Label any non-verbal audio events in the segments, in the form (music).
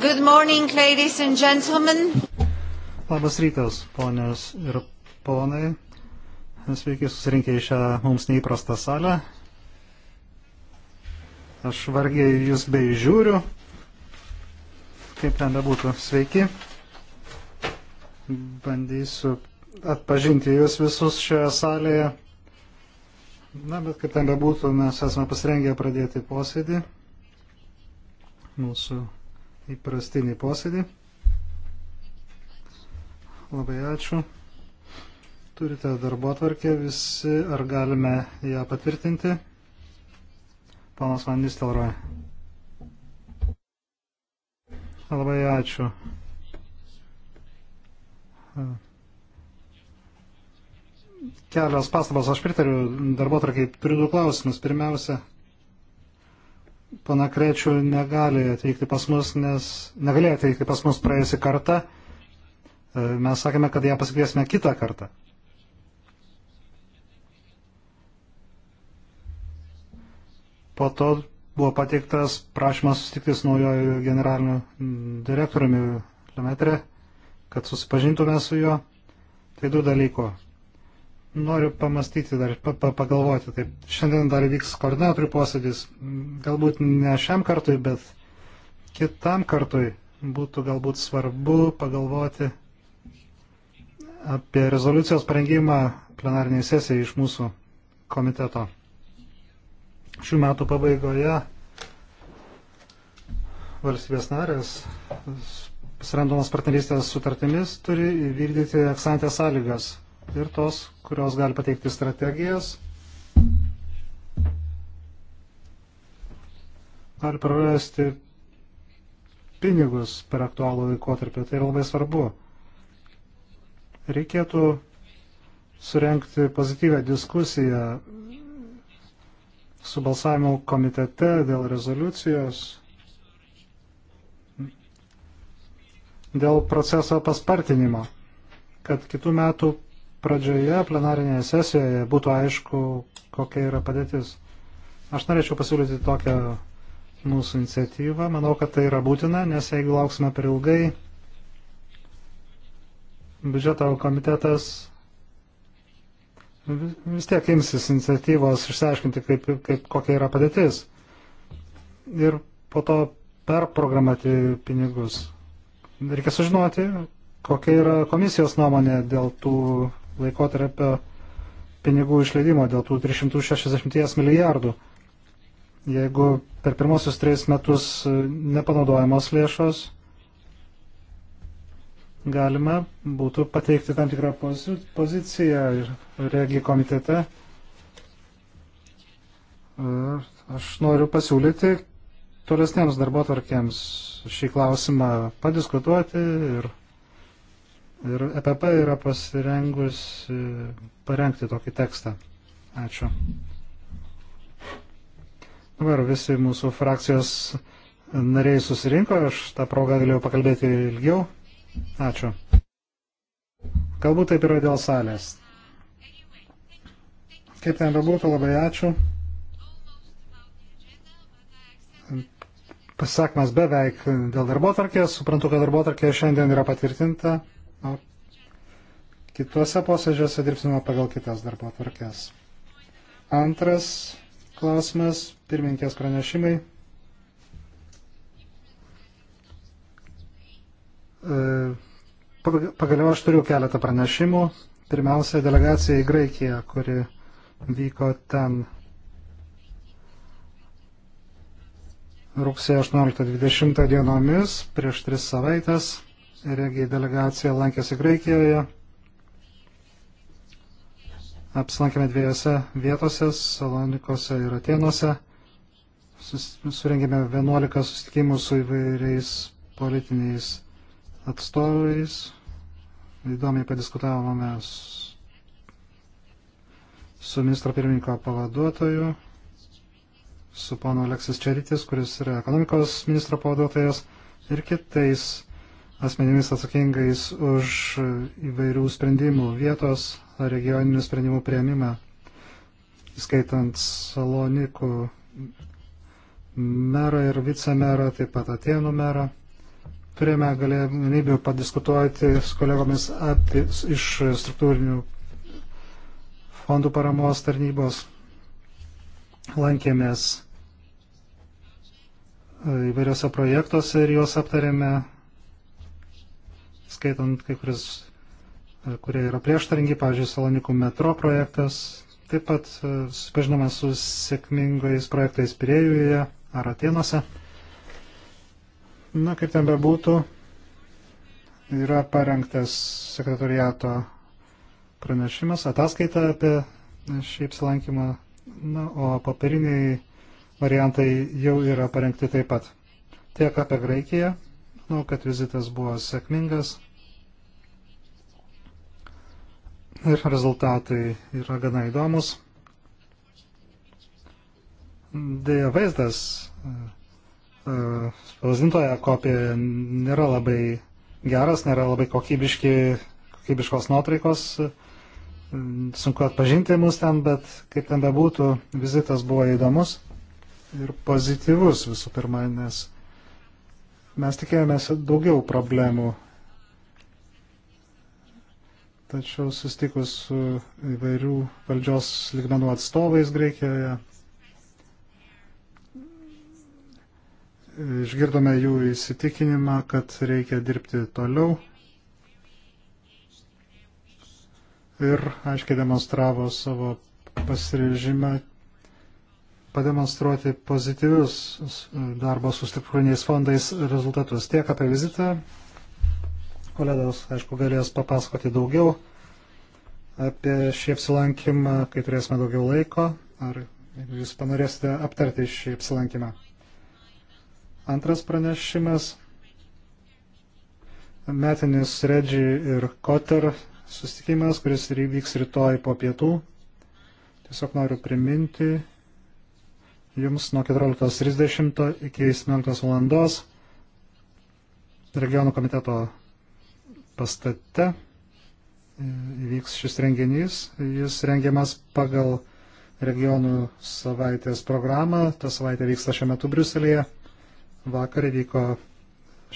Good morning, ladies and gentlemen. Labas rytas, ponios ir ponai. Sveiki susirinkę į šią mums neįprastą salę. Aš vargiai jūs bei žiūriu. Kaip ten bebūtų, sveiki. Bandysiu atpažinti jūs visus šioje salėje Na, bet kaip ten bebūtų, mes esame pasirengę pradėti posėdį, mūsų įprastinį posėdį. Labai ačiū. Turite darbo atvarkę visi, ar galime ją patvirtinti? Panas Van Nistelroj. Labai ačiū kelios pastabas, aš pritariu darbotrakiai, turiu du klausimus. Pirmiausia, pana Krečių negali atvykti pas mus, nes negalėjo atvykti pas mus praėjusi kartą. E, mes sakėme, kad ją pasikviesime kitą kartą. Po to buvo pateiktas prašymas susitikti su naujoju generaliniu direktoriumi Lemetre, kad susipažintume su juo. Tai du dalyko noriu pamastyti dar, pa, pa, pagalvoti. Taip, šiandien dar vyks koordinatorių posėdis. Galbūt ne šiam kartui, bet kitam kartui būtų galbūt svarbu pagalvoti apie rezoliucijos parengimą plenariniai sesijai iš mūsų komiteto. Šių metų pabaigoje valstybės narės pasirendomas partnerystės sutartimis turi vykdyti eksantės sąlygas ir tos, kurios gali pateikti strategijas, gali prarasti pinigus per aktualų laikotarpį. Tai yra labai svarbu. Reikėtų surenkti pozityvę diskusiją su balsavimu komitete dėl rezoliucijos, dėl proceso paspartinimo, kad kitų metų pradžioje plenarinėje sesijoje būtų aišku, kokia yra padėtis. Aš norėčiau pasiūlyti tokią mūsų iniciatyvą. Manau, kad tai yra būtina, nes jeigu lauksime per ilgai, biudžeto komitetas vis tiek imsis iniciatyvos išsiaiškinti, kaip, kaip, kokia yra padėtis. Ir po to perprogramati pinigus. Reikia sužinoti, kokia yra komisijos nuomonė dėl tų laikotarpio pinigų išleidimo dėl tų 360 milijardų. Jeigu per pirmosius trejus metus e, nepanaudojamos lėšos, galima būtų pateikti tam tikrą poziciją regi komitete. E, aš noriu pasiūlyti tolesniems darbo tvarkėms šį klausimą padiskutuoti ir Ir EPP yra pasirengus e, parengti tokį tekstą. Ačiū. Dabar visi mūsų frakcijos nariai susirinko, aš tą progą galėjau pakalbėti ilgiau. Ačiū. Galbūt taip yra dėl salės. Kaip ten bebūtų, labai ačiū. Pasakymas beveik dėl darbo tarkės. Suprantu, kad darbo tarkė šiandien yra patvirtinta. O kituose posėdžiuose dirbsime pagal kitas darbo tvarkės. Antras klausimas - pirmininkės pranešimai. E, pagaliau aš turiu keletą pranešimų. Pirmiausia, delegacija į Graikiją, kuri vyko ten rugsėjo 18-20 dienomis prieš tris savaitės regiai delegacija lankėsi Graikijoje. Apsilankėme dviejose vietose - Salonikose ir Atenuose. Surengėme 11 susitikimų su įvairiais politiniais atstovais. Įdomiai padiskutavome su ministro pirmininko pavaduotoju, su ponu Aleksis Čeritis, kuris yra ekonomikos ministro pavaduotojas ir kitais asmenimis atsakingais už įvairių sprendimų vietos ar regioninių sprendimų prieimimą, įskaitant Salonikų merą ir vicemerą, taip pat Atenų merą. Turėjome galimybę padiskutuoti su kolegomis apie, iš struktūrinių fondų paramos tarnybos. Lankėmės įvairiose projektuose ir juos aptarėme skaitant kai kuris, e, kurie yra prieštaringi, pavyzdžiui, Salonikų metro projektas. Taip pat e, susipažinome su sėkmingais projektais Pirėjuje ar Atenose. Na, kaip ten bebūtų, yra parengtas sekretariato pranešimas, ataskaita apie šį apsilankymą, na, o papiriniai variantai jau yra parengti taip pat. Tiek apie Graikiją, Manau, kad vizitas buvo sėkmingas ir rezultatai yra gana įdomus. Deja, vaizdas e, e, spausdintoje kopija nėra labai geras, nėra labai kokybiški, kokybiškos nuotraikos. E, sunku atpažinti mus ten, bet kaip ten bebūtų, vizitas buvo įdomus ir pozityvus visų pirma, nes Mes tikėjomės daugiau problemų. Tačiau sustikus su įvairių valdžios ligmenų atstovais Greikijoje, išgirdome jų įsitikinimą, kad reikia dirbti toliau. Ir aiškiai demonstravo savo pasirežimą pademonstruoti pozityvius darbo su struktūriniais fondais rezultatus. Tiek apie vizitą. Kolegos, aišku, galės papasakoti daugiau apie šį apsilankymą, kai turėsime daugiau laiko, ar jeigu jūs panorėsite aptarti šį apsilankymą. Antras pranešimas metinis Redži ir Koter susitikimas, kuris vyks rytoj po pietų. Tiesiog noriu priminti jums nuo 14.30 iki 17 valandos regionų komiteto pastate įvyks šis renginys. Jis rengiamas pagal regionų savaitės programą. Ta savaitė vyksta šiuo metu Briuselėje. Vakar įvyko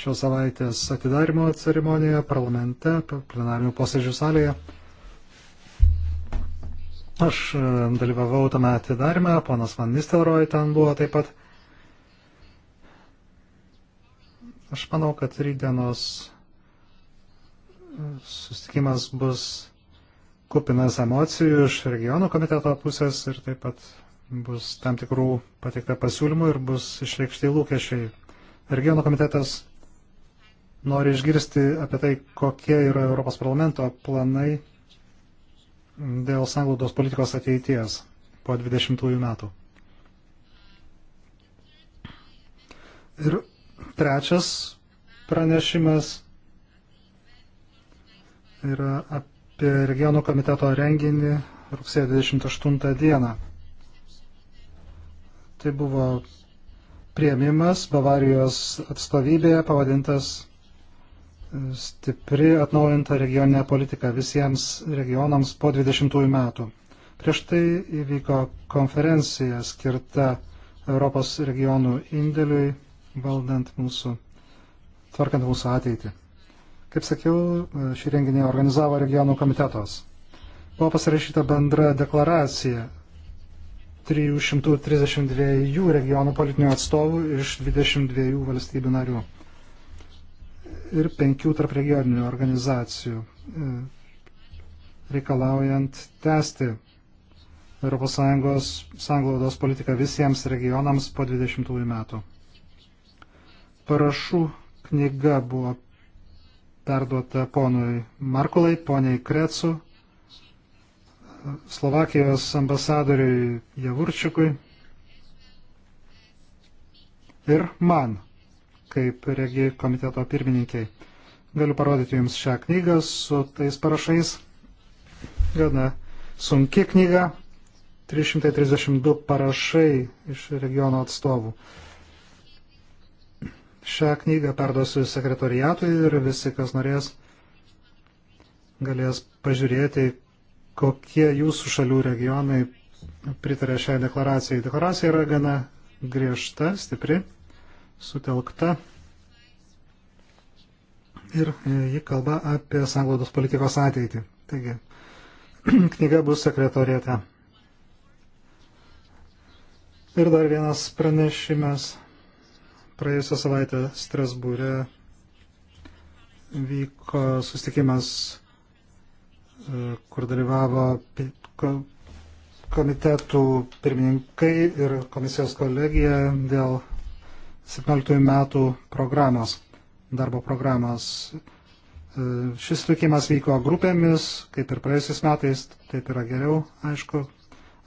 šios savaitės atidarimo ceremonija parlamente, plenarinių posėdžių salėje. Aš e, dalyvavau tame atidarime, ponas Van Nistelrooy ten buvo taip pat. Aš manau, kad rydienos e, sustikimas bus kupinas emocijų iš regionų komiteto pusės ir taip pat bus tam tikrų patikta pasiūlymų ir bus išreikšti lūkesčiai. Regionų komitetas nori išgirsti apie tai, kokie yra Europos parlamento planai dėl sanglaudos politikos ateities po 20 metų. Ir trečias pranešimas yra apie regionų komiteto renginį rugsėjo 28 dieną. Tai buvo prieimimas Bavarijos atstovybėje pavadintas stipri atnaujinta regioninė politika visiems regionams po 20 metų. Prieš tai įvyko konferencija skirta Europos regionų indėliui valdant mūsų, tvarkant mūsų ateitį. Kaip sakiau, šį renginį organizavo regionų komitetos. Buvo pasirašyta bendra deklaracija 332 regionų politinių atstovų iš 22 valstybių narių ir penkių tarpregioninių organizacijų, e, reikalaujant tęsti ES sanglaudos politiką visiems regionams po 20 metų. Parašų knyga buvo perduota ponui Markulai, poniai Krecu, Slovakijos ambasadoriui Javurčiukui ir man kaip regi komiteto pirmininkiai. Galiu parodyti Jums šią knygą su tais parašais. Gana sunki knyga, 332 parašai iš regiono atstovų. Šią knygą perduosiu sekretoriatui ir visi, kas norės, galės pažiūrėti, kokie jūsų šalių regionai pritarė šiai deklaracijai. Deklaracija yra gana griežta, stipri sutelkta. Ir e, ji kalba apie sanglaudos politikos ateitį. Taigi, (clears throat) knyga bus sekretorėte. Ir dar vienas pranešimas. Praėjusią savaitę Strasbūrė vyko sustikimas, e, kur dalyvavo komitetų pirmininkai ir komisijos kolegija dėl 17 metų programos, darbo programos. E, šis sutikimas vyko grupėmis, kaip ir praėjusiais metais, taip yra geriau, aišku.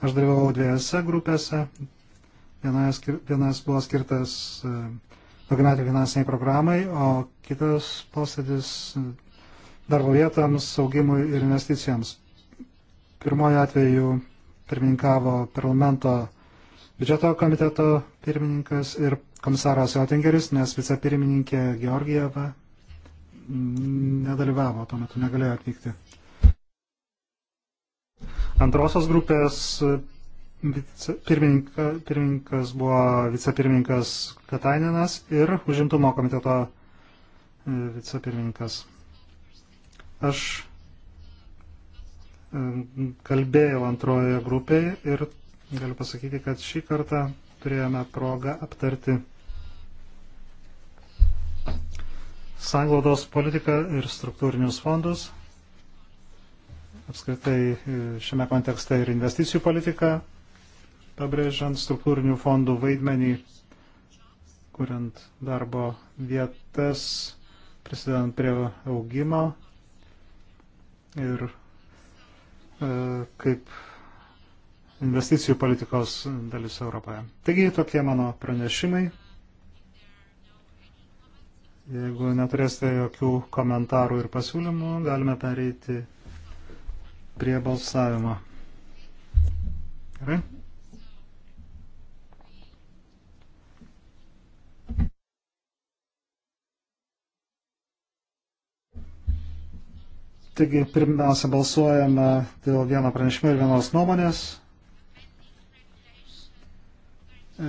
Aš dalyvavau dviejose grupėse. Vienas, vienas buvo skirtas e, daugiametį finansiniai programai, o kitas posėdis e, darbo vietams, saugimui ir investicijams. Pirmojo atveju pirmininkavo parlamento biudžeto komiteto pirmininkas ir komisaras Jotingeris, nes vicepirmininkė Georgijeva nedalyvavo, tuo metu negalėjo atvykti. Antrosios grupės pirmininka, pirmininkas buvo vicepirmininkas Katainenas ir užimtumo komiteto e, vicepirmininkas. Aš e, kalbėjau antrojoje grupėje ir galiu pasakyti, kad šį kartą turėjome progą aptarti sanglaudos politiką ir struktūrinius fondus, apskritai e, šiame kontekste ir investicijų politiką, pabrėžiant struktūrinių fondų vaidmenį, kuriant darbo vietas, prisidedant prie augimo ir e, kaip investicijų politikos dalis Europoje. Taigi tokie mano pranešimai. Jeigu neturėsite jokių komentarų ir pasiūlymų, galime pereiti prie balsavimo. Gerai? Taigi, pirmiausia, balsuojame dėl vieno pranešimo ir vienos nuomonės.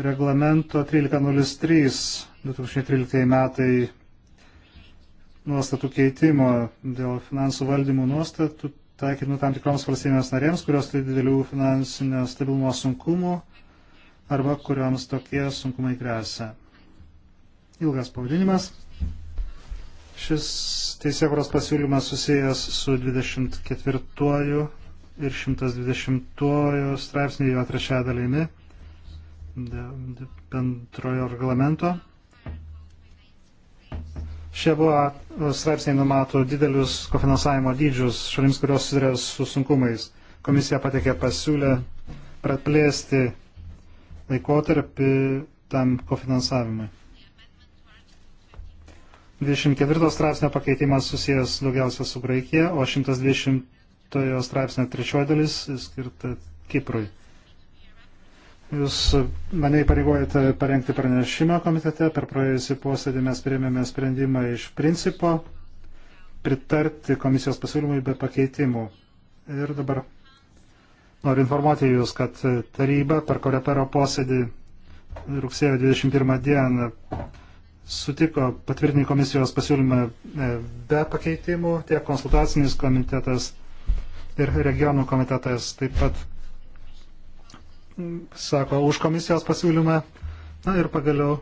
Reglamento 1303 2013 metai nuostatų keitimo dėl finansų valdymų nuostatų taikytinų tam tikroms valstybėms narėms, kurios turi didelių finansinio stabilumo sunkumų arba kurioms tokie sunkumai grėsia. Ilgas pavadinimas. Šis teisėkuros pasiūlymas susijęs su 24 ir 120 straipsnėje jo trečia dalimi bendrojo reglamento. Šie buvo straipsniai numato didelius kofinansavimo dydžius šalims, kurios susiduria su sunkumais. Komisija patikė pasiūlę praplėsti laikotarpį tam kofinansavimui. 24 straipsnio pakeitimas susijęs daugiausia su Graikija, o 120 straipsnio trečioji dalis skirta Kiprui. Jūs e, mane įpareigojate parengti pranešimą komitete. Per praėjusį posėdį mes priėmėme sprendimą iš principo pritarti komisijos pasiūlymui be pakeitimų. Ir dabar noriu informuoti Jūs, kad taryba per korepero posėdį rugsėjo 21 dieną sutiko patvirtinti komisijos pasiūlymą e, be pakeitimų, tiek konsultacinis komitetas ir regionų komitetas taip pat sako už komisijos pasiūlymą. Na ir pagaliau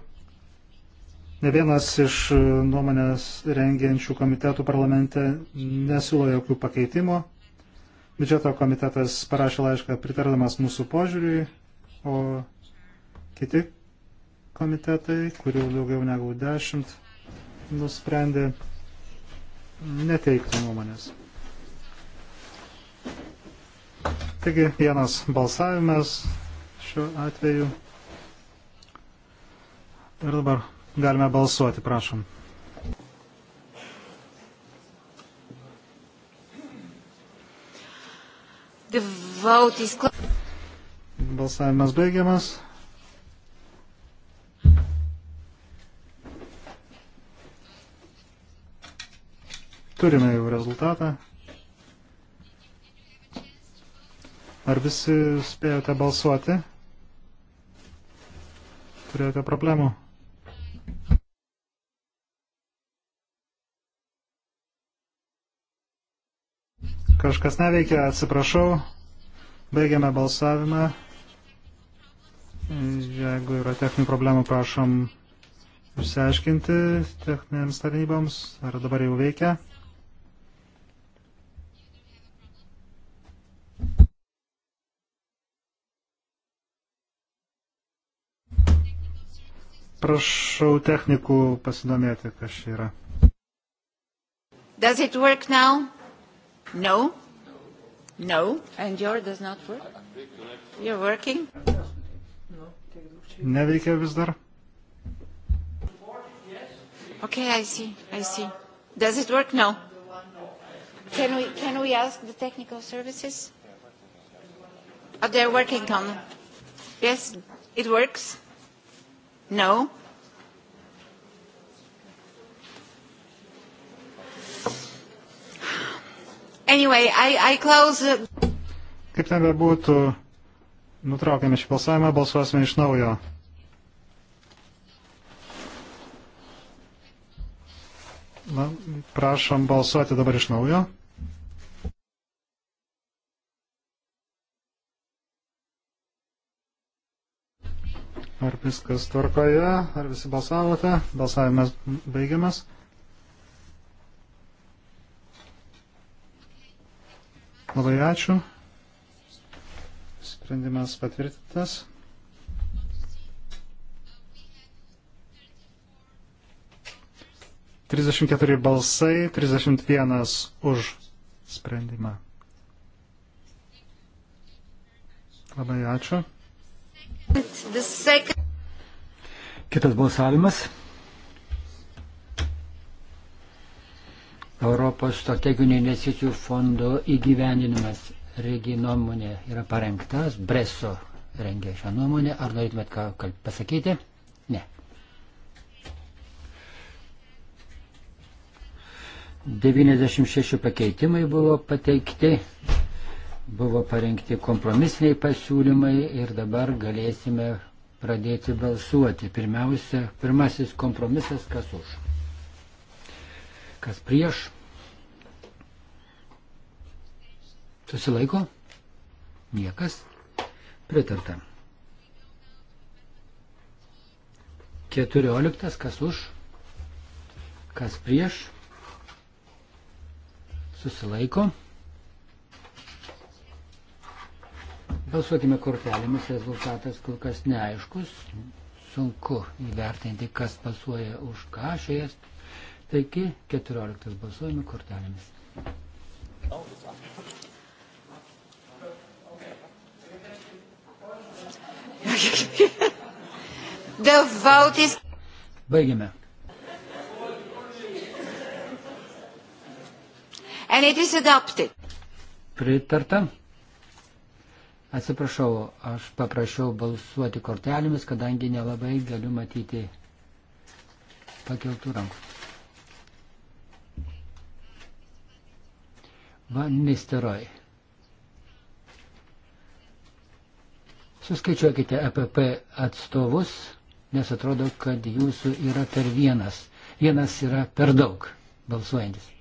ne vienas iš e, nuomonės rengiančių komitetų parlamente nesiūlo jokių pakeitimų. Biudžeto komitetas parašė laišką pritardamas mūsų požiūriui, o kiti komitetai, kurių daugiau negu dešimt, nusprendė neteikti nuomonės. Taigi vienas balsavimas, šiuo atveju. Ir dabar galime balsuoti, prašom. Balsavimas baigiamas. Turime jau rezultatą. Ar visi spėjote balsuoti? turėjote problemų? Kažkas neveikia, atsiprašau. Baigiame balsavimą. Jeigu yra techninių problemų, prašom išsiaiškinti techninėms tarnyboms, ar dabar jau veikia. Prašau technikų pasidomėti, kas čia yra. Does it work now? No. No. And your does not work? You're working? Neveikia vis dar. Okay, I see. I see. Does it work? No. Can we, can we ask the technical services? Are oh, they working on? Yes, it works. No? Anyway, I, I close... Kaip ten bebūtų, nutraukėme šį balsavimą, balsuosime iš naujo. Na, prašom balsuoti dabar iš naujo. Ar viskas tvarkoje? Ar visi balsavote? Balsavimas baigiamas. Labai ačiū. Sprendimas patvirtintas. Trisdešimt keturi balsai, trisdešimt vienas už sprendimą. Labai ačiū. Kitas balsavimas. Europos strateginių investicijų fondo įgyvendinimas regi nuomonė yra parengtas, Breso rengė šią nuomonę. Ar norėtumėt ką pasakyti? Ne. Devyniasdešimt šeši pakeitimai buvo pateikti buvo parengti kompromisiniai pasiūlymai ir dabar galėsime pradėti balsuoti. Pirmiausia, pirmasis kompromisas, kas už. Kas prieš? Susilaiko? Niekas? Pritarta. Keturioliktas, kas už? Kas prieš? Susilaiko? Balsuokime kortelėmis, rezultatas kol kas neaiškus. Sunku įvertinti, kas balsuoja už ką šioje. Taigi, 14 balsuojame kortelėmis. The vote is... Baigiame. And it is adopted. Pritarta. Atsiprašau, aš paprašiau balsuoti kortelėmis, kadangi nelabai galiu matyti pakeltų rankų. Van Nisteroj. Suskaičiuokite EPP atstovus, nes atrodo, kad jūsų yra per vienas. Vienas yra per daug balsuojantis.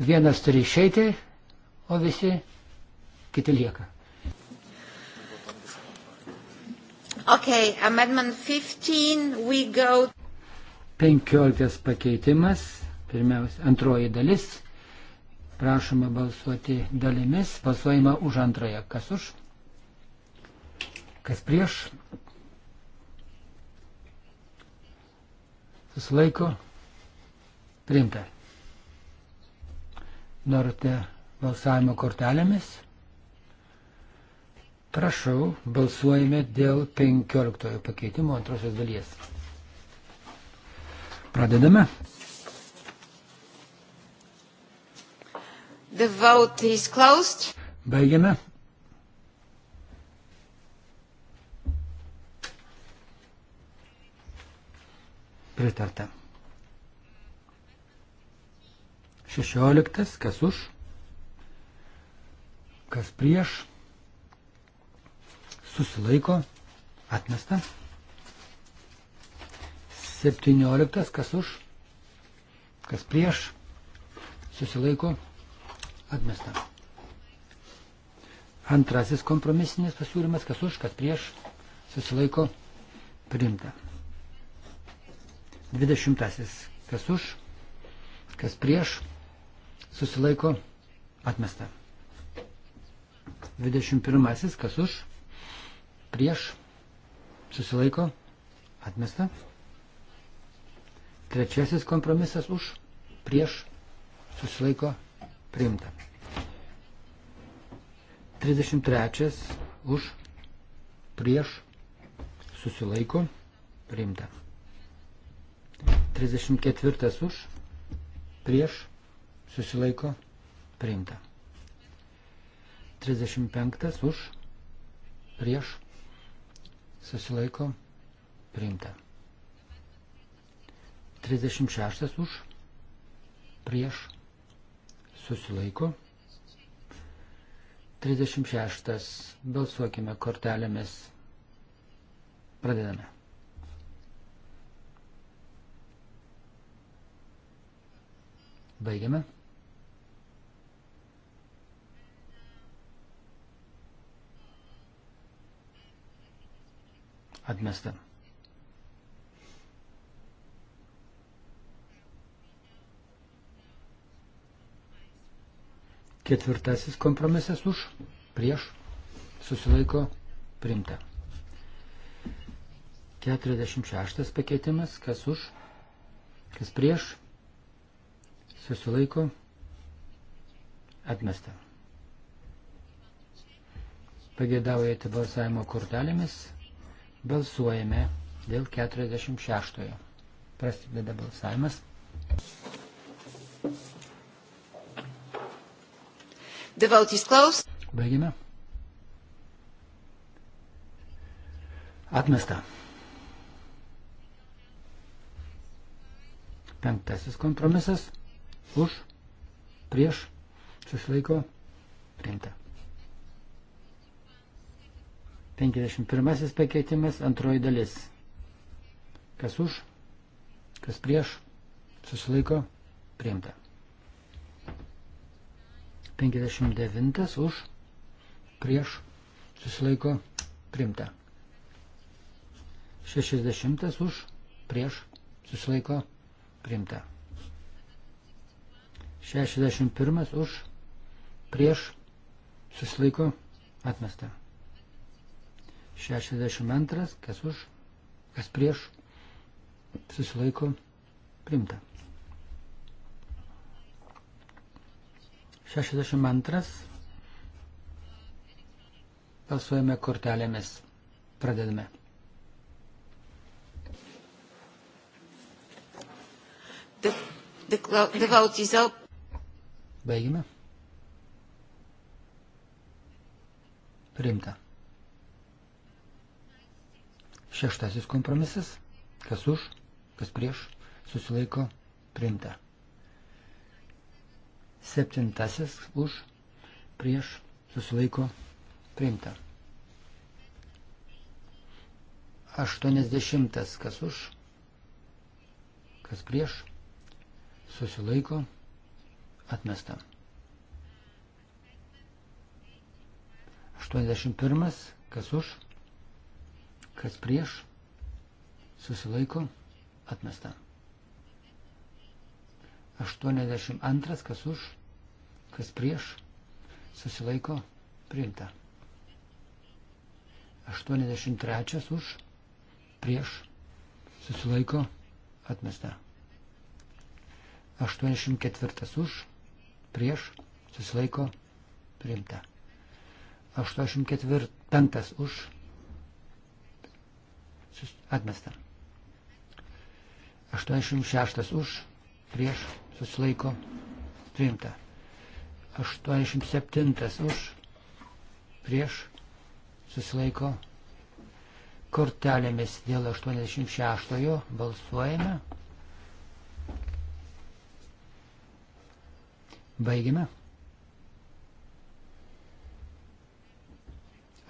Vienas turi išeiti, o visi kiti lieka. Okay, amendment 15, we go. 15 pakeitimas, pirmiausia, antroji dalis. Prašoma balsuoti dalimis, balsuojama už antrąją. Kas už? Kas prieš? Susilaiko? Priimta norite balsavimo kortelėmis? Prašau, balsuojame dėl 15 pakeitimo antrosios dalies. Pradedame. The vote is closed. Baigiame. Pritarta. 16, kas už, kas prieš, susilaiko, atmesta. 17, kas už, kas prieš, susilaiko, atmesta. Antrasis kompromisinis pasiūlymas, kas už, kas prieš, susilaiko, priimta. 20, kas už, kas prieš, susilaiko atmesta. 21. Kas už? Prieš. Susilaiko. Atmesta. Trečiasis kompromisas už. Prieš. Susilaiko. Priimta. 33. Už. Prieš. Susilaiko. Priimta. 34. Už. Prieš susilaiko priimta. 35 už, prieš, susilaiko priimta. 36 už, prieš, susilaiko. 36 balsuokime kortelėmis. Pradedame. Baigiame. Atmesta. Ketvirtasis kompromisas už, prieš, susilaiko, primta. 46 pakeitimas, kas už, kas prieš, susilaiko, atmesta. Pagėdaujate balsavimo kortelėmis, Balsuojame dėl 46. Prasideda balsavimas. The vote is closed. Baigime. Atmesta. Penktasis kompromisas. Už. Prieš. Susilaiko. Priimta. 51 pakeitimas, antroji dalis. Kas už, kas prieš, susilaiko, priimta. 59 už, prieš, susilaiko, priimta. 60 už, prieš, susilaiko, priimta. 61 už, prieš, susilaiko, atmesta. 62, kas už, kas prieš, susilaiko primta. 62 pasuojame kortelėmis. Pradedame. The, the, the vote is up. Baigime. Primta. Šeštasis kompromisas. Kas už, kas prieš, susilaiko priimta. Septintasis už, prieš, susilaiko priimta. Aštuonesdešimtas kas už, kas prieš, susilaiko atmesta. 81. Kas už? Kas prieš? Susilaiko. Atmesta. 82. Kas už? Kas prieš? Susilaiko. Priimta. 83. Už? Prieš? Susilaiko. Atmesta. 84. Už? Prieš? Susilaiko. Priimta. 84. Už? atmesta. 86 už, prieš, susilaiko, priimta. 87 už, prieš, susilaiko. Kortelėmis dėl 86 balsuojame. Baigime.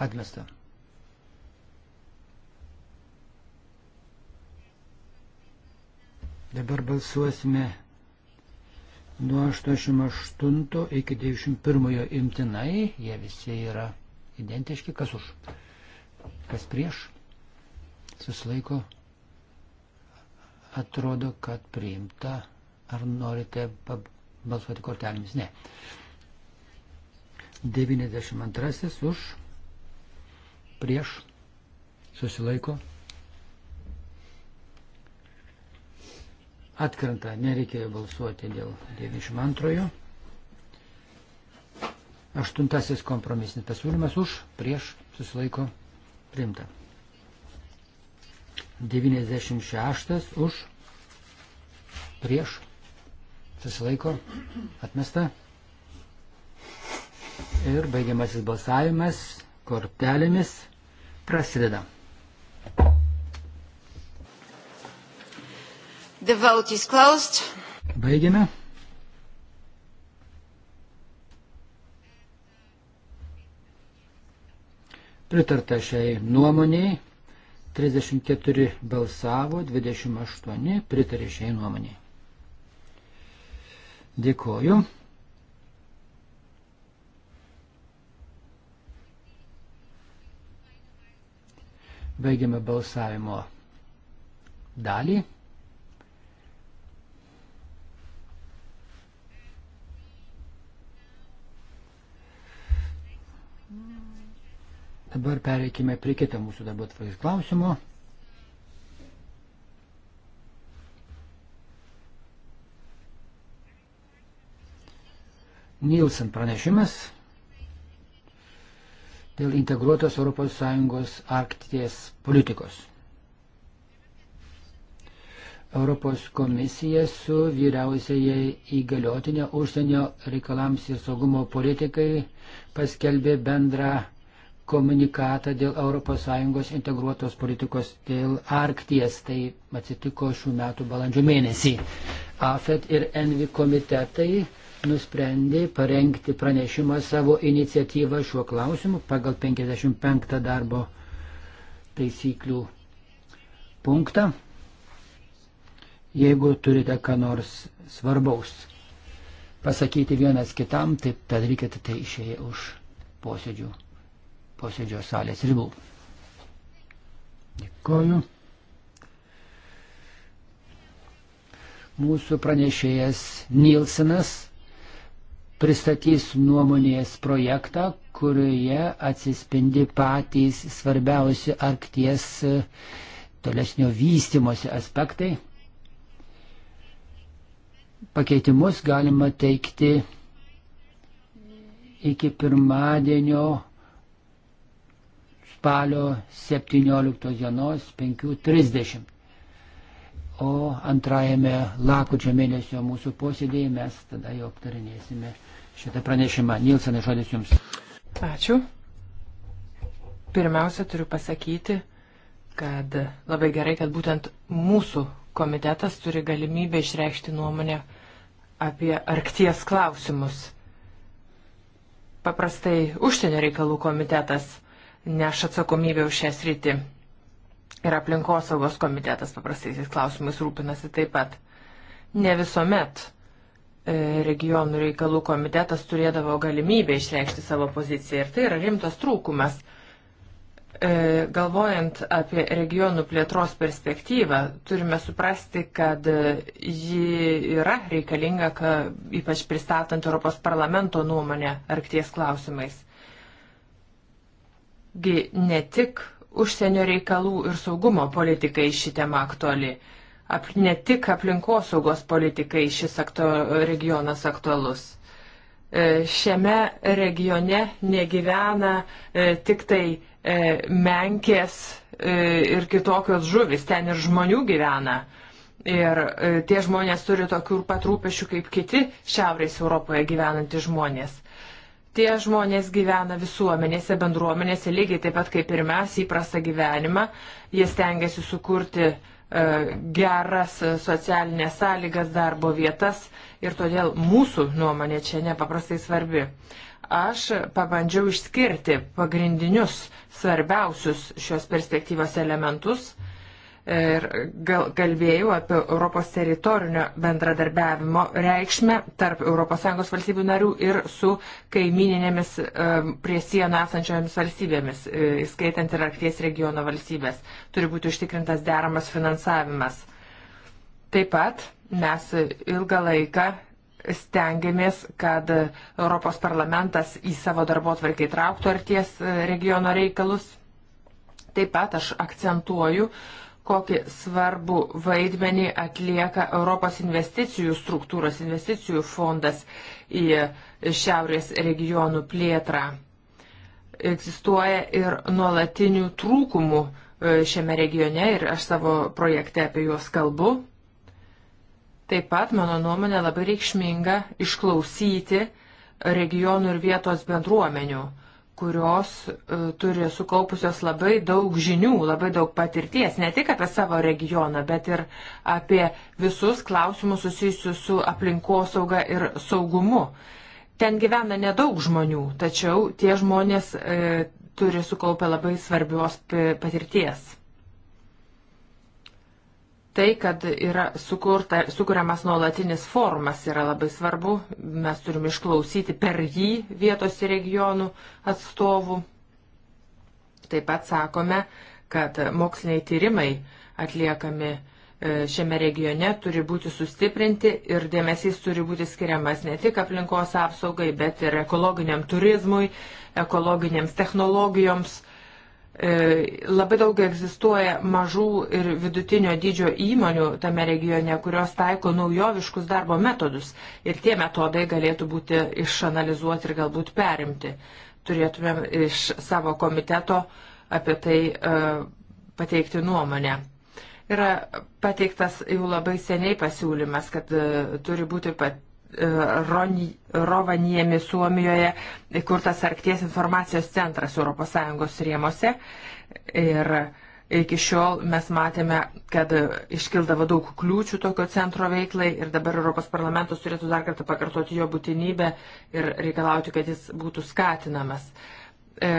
Atmesta. Dabar balsuosime nuo 88 iki 91 imtinai. Jie visi yra identiški. Kas už? Kas prieš? Susilaiko. Atrodo, kad priimta. Ar norite balsuoti kortelėmis? Ne. 92 už. Prieš. Susilaiko. atkrenta, nereikėjo balsuoti dėl 92. Aštuntasis kompromisinis pasiūlymas už, prieš, susilaiko, primta. 96 už, prieš, susilaiko, atmesta. Ir baigiamasis balsavimas kortelėmis prasideda. The vote is closed. Baigiame. Pritarta šiai nuomoniai. 34 balsavo, 28 pritarė šiai nuomoniai. Dėkoju. Baigiame balsavimo dalį. Dabar pereikime prie kito mūsų darbo tvarkės klausimo. Nielsen pranešimas dėl integruotos ES arkties politikos. Europos komisija su vyriausiaje įgaliotinė užsienio reikalams ir saugumo politikai paskelbė bendrą komunikatą dėl ES integruotos politikos dėl Arkties. Tai atsitiko šių metų balandžio mėnesį. AFET ir ENVI komitetai nusprendė parengti pranešimą savo iniciatyvą šiuo klausimu pagal 55 darbo taisyklių punktą. Jeigu turite ką nors svarbaus pasakyti vienas kitam, taip tad reikėtų tai išėję už posėdžių posėdžio salės ribų. Dėkoju. Mūsų pranešėjas Nilsenas pristatys nuomonės projektą, kurioje atsispindi patys svarbiausi arkties tolesnio vystimosi aspektai. Pakeitimus galima teikti iki pirmadienio spalio 17 dienos 5.30. O antrajame lakučio mėnesio mūsų posėdėje mes tada jau aptarinėsime šitą pranešimą. Nilsenai, žodis jums. Ačiū. Pirmiausia, turiu pasakyti, kad labai gerai, kad būtent mūsų komitetas turi galimybę išreikšti nuomonę apie arkties klausimus. Paprastai užsienio reikalų komitetas neš atsakomybę už šią sritį. Ir aplinkosaugos komitetas paprastaisiais klausimais rūpinasi taip pat. Ne visuomet e, regionų reikalų komitetas turėdavo galimybę išreikšti savo poziciją ir tai yra rimtas trūkumas. E, galvojant apie regionų plėtros perspektyvą, turime suprasti, kad e, ji yra reikalinga, ka, ypač pristatant Europos parlamento nuomonę arkties klausimais gi ne tik užsienio reikalų ir saugumo politikai ši tema aktuali, ap, ne tik aplinkosaugos politikai šis akto, regionas aktualus. E, šiame regione negyvena e, tik tai e, menkės e, ir kitokios žuvis, ten ir žmonių gyvena. Ir e, tie žmonės turi tokių pat rūpešių kaip kiti šiaurės Europoje gyvenantys žmonės tie žmonės gyvena visuomenėse, bendruomenėse, lygiai taip pat kaip ir mes, įprastą gyvenimą. Jie stengiasi sukurti e, geras e, socialinės sąlygas, darbo vietas ir todėl mūsų nuomonė čia nepaprastai svarbi. Aš pabandžiau išskirti pagrindinius svarbiausius šios perspektyvos elementus. E, ir gal, kalbėjau apie Europos teritorinio bendradarbiavimo reikšmę tarp ES valstybių narių ir su kaimininėmis prie sienų esančiomis valstybėmis, e, įskaitant ir Arkties regiono valstybės. Turi būti užtikrintas deramas finansavimas. Taip pat mes ilgą laiką stengiamės, kad Europos parlamentas į savo darbo tvarkį trauktų arties e, regiono reikalus. Taip pat aš akcentuoju uh, kokį svarbų vaidmenį atlieka Europos investicijų struktūros, investicijų fondas į šiaurės regionų plėtrą. Egzistuoja ir nuolatinių trūkumų e, šiame regione ir aš savo projekte apie juos kalbu. Taip pat, mano nuomonė, labai reikšminga išklausyti regionų ir vietos bendruomenių kurios e, turi sukaupusios labai daug žinių, labai daug patirties, ne tik apie savo regioną, bet ir apie visus klausimus susijusius su aplinkosauga ir saugumu. Ten gyvena nedaug žmonių, tačiau tie žmonės e, turi sukaupę labai svarbios patirties. Tai, kad yra sukurta, sukuriamas nuolatinis formas yra labai svarbu. Mes turim išklausyti per jį vietos ir regionų atstovų. Taip pat sakome, kad moksliniai tyrimai atliekami e, šiame regione turi būti sustiprinti ir dėmesys turi būti skiriamas ne tik aplinkos apsaugai, bet ir ekologiniam turizmui, ekologiniams technologijoms E, labai daug egzistuoja mažų ir vidutinio dydžio įmonių tame regione, kurios taiko naujoviškus darbo metodus ir tie metodai galėtų būti išanalizuoti ir galbūt perimti. Turėtumėm iš savo komiteto apie tai e, pateikti nuomonę yra pateiktas jau labai seniai pasiūlymas, kad e, turi būti pat E, Rovaniemi Suomijoje įkurtas Arkties informacijos centras ES rėmose. Ir iki šiol mes matėme, kad iškildavo daug kliūčių tokio centro veiklai ir dabar Europos parlamentas turėtų dar kartą pakartoti jo būtinybę ir reikalauti, kad jis būtų skatinamas. E,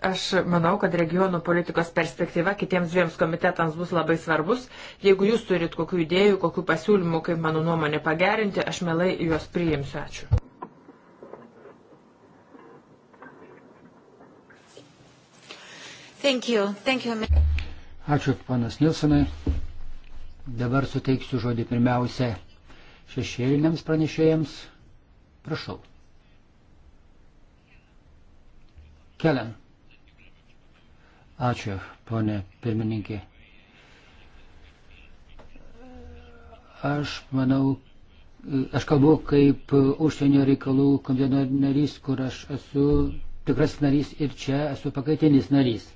Aš manau, kad regionų politikos perspektyva kitiems dviems komitetams bus labai svarbus. Jeigu jūs turit kokių idėjų, kokių pasiūlymų, kaip mano nuomonė pagerinti, aš melai juos priimsiu. Ačiū. Thank you. Thank you. Ačiū, panas Nilsonai. Dabar suteiksiu žodį pirmiausia šešėliniams pranešėjams. Prašau. Keliam. Ačiū, ponė pirmininkė. Aš manau, aš kalbu kaip užsienio reikalų komiteto narys, kur aš esu tikras narys ir čia esu pakaitinis narys.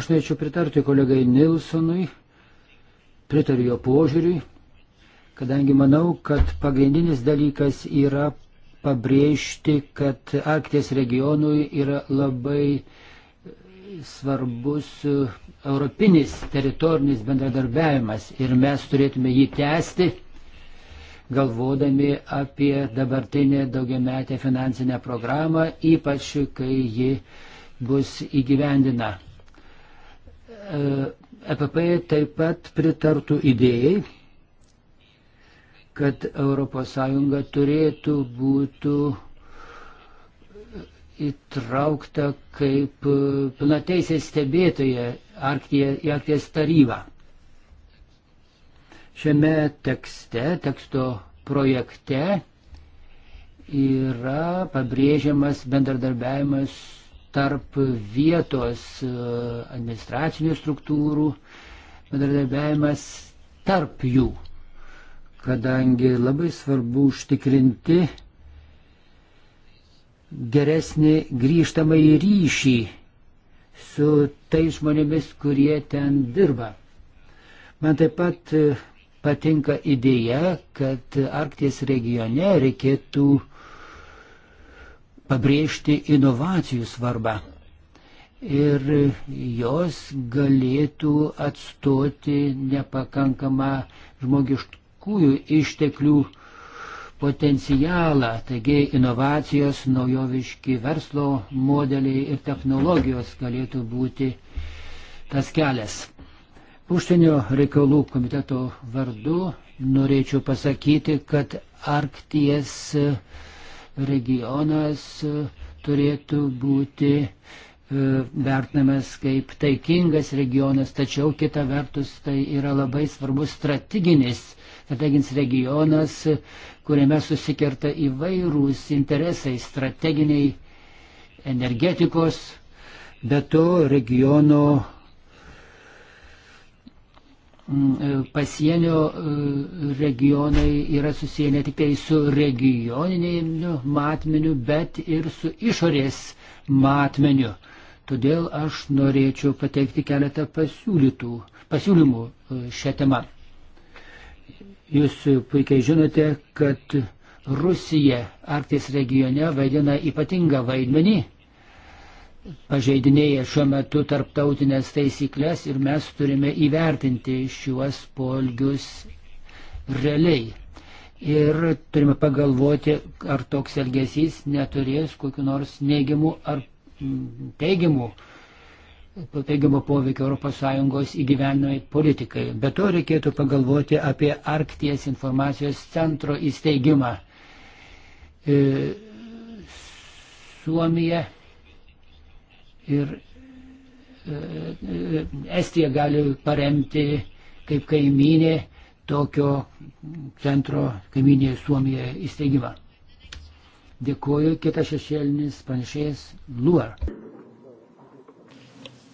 Aš norėčiau pritarti kolegai Nilsonui, pritariu jo požiūriui, kadangi manau, kad pagrindinis dalykas yra pabrėžti, kad Arkties regionui yra labai svarbus e, europinis teritorinis bendradarbiavimas ir mes turėtume jį tęsti, galvodami apie dabartinę daugiametę finansinę programą, ypač kai ji bus įgyvendina. EPP e taip pat pritartų idėjai, kad ES turėtų būti įtraukta kaip e, pilnateisė stebėtoja į Arkties tarybą. Šiame tekste, teksto projekte yra pabrėžiamas bendradarbiavimas tarp vietos e, administracinių struktūrų, bendradarbiavimas tarp jų, kadangi labai svarbu užtikrinti geresnį grįžtamą į ryšį su tais žmonėmis, kurie ten dirba. Man taip pat e, patinka idėja, kad Arkties regione reikėtų pabrėžti inovacijų svarbą. Ir jos galėtų atstoti nepakankamą žmogiškųjų išteklių potencialą, taigi inovacijos, naujoviški verslo modeliai ir technologijos galėtų būti tas kelias. Užsienio reikalų komiteto vardu norėčiau pasakyti, kad Arkties regionas turėtų būti e, vertinamas kaip taikingas regionas, tačiau kita vertus tai yra labai svarbus strateginis, strateginis regionas kuriame susikerta įvairūs interesai strateginiai, energetikos, bet to regiono mm, e, pasienio e, regionai yra susiję ne tik tai su regioniniu matmeniu, bet ir su išorės matmeniu. Todėl aš norėčiau pateikti keletą pasiūlytų, pasiūlymų e, šią temą. Jūs puikiai žinote, kad Rusija Arkties regione vaidina ypatingą vaidmenį, pažeidinėja šiuo metu tarptautinės taisyklės ir mes turime įvertinti šiuos polgius realiai. Ir turime pagalvoti, ar toks elgesys neturės kokiu nors neigiamų ar teigiamų uh, teigiamo poveikio ES įgyvenimai politikai. Be to reikėtų pagalvoti apie Arkties informacijos centro įsteigimą. E, Suomija ir e, e, Estija gali paremti kaip kaiminė tokio centro kaiminėje Suomijoje įsteigimą. Dėkuoju, kitas šešėlinis pranešėjas Luar.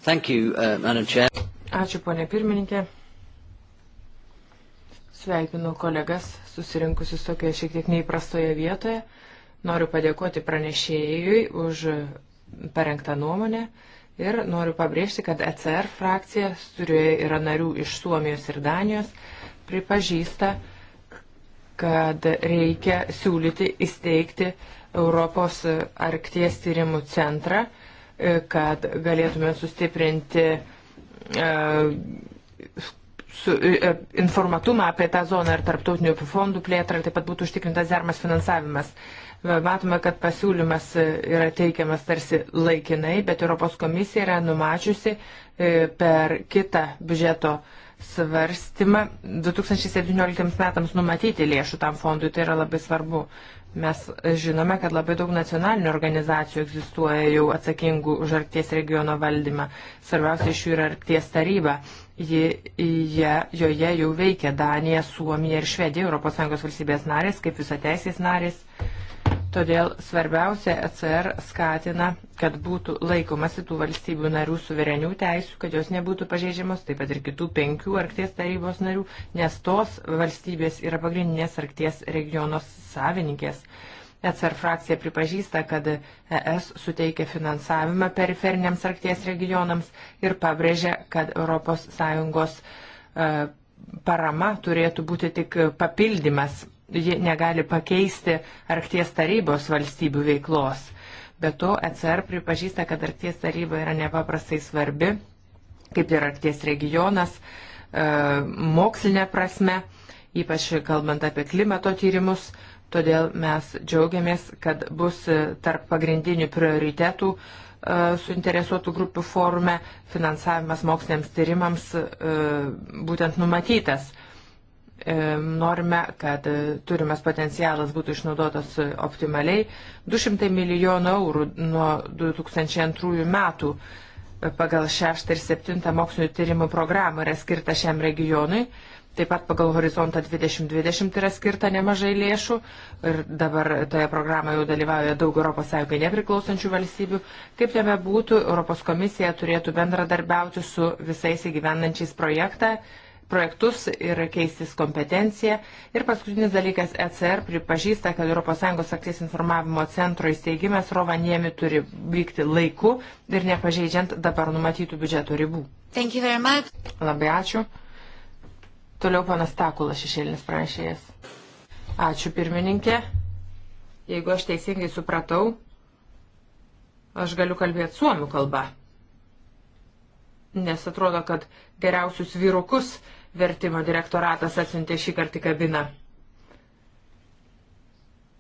Thank you, uh, Madam Chair. Ačiū, ponė pirmininkė. Sveikinu kolegas susirinkusius tokioje šiek tiek neįprastoje vietoje. Noriu padėkoti pranešėjui už parengtą nuomonę ir noriu pabrėžti, kad ECR frakcija, kurioje yra narių iš Suomijos ir Danijos, pripažįsta, kad reikia siūlyti įsteigti Europos Arkties tyrimų centrą kad galėtume sustiprinti e, su, e, e, informatumą apie tą zoną ir tarptautinių fondų plėtrą, taip pat būtų užtikrintas dermas finansavimas. Matome, kad pasiūlymas yra teikiamas tarsi laikinai, bet Europos komisija yra numačiusi per kitą biudžeto svarstymą 2017 metams numatyti lėšų tam fondui, tai yra labai svarbu. Mes žinome, kad labai daug nacionalinių organizacijų egzistuoja jau atsakingų už Arkties regiono valdymą. Svarbiausia iš jų yra Arkties taryba. Ji, jie, joje jau veikia Danija, Suomija ir Švedija, ES valstybės narės, kaip visą teisės narės. Todėl svarbiausia ECR skatina, kad būtų laikomasi tų valstybių narių suverenių teisų, kad jos nebūtų pažeidžiamos, taip pat ir kitų penkių Arkties tarybos narių, nes tos valstybės yra pagrindinės Arkties regionos savininkės. ECR frakcija pripažįsta, kad ES suteikia finansavimą periferiniams Arkties regionams ir pabrėžia, kad ES e, parama turėtų būti tik papildymas ji negali pakeisti Arkties tarybos valstybių veiklos. Be to, ECR pripažįsta, kad Arkties taryba yra nepaprastai svarbi, kaip ir Arkties regionas, e, mokslinė prasme, ypač kalbant apie klimato tyrimus. Todėl mes džiaugiamės, kad bus tarp pagrindinių prioritetų e, suinteresuotų grupių forume finansavimas moksliniams tyrimams e, būtent numatytas. E, norime, kad e, turimas potencialas būtų išnaudotas optimaliai. 200 milijonų eurų nuo 2002 metų e, pagal 6 ir 7 mokslinio tyrimų programą yra skirta šiam regionui. Taip pat pagal horizontą 2020 yra skirta nemažai lėšų ir dabar toje programoje jau dalyvauja daug ES nepriklausančių valstybių. Kaip tame būtų, ES komisija turėtų bendradarbiauti su visais įgyvendančiais projektą projektus ir keistis kompetenciją. Ir paskutinis dalykas, ECR pripažįsta, kad ES akties informavimo centro įsteigimas Rovaniemi turi vykti laiku ir nepažeidžiant dabar numatytų biudžeto ribų. Labai ačiū. Toliau panas Takulas šešėlinis pranešėjas. Ačiū pirmininkė. Jeigu aš teisingai supratau, aš galiu kalbėti suomių kalbą. Nes atrodo, kad geriausius vyrukus uh, vertimo direktoratas atsiuntė šį kartą į kabiną.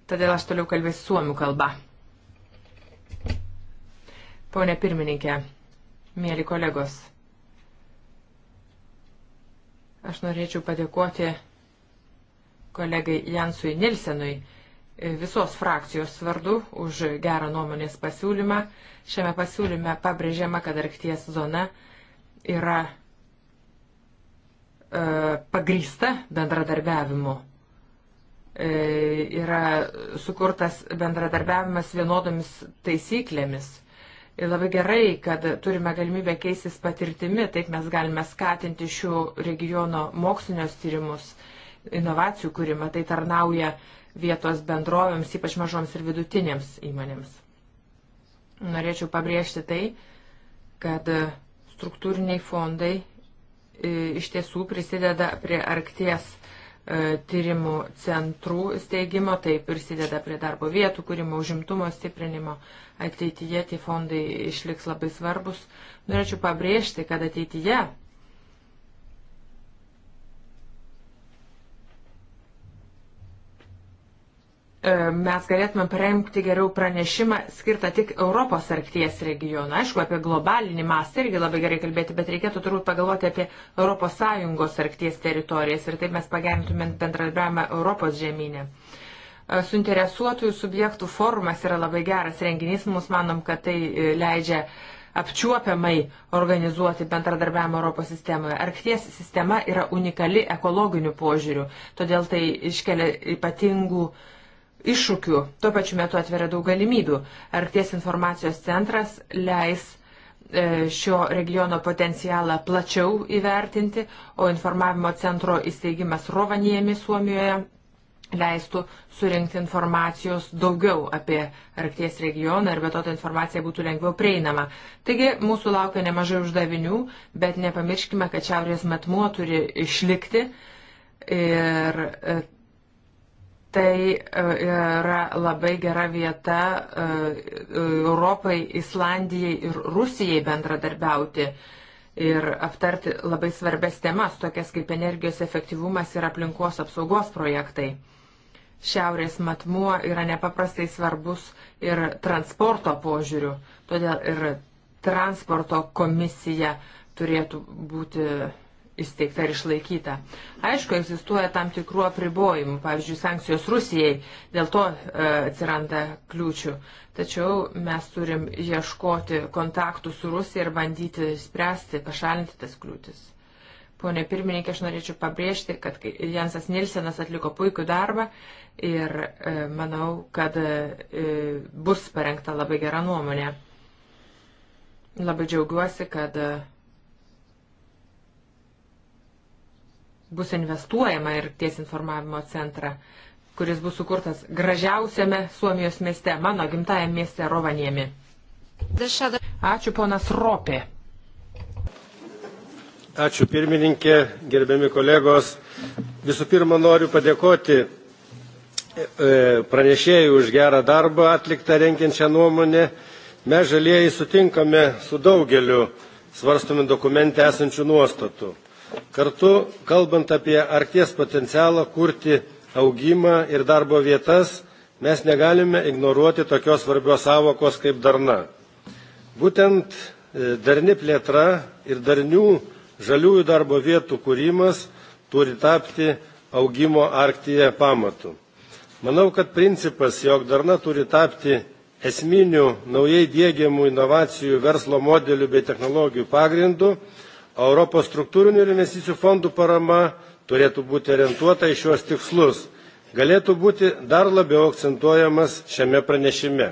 Todėl aš toliau kalbėsiu suomių kalba. Pone pirmininkė, mėly kolegos, aš norėčiau padėkoti kolegai Jansui Nilsenui e, visos frakcijos vardu už gerą nuomonės pasiūlymą. Šiame pasiūlyme pabrėžiama, kad Arkties zona yra E, pagrįsta bendradarbiavimu. E, yra sukurtas bendradarbiavimas vienodomis taisyklėmis. Ir labai gerai, kad turime galimybę keistis patirtimi, taip mes galime skatinti šių regiono mokslinius tyrimus, inovacijų kūrimą, tai tarnauja vietos bendrovėms, ypač mažoms ir vidutinėms įmonėms. Norėčiau pabrėžti tai, kad struktūriniai fondai E, iš tiesų prisideda prie arkties e, tyrimų centrų steigimo, taip prisideda prie darbo vietų kūrimo, užimtumo stiprinimo. Ateityje tie fondai išliks labai svarbus. Norėčiau pabrėžti, kad ateityje E, mes galėtume paremti geriau pranešimą skirtą tik Europos arkties regioną. Aišku, apie globalinį mastą irgi labai gerai kalbėti, bet reikėtų turbūt pagalvoti apie ES arkties teritorijas ir taip mes pagerintumėm bendradarbiavimą Europos žemynę. E, suinteresuotųjų subjektų forumas yra labai geras renginys, mums manom, kad tai e, leidžia apčiuopiamai organizuoti bendradarbiavimą Europos sistemoje. Arkties sistema yra unikali ekologiniu požiūriu, todėl tai iškelia ypatingų uh, iššūkių, tuo pačiu metu atveria daug galimybių. Arkties informacijos centras leis e, šio regiono potencialą plačiau įvertinti, o informavimo centro įsteigimas Rovanijėmi Suomijoje leistų surinkti informacijos daugiau apie Arkties regioną ir be to ta informacija būtų lengviau prieinama. Taigi mūsų laukia nemažai uždavinių, bet nepamirškime, kad šiaurės matmuo turi išlikti ir e, tai e, yra labai gera vieta e, e, Europai, Islandijai ir Rusijai bendradarbiauti ir aptarti labai svarbes temas, tokias kaip energijos efektyvumas ir aplinkos apsaugos projektai. Šiaurės matmuo yra nepaprastai svarbus ir transporto požiūriu, todėl ir transporto komisija turėtų būti įsteigta ir išlaikyta. Aišku, egzistuoja tam tikrų apribojimų, pavyzdžiui, sankcijos Rusijai, dėl to e, atsiranda kliūčių. Tačiau mes turim ieškoti kontaktų su Rusija ir bandyti spręsti, pašalinti tas kliūtis. Pone pirmininkė, aš norėčiau pabrėžti, kad Jansas Nilsenas atliko puikų darbą ir e, manau, kad e, e bus parengta labai gera nuomonė. Labai džiaugiuosi, kad e, bus investuojama ir ties informavimo centrą, kuris bus sukurtas gražiausiame Suomijos mieste, mano gimtajame mieste Rovaniemi. Ačiū ponas Ropė. Ačiū pirmininkė, gerbiami kolegos. Visų pirma, noriu padėkoti e, e, pranešėjų už gerą darbą atliktą renkiančią nuomonę. Mes žalieji sutinkame su daugeliu svarstomi dokumente esančių nuostatų. Kartu, kalbant apie arkties potencialą kurti augimą ir darbo vietas, mes negalime ignoruoti tokios svarbios savokos kaip darna. Būtent e, darni plėtra ir darnių žaliųjų darbo vietų kūrimas turi tapti augimo Arktyje pamatu. Manau, kad principas, jog darna turi tapti esminių naujai dėgiamų inovacijų verslo modelių bei technologijų pagrindų, Europos struktūrinių ir investicijų fondų parama turėtų būti orientuota į šios tikslus, galėtų būti dar labiau akcentuojamas šiame pranešime.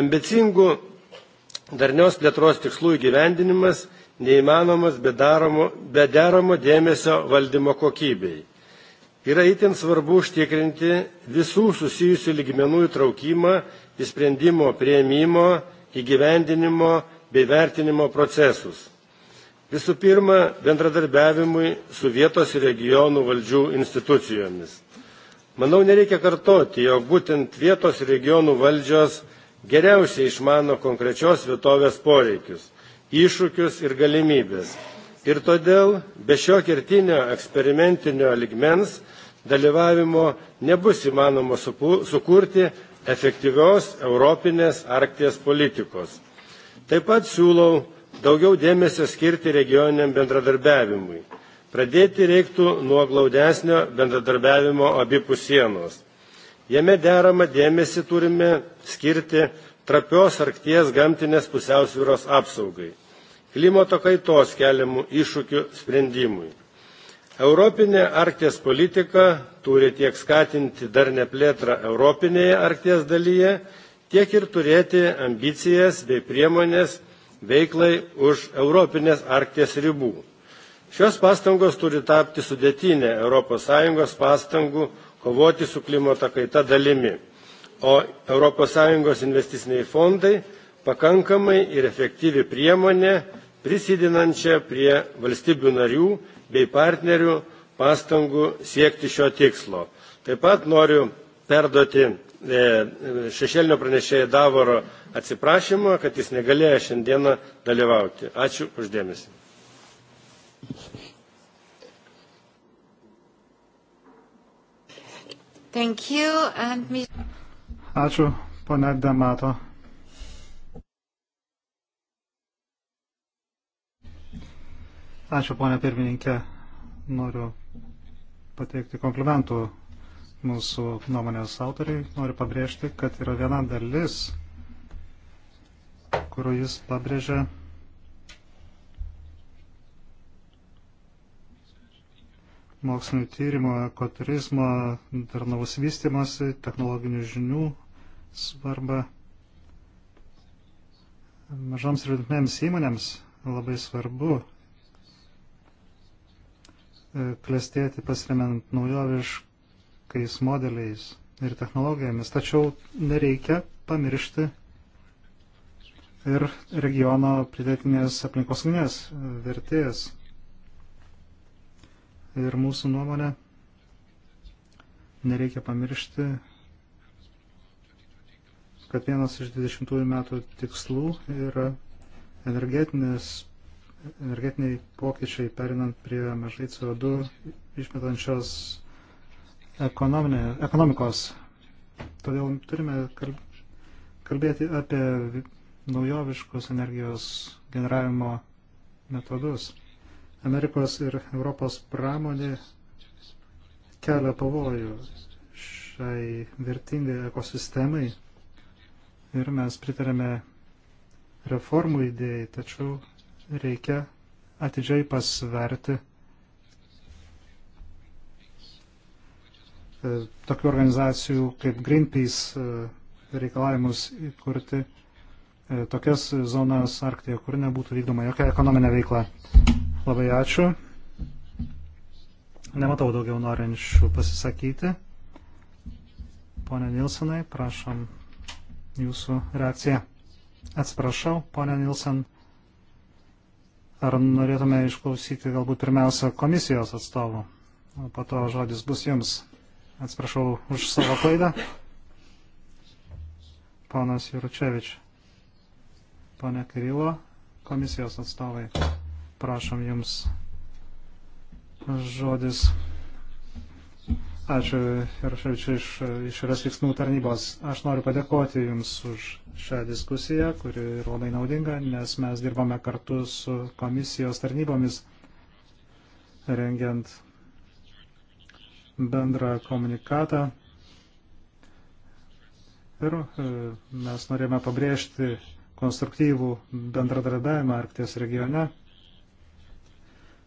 Ambicingų darnios plėtros tikslų įgyvendinimas neįmanomas be, daromo, be deramo dėmesio valdymo kokybei. Yra itin svarbu užtikrinti visų susijusių lygmenų įtraukimą į sprendimo prieimimo, įgyvendinimo bei vertinimo procesus. Visų pirma, bendradarbiavimui su vietos ir regionų valdžių institucijomis. Manau, nereikia kartoti, jog būtent vietos ir regionų valdžios geriausiai išmano konkrečios vietovės poreikius, iššūkius ir galimybės. Ir todėl be šio kirtinio eksperimentinio ligmens dalyvavimo nebus įmanoma sukurti efektyvios europinės Arkties politikos. Taip pat siūlau daugiau dėmesio skirti regioniniam bendradarbiavimui. Pradėti reiktų nuo glaudesnio bendradarbiavimo abipus sienos. Jame deramą dėmesį turime skirti trapios arkties gamtinės pusiausvyros apsaugai, klimato kaitos keliamų iššūkių sprendimui. Europinė arkties politika turi tiek skatinti darnę plėtrą Europinėje arkties dalyje, tiek ir turėti ambicijas bei priemonės veiklai už Europinės Arkties ribų. Šios pastangos turi tapti sudėtinę ES pastangų kovoti su klimato kaita dalimi, o ES investiciniai fondai pakankamai ir efektyvi priemonė prisidinančia prie valstybių narių bei partnerių pastangų siekti šio tikslo. Taip pat noriu perduoti E, šešėlinio pranešėjo Davoro atsiprašymą, kad jis negalėjo šiandieną dalyvauti. Ačiū uždėmesi. Thank you and Ms. Ačiū, pana Damato. Ačiū, ponia pirmininkė. Noriu pateikti komplimentų mūsų nuomonės autoriai, noriu pabrėžti, kad yra viena dalis, kur jis pabrėžia mokslinio tyrimo, ekoturizmo, darnaus vystimosi, technologinių žinių svarbą. Mažoms ir vidutinėms įmonėms labai svarbu e, klestėti pasiremiant naujoviškų tokiais modeliais ir technologijomis. Tačiau nereikia pamiršti ir regiono pridėtinės aplinkosginės e, vertės. Ir mūsų nuomonė nereikia pamiršti, kad vienas iš 20 metų tikslų yra energetiniai pokyčiai perinant prie mažai CO2 išmetančios ekonomikos. Todėl turime kalbėti apie naujoviškus energijos generavimo metodus. Amerikos ir Europos pramonė kelia pavojų šiai vertingai ekosistemai ir mes pritarėme reformų idėjai, tačiau reikia atidžiai pasverti E, tokių organizacijų kaip Greenpeace e, reikalavimus įkurti e, tokias zonas Arktija, kur nebūtų vykdoma jokia ekonominė veikla. Labai ačiū. Nematau daugiau norinčių pasisakyti. Pone Nilsenai, prašom jūsų reakciją. Atsiprašau, pone Nilsen, ar norėtume išklausyti galbūt pirmiausia komisijos atstovų, o po to žodis bus jums. Atsiprašau už savo klaidą. Ponas Jurčevič. Pone Kirilo, komisijos atstovai. Prašom jums žodis. Ačiū ir aš čia iš išorės veiksmų tarnybos. Aš noriu padėkoti Jums už šią diskusiją, kuri yra labai naudinga, nes mes dirbame kartu su komisijos tarnybomis, rengiant bendrą komunikatą. Ir e, mes norėjome pabrėžti konstruktyvų bendradarbiavimą Arkties regione.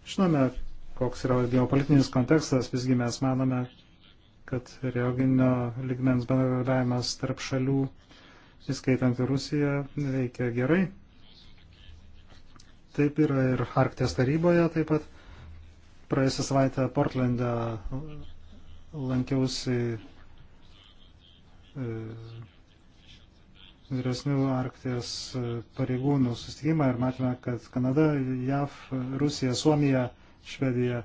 Žinome, koks yra geopolitinis kontekstas, visgi mes manome, kad regioninio ligmens bendradarbiavimas tarp šalių, įskaitant ir Rusiją, veikia gerai. Taip yra ir Arkties taryboje taip pat. Praėjusią savaitę Portlande lankiausi e, vyresnių Arkties e, pareigūnų sustikimą ir matome, kad Kanada, JAV, Rusija, Suomija, Švedija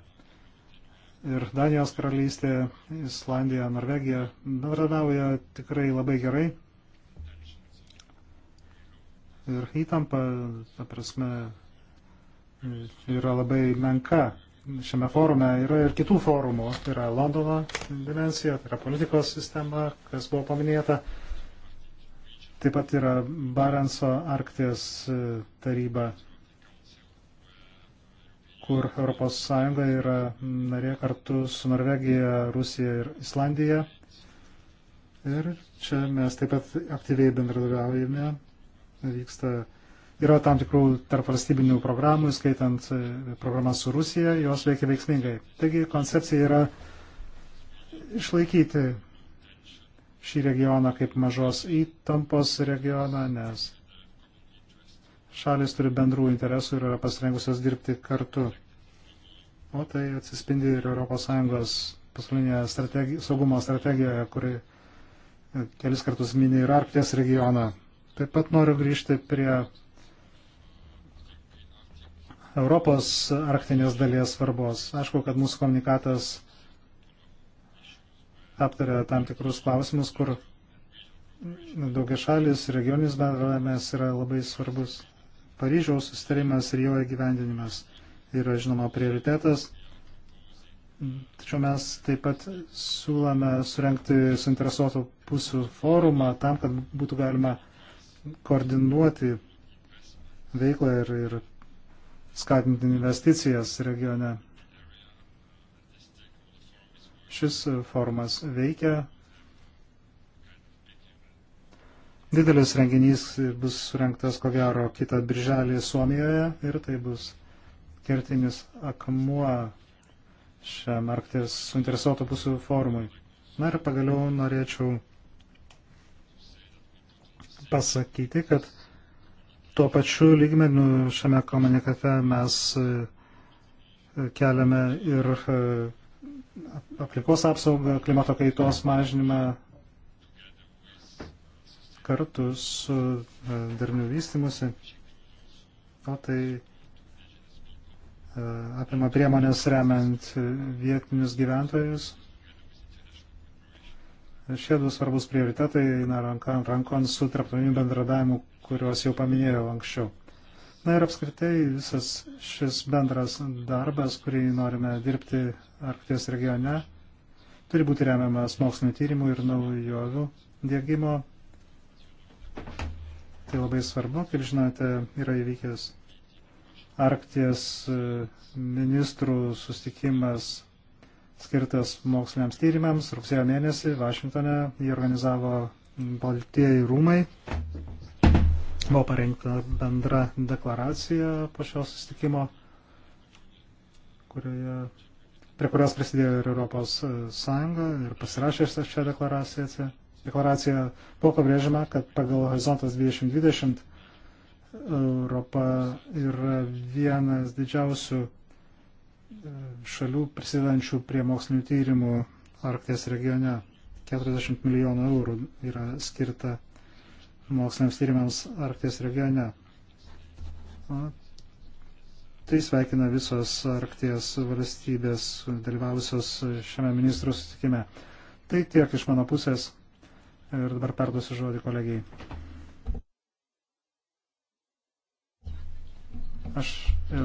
ir Danijos karalystė, Islandija, Norvegija bendradavoja tikrai labai gerai. Ir įtampa, ta prasme, e, yra labai menka šiame forume. Yra ir kitų forumų. Tai yra Londono dimensija, tai yra politikos sistema, kas buvo paminėta. Taip pat yra Barenso Arkties e, taryba, kur ES yra narė kartu su Norvegija, Rusija ir Islandija. Ir čia mes taip pat aktyviai bendradarbiaujame. Vyksta uh, Yra tam tikrų tarpvalstybinių programų, skaitant e, programą su Rusija, jos veikia veiksmingai. Taigi koncepcija yra išlaikyti šį regioną kaip mažos įtampos regioną, nes šalis turi bendrų interesų ir yra pasirengusios dirbti kartu. O tai atsispindi ir ES pasaulinėje strategi saugumo strategijoje, kuri e, kelis kartus mini ir Arkties regioną. Taip pat noriu grįžti prie Europos arktinės dalies svarbos. Aišku, kad mūsų komunikatas aptarė tam tikrus klausimus, kur daugia šalis, regioninis bendravimas yra labai svarbus. Paryžiaus sustarimas ir jo įgyvendinimas yra, žinoma, prioritetas. Tačiau mes taip pat siūlome surenkti suinteresuotų pusių forumą tam, kad būtų galima koordinuoti veiklą ir, ir skatinti investicijas regione. Šis formas veikia. Didelis renginys bus surinktas, ko gero, kitą birželį Suomijoje ir tai bus kertinis akmuo šiam Arktis suinteresuotų pusių forumui. Na ir pagaliau norėčiau pasakyti, kad Tuo pačiu lygmeniu šiame komunikate mes e, keliame ir e, aplinkos apsaugą, klimato kaitos mažinimą kartu su e, darnių vystimusi. O tai apima priemonės remiant vietinius gyventojus. Šie du svarbus prioritetai eina rankon su tarptautiniu bendradavimu kuriuos jau paminėjau anksčiau. Na ir apskritai visas šis bendras darbas, kurį norime dirbti Arkties regione, turi būti remiamas mokslinio tyrimų ir naujovių dėgymo. Tai labai svarbu, kaip žinote, yra įvykęs Arkties e, ministrų sustikimas skirtas moksliniams tyrimams. Rugsėjo mėnesį Vašingtone jį organizavo Baltieji rūmai buvo parengta bendra deklaracija po šio sustikimo, kurioje, prie kurios prisidėjo ir Europos e, Sąjunga ir pasirašė šią deklaraciją. Deklaracija buvo pabrėžima, kad pagal Horizontas 2020 e, Europa yra vienas didžiausių e, šalių prisidedančių prie mokslinių tyrimų Arkties regione. 40 milijonų eurų yra skirta moksliniams tyrimams Arkties regione. Tai sveikina visos Arkties valstybės dalyvavusios šiame ministrų susitikime. Tai tiek iš mano pusės ir dabar perduosiu žodį kolegijai. Aš e,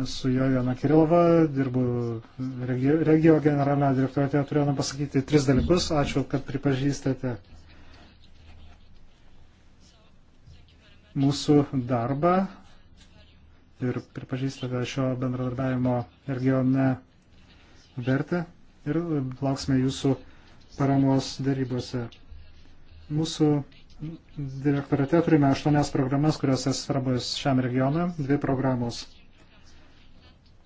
esu Jojana Kirilova, dirbu regio, regio generalinio direktorate, turėjau pasakyti tris dalykus. Ačiū, kad pripažįstate mūsų darbą ir pripažįstate šio bendradarbiavimo regione vertę ir lauksime jūsų paramos darybose. Mūsų direktorate turime aštuonias programas, kuriuose svarbus šiam regionui, dvi programos.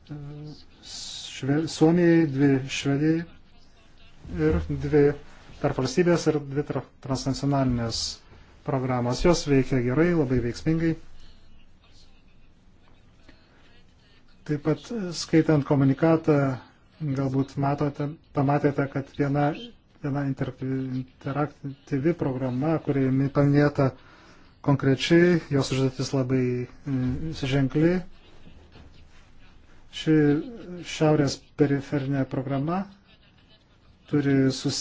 Šve, Suomijai, dvi Švedijai ir dvi tarp valstybės ir dvi transnacionalinės programos. Jos veikia gerai, labai veiksmingai. Taip pat e, skaitant komunikatą, galbūt matote, pamatėte, kad viena, viena interaktyvi programa, kuri paminėta konkrečiai, jos užduotis labai e, ženkli. Ši šiaurės periferinė programa turi sus,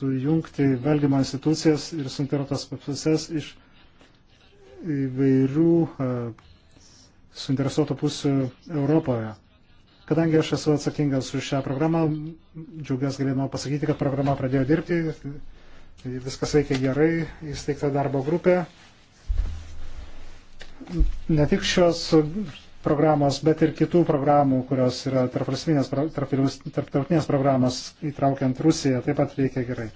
sujungti valdymo institucijas ir suinteresuotas puses iš įvairių e, suinteresuotų pusių Europoje. Kadangi aš esu atsakingas už šią programą, džiaugiuosi galėdama pasakyti, kad programa pradėjo dirbti, viskas veikia gerai, įsteigta darbo grupė. Ne tik šios programos, bet ir kitų programų, kurios yra tarptautinės programos įtraukiant Rusiją, taip pat veikia gerai.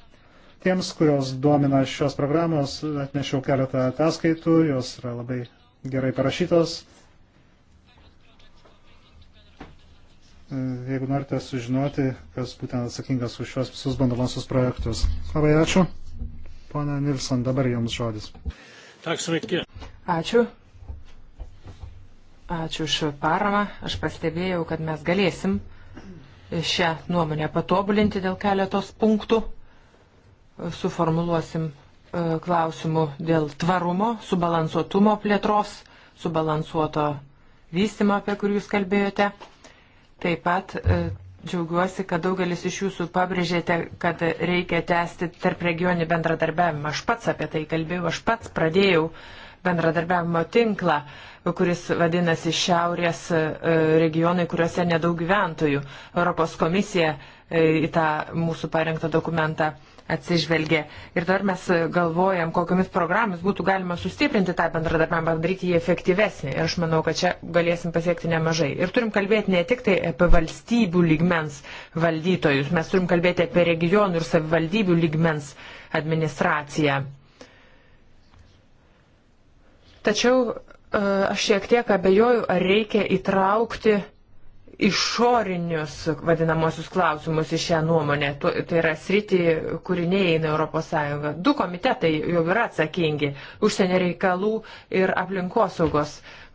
Tiems, kurios domina šios programos, atnešiau keletą ataskaitų, jos yra labai gerai parašytos. Jeigu norite sužinoti, kas būtent atsakingas už šios visus bandomosius projektus. Labai ačiū. Pone Nilsson, dabar jums žodis. Ačiū. Ačiū už paramą. Aš pastebėjau, kad mes galėsim šią nuomonę patobulinti dėl keletos punktų. Suformuluosim e, klausimų dėl tvarumo, subalansuotumo plėtros, subalansuoto vystimo, apie kurį jūs kalbėjote. Taip pat e, džiaugiuosi, kad daugelis iš jūsų pabrėžėte, kad reikia tęsti tarp regionį bendradarbiavimą. Aš pats apie tai kalbėjau, aš pats pradėjau uh, bendradarbiavimo tinklą, kuris vadinasi Šiaurės e, regionai, kuriuose nedaug gyventojų. Europos komisija e, į tą mūsų parengtą dokumentą atsižvelgė. Ir dabar mes galvojam, kokiamis programomis būtų galima sustiprinti tą bendradarbiavimą, padaryti jį efektyvesnį. Ir aš manau, kad čia galėsim pasiekti nemažai. Ir turim kalbėti ne tik tai apie valstybių lygmens valdytojus, mes turim kalbėti apie regionų ir savivaldybių lygmens administraciją. Tačiau e, aš šiek tiek abejoju, ar reikia įtraukti išorinius vadinamosius klausimus į šią nuomonę. Tai yra sritį, kuri neįeina Europos Sąjunga. Du komitetai jau yra atsakingi - užsienio reikalų ir aplinkosaugos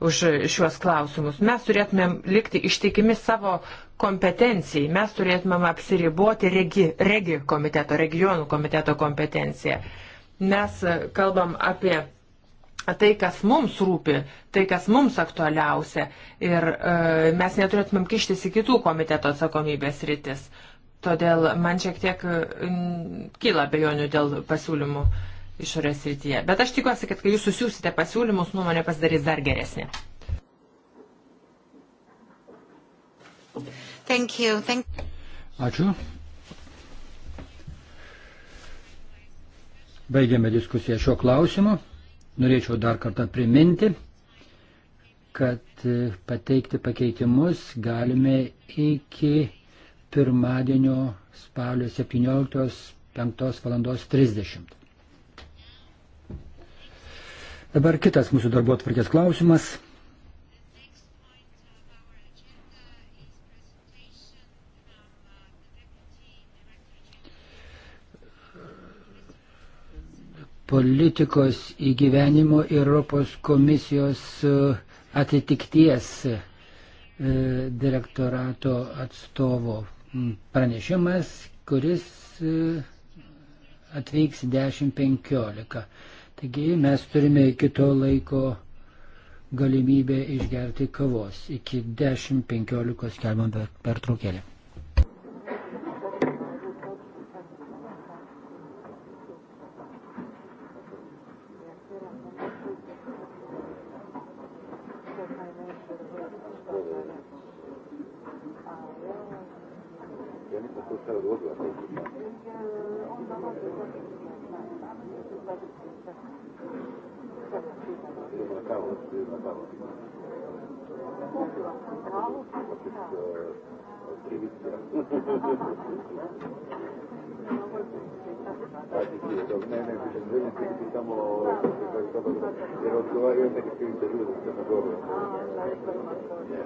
už šiuos klausimus. Mes turėtumėm likti ištikimi savo kompetencijai. Mes turėtumėm apsiriboti regi, regi komiteto, regionų komiteto kompetenciją. Mes kalbam apie tai, kas mums rūpi, tai, kas mums aktualiausia. Ir e, mes neturėtumėm kištis į kitų komiteto atsakomybės rytis. Todėl man šiek tiek e, kyla bejonių dėl pasiūlymų išorės rytyje. Bet aš tikiuosi, kad kai jūs susiūsite pasiūlymus, nuomonė pasidarys dar geresnė. Thank you. Thank... Ačiū. Baigiame diskusiją šio klausimu. Norėčiau dar kartą priminti, kad e, pateikti pakeitimus galime iki pirmadienio spalio 17.5 val. 30. Dabar kitas mūsų darbo atvarkės klausimas. politikos įgyvenimo ir Europos komisijos e, atitikties e, direktorato atstovo pranešimas, kuris e, atvyks 10.15. Taigi mes turime iki to laiko galimybę išgerti kavos. Iki 10.15 skelbam per traukėlį. на каву, на каву. Значит, привезти. Не, не, извините, samo jer odgovaraju nekakve intervjue za Crnu Goru. Yeah.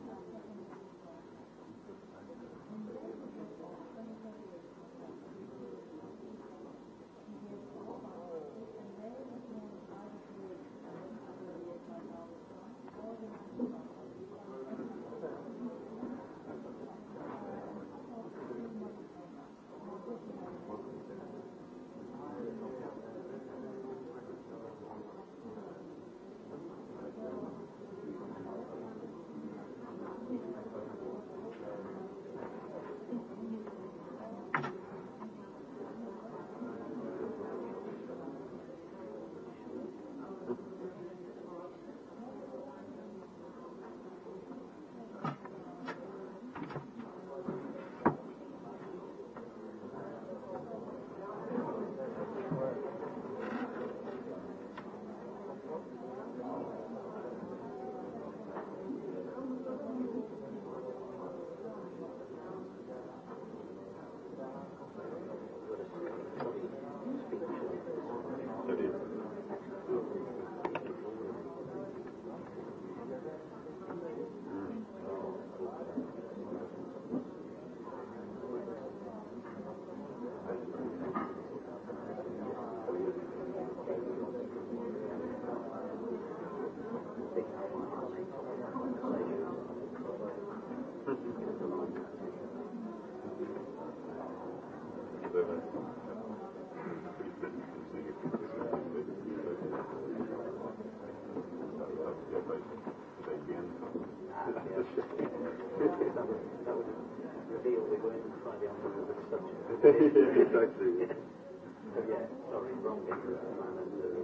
yeah, exactly. yeah, sorry, wrong picture of man and uh, you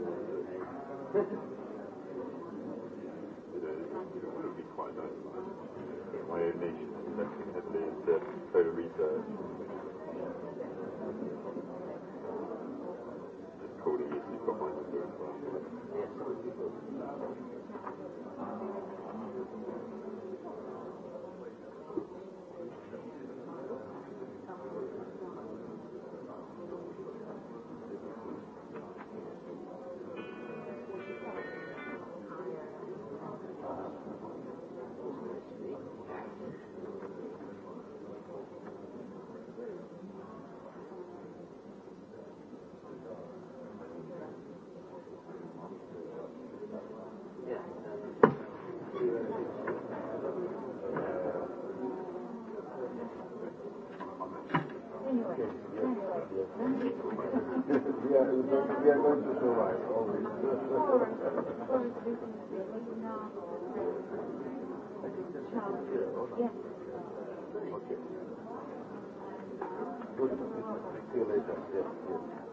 know, it would be quite nice. My own nation is investing heavily into solar research. It's probably easy to find as well. Yeah, some people. Yes. Okay. Good. See you later. Yes, yes.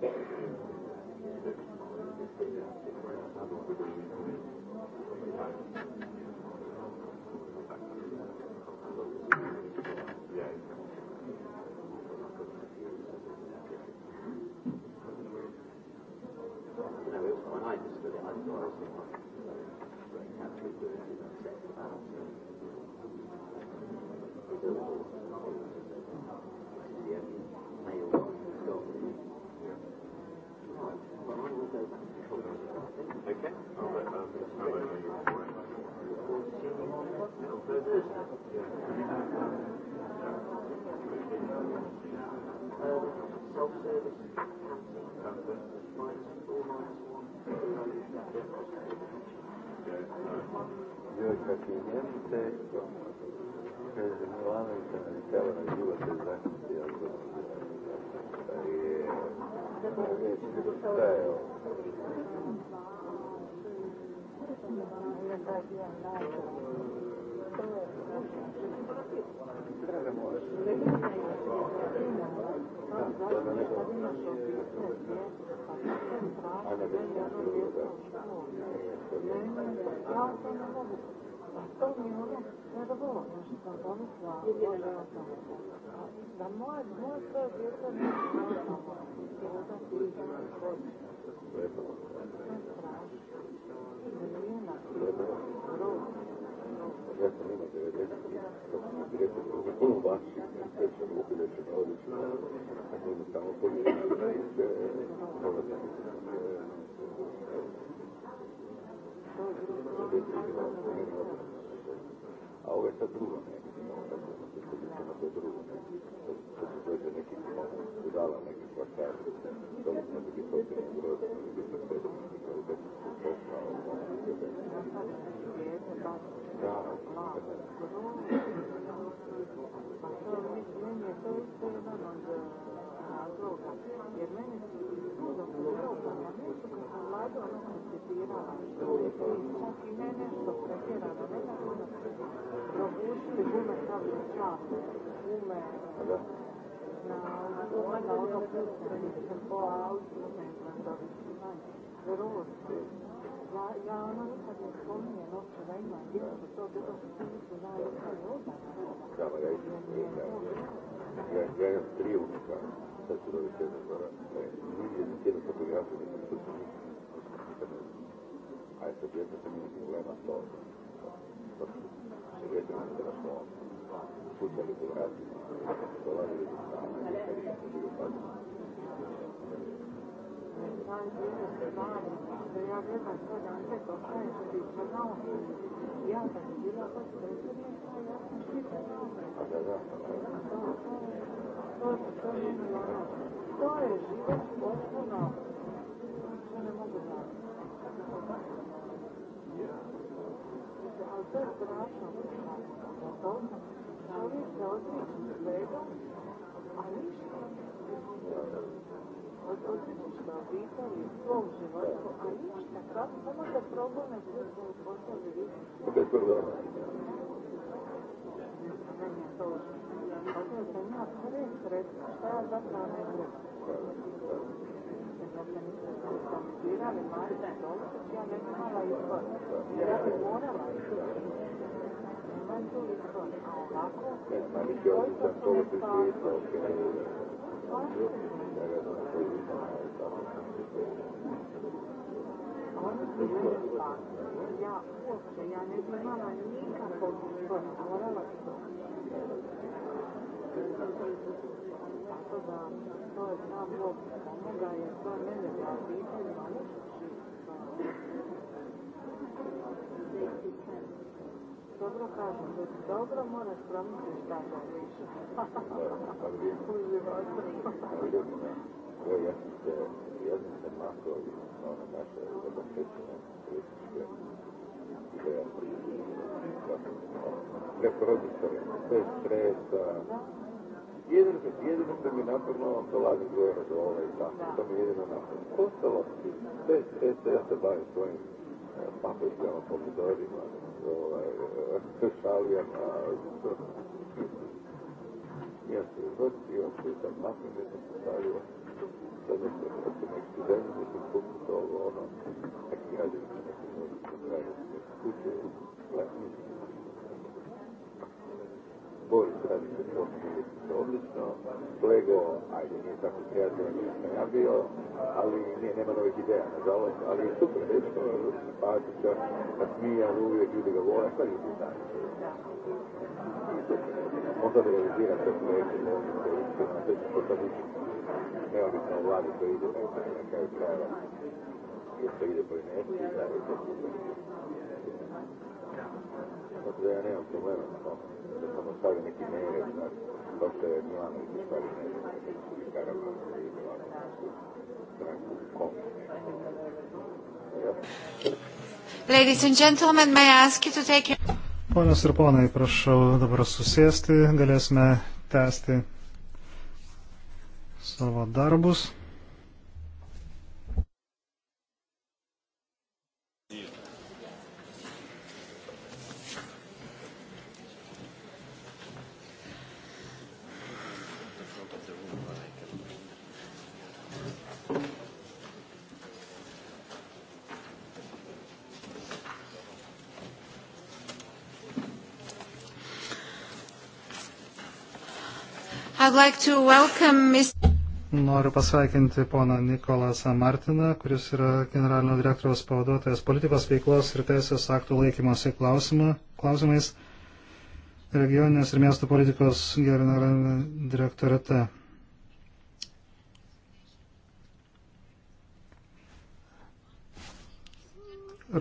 Thank you. decise Deo. Za moje, moje svoje djece ne znam a ovo je sad drugo nekako, ovo je drugo nekako, to su dojde nekih budala nekako kvartalas, galbūt kitos struktūros, visas tas kalbas, kultūros klausimas. Да. Да. Da, magari Graham Triumph, stesso dove c'è ancora, lui viene fotografato da questo a essa dieta também tem leva a torta, segretamente da sua futbolizuoti. To je život potpuno, što ne mogu dati. Ali to je strašno, to je strašno od odlična obitelji u svom životu, a ništa, kako samo da probleme koji su mu postavili vi. Kada je prva? Meni je to Odnosno sam ja prvi sretna, šta ja zapravo ne gledam. Da se niste kandidirali Marija Dolčić, ja ne bi imala izbor. Ja bi morala izbor. Eh, ma mi chiedo se solo per questo che Ya, işte yani bunlarla niye kapatılıyor? Havara bak. Hatta da, sonra ne yapıyor? Ama gayet sonra ne de var? Bir Dobro, dobro moraš promisliti šta govoriš. Uživaj. Evo ja sam se, ja sam se makao iz one naše započetine turističke ideja preko roditelja, bez stresa. Jedino, jedino što mi napravno dolazi gore do ove i tako, to mi jedino napravno. Ostalo, bez stresa ja se bavim svojim Papa's going for the dirty money. So uh, sorry about Yes, university of this and nothing is necessary. Then it's at the next event with the book so on. Actually, I didn't connect it with the parents. Good day. Black music. Boys, I'm just talking to you odlično, Flego, ajde, nije tako kreativan, nisam ja bio, ali nije, nema novih ideja, nažalost, ali je super, dečko, simpatičan, nasmijan, uvijek ljudi ga vole, šta ljudi znaju? On sad realizira sve projekte, ovdje se uspio, na sve što sad uči, neovisno o vladi koji ide, ne znam, na kraju krajeva, jer se ide po inerciji, da je to super. Tako da ja nemam problema s tom, da samo stavim neki mail, znači, but uh, Milan is deciding we've got a Ladies and gentlemen, may I ask you to take your... Ponios ir ponai, prašau dabar susėsti, galėsime tęsti savo darbus. Like welcome... Noriu pasveikinti poną Nikolasą Martiną, kuris yra generalinio direktoriaus pavaduotojas politikos veiklos ir teisės aktų laikymosi klausimais regioninės ir miesto politikos generalinė direktorate.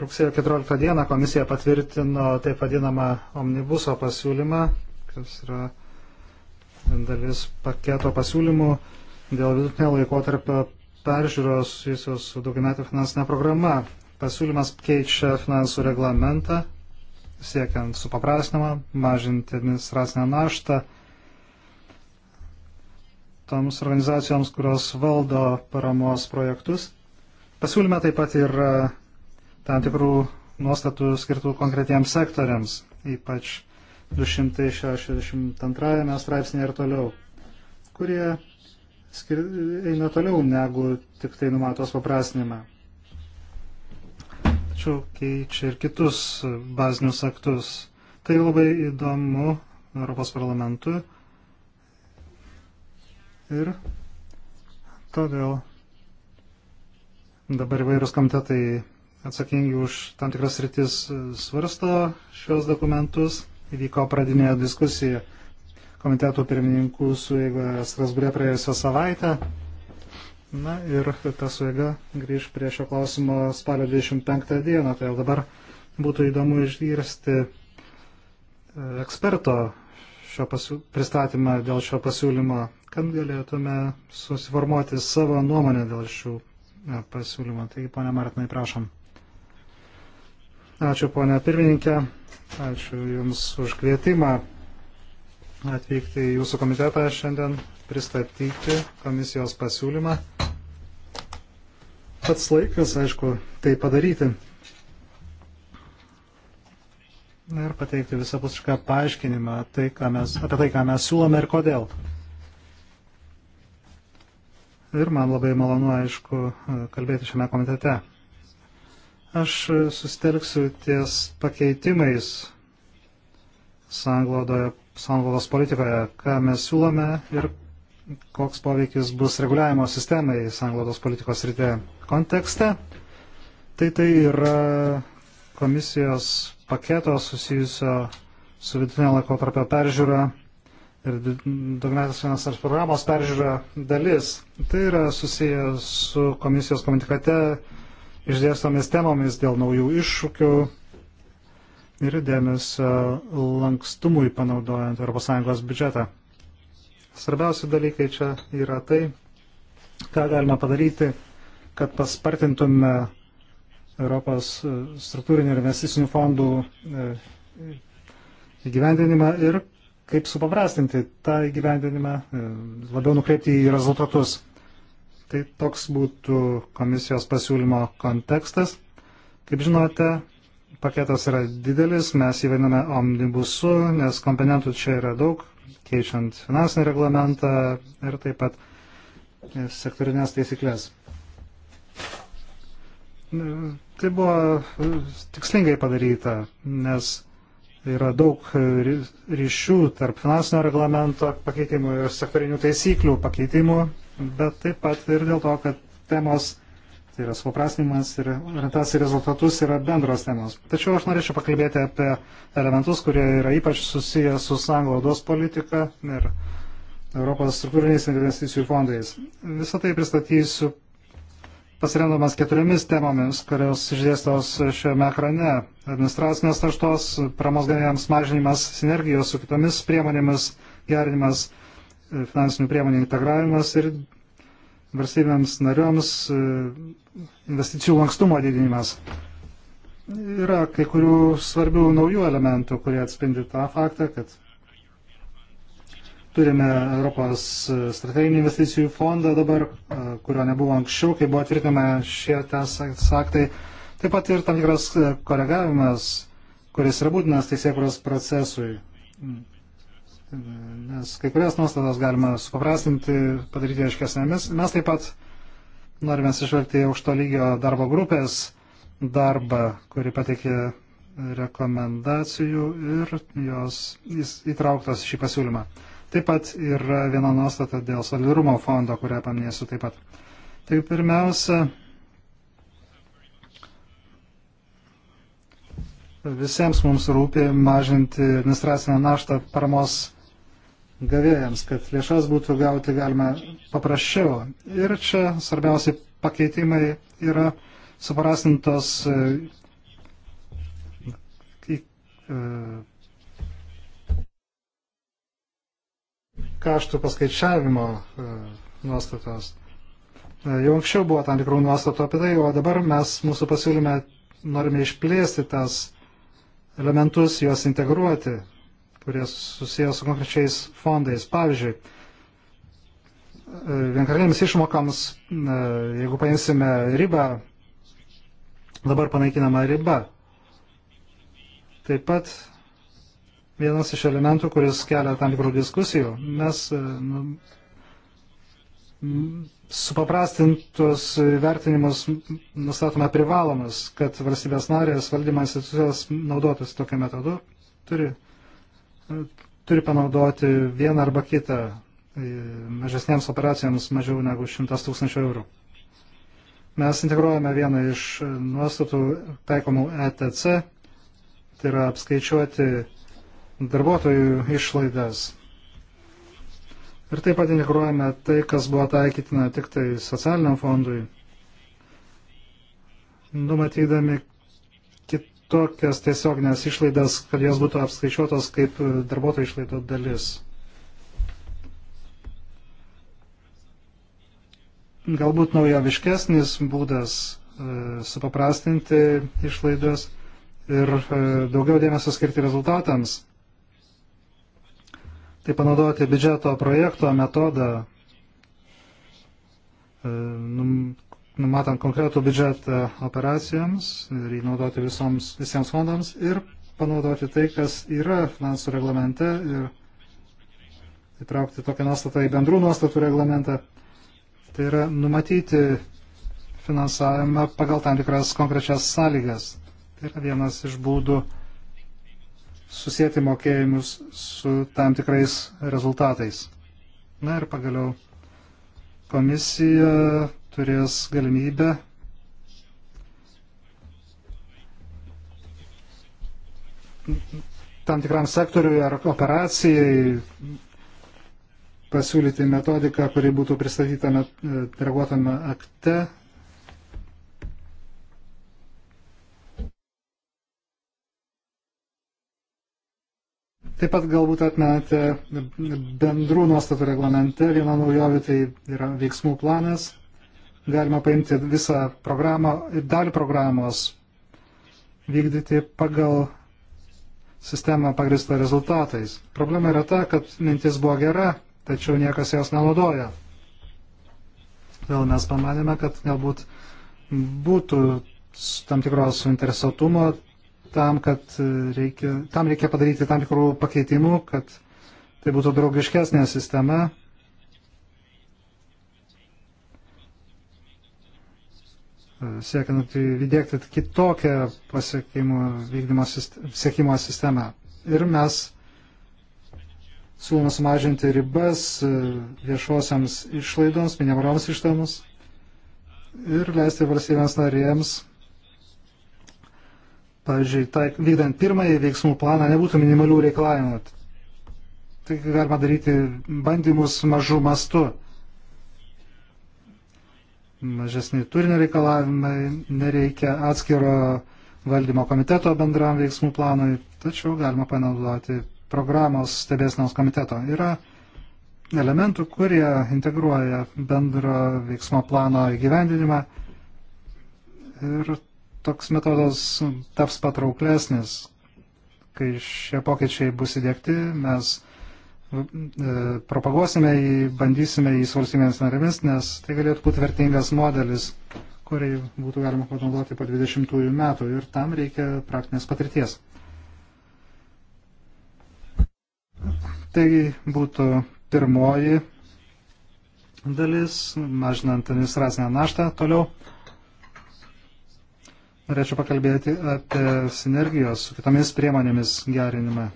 Rugsėjo 14 dieną komisija patvirtino taip vadinamą omnibuso pasiūlymą, kas yra dalis paketo pasiūlymų dėl vidutinio laikotarpio peržiūros susijusios su daugiametė finansinė programa. Pasiūlymas keičia finansų reglamentą, siekiant supaprastinimą, mažinti administracinę naštą toms organizacijoms, kurios valdo paramos projektus. Pasiūlyme taip pat yra tam tikrų nuostatų skirtų konkretiems sektoriams, ypač 262 straipsnėje ir toliau, kurie skir... eina toliau negu tik tai numatos paprasnimą. Tačiau keičia ir kitus bazinius aktus. Tai labai įdomu Europos parlamentui. Ir todėl dabar įvairūs komitetai atsakingi už tam tikras rytis svarsto šios dokumentus įvyko pradinė diskusija komitetų pirmininkų suėga Strasbūrė praėjusią savaitę. Na ir ta suėga grįž prie šio klausimo spalio 25 dieną, tai jau dabar būtų įdomu išgirsti e, eksperto šio pasiū... pristatymą dėl šio pasiūlymo, kad galėtume susiformuoti savo nuomonę dėl šių e, pasiūlymų. Taigi, ponia Martinai, prašom. Ačiū, ponia pirmininkė. Ačiū Jums už kvietimą atvykti į Jūsų komitetą šiandien pristatyti komisijos pasiūlymą. Pats laikas, aišku, tai padaryti. Na ir pateikti visapusišką paaiškinimą tai, mes, apie tai, ką mes siūlome ir kodėl. Ir man labai malonu, aišku, kalbėti šiame komitete. Aš sustelksiu ties pakeitimais sanglaudos politikoje, ką mes siūlome ir koks poveikis bus reguliavimo sistemai sanglaudos politikos rytė kontekste. Tai tai yra komisijos paketo susijusio su vidutinio laikotarpio peržiūra ir daugmetės finansinės programos peržiūra dalis. Tai yra susijęs su komisijos komunikate išdėstomis temomis dėl naujų iššūkių ir dėmesio lankstumui panaudojant ES biudžetą. Svarbiausi dalykai čia yra tai, ką galima padaryti, kad paspartintume Europos struktūrinių ir investicinių fondų e, įgyvendinimą ir kaip supaprastinti tą įgyvendinimą, e, labiau nukreipti į rezultatus. Tai toks būtų komisijos pasiūlymo kontekstas. Kaip žinote, paketas yra didelis, mes jį vadiname omnibusu, nes komponentų čia yra daug, keičiant finansinį reglamentą ir taip pat sektorinės taisyklės. Tai buvo tikslingai padaryta, nes yra daug ryšių tarp finansinio reglamento pakeitimų ir sektorinių taisyklių pakeitimų bet taip pat ir dėl to, kad temos, tai yra supaprastinimas ir orientacija į rezultatus yra bendros temos. Tačiau aš norėčiau pakalbėti apie elementus, kurie yra ypač susiję su sanglaudos politika ir Europos struktūriniais investicijų fondais. Visą tai pristatysiu pasiremdamas keturiomis temomis, kurios išdėstos šiame ekrane. Administracinės taštos, pramos ganėjams mažinimas, sinergijos su kitomis priemonėmis gerinimas finansinių priemonių integravimas ir valstybėms narioms e, investicijų lankstumo didinimas. Yra kai kurių svarbių naujų elementų, kurie atspindi tą faktą, kad turime Europos e, strateginį investicijų fondą dabar, e, kurio nebuvo anksčiau, kai buvo tvirtinama šie teisės aktai. Taip pat ir tam tikras koregavimas, kuris yra būtinas teisėkuros procesui. Mm nes kai kurias nuostatas galima supaprastinti, padaryti aiškesnėmis. Mes taip pat norime atsižvelgti aukšto lygio darbo grupės darbą, kuri pateikė rekomendacijų ir jos įtrauktos šį pasiūlymą. Taip pat yra viena nuostata dėl solidarumo fondo, kurią paminėsiu taip pat. Tai pirmiausia, visiems mums rūpi mažinti administracinę naštą paramos gavėjams, kad lėšas būtų gauti galima paprasčiau. Ir čia svarbiausi pakeitimai yra suprastintos e, e, kaštų paskaičiavimo e, nuostatos. Jau anksčiau buvo tam tikrų nuostatų apie tai, o dabar mes mūsų pasiūlyme norime išplėsti tas elementus, juos integruoti kurie susijęs su konkrečiais fondais. Pavyzdžiui, vienkartinėms išmokams, jeigu paimsime ribą, dabar panaikinama riba. Taip pat vienas iš elementų, kuris kelia tam tikrų diskusijų, mes e, nu, supaprastintus vertinimus nustatome privalomus, kad valstybės narės valdymo institucijos naudotųsi tokiu metodu, turi turi panaudoti vieną arba kitą e, mažesniems operacijoms mažiau negu 100 tūkstančių eurų. Mes integruojame vieną iš nuostatų taikomų ETC, tai yra apskaičiuoti darbuotojų išlaidas. Ir taip pat integruojame tai, kas buvo taikytina tik tai socialiniam fondui, numatydami, tokias tiesioginės išlaidas, kad jos būtų apskaičiuotos kaip e, darbuotojų išlaidų dalis. Galbūt naujoviškesnis būdas e, supaprastinti išlaidas ir e, daugiau dėmesio skirti rezultatams. Tai panaudoti biudžeto projekto metodą, numatant konkretų biudžetą operacijoms ir jį naudoti visoms, visiems fondams ir panaudoti tai, kas yra finansų reglamente ir įtraukti tokią nuostatą į bendrų nuostatų reglamentą. Tai yra numatyti finansavimą pagal tam tikras konkrečias sąlygas. Tai yra vienas iš būdų susijęti mokėjimus su tam tikrais rezultatais. Na ir pagaliau komisija turės galimybę tam tikram sektoriui ar operacijai pasiūlyti metodiką, kuri būtų pristatyta reaguotame akte. Taip pat galbūt atmenate bendrų nuostatų reglamente. Viena naujovė tai yra veiksmų planas galima paimti visą programą ir dalį programos vykdyti pagal sistemą pagristą rezultatais. Problema yra ta, kad mintis buvo gera, tačiau niekas jos nenaudoja. Vėl mes pamanėme, kad galbūt būtų tam tikros suinteresuotumo tam, kad reikia, tam reikia padaryti tam tikrų pakeitimų, kad tai būtų draugiškesnė sistema siekiant tai įdėkti kitokią pasiekimų vykdymo siekimo sistemą. Ir mes siūloma sumažinti ribas e, viešosiams išlaidoms, minimaloms išlaidoms ir leisti valstybėms narėms, pavyzdžiui, taik, vykdant pirmąjį veiksmų planą, nebūtų minimalių reikalavimų. Tai galima daryti bandymus mažų mastų mažesni turinio reikalavimai, nereikia atskiro valdymo komiteto bendram veiksmų planui, tačiau galima panaudoti programos stebėsnos komiteto. Yra elementų, kurie integruoja bendro veiksmo plano įgyvendinimą ir toks metodas taps patrauklesnis. Kai šie pokyčiai bus įdėkti, mes propaguosime jį, bandysime jį su valstybėmis narėmis, nes tai galėtų būti vertingas modelis, kurį būtų galima panaudoti po 20 metų ir tam reikia praktinės patirties. Taigi būtų pirmoji dalis, mažinant administracinę naštą toliau. Norėčiau pakalbėti apie sinergijos su kitomis priemonėmis gerinimą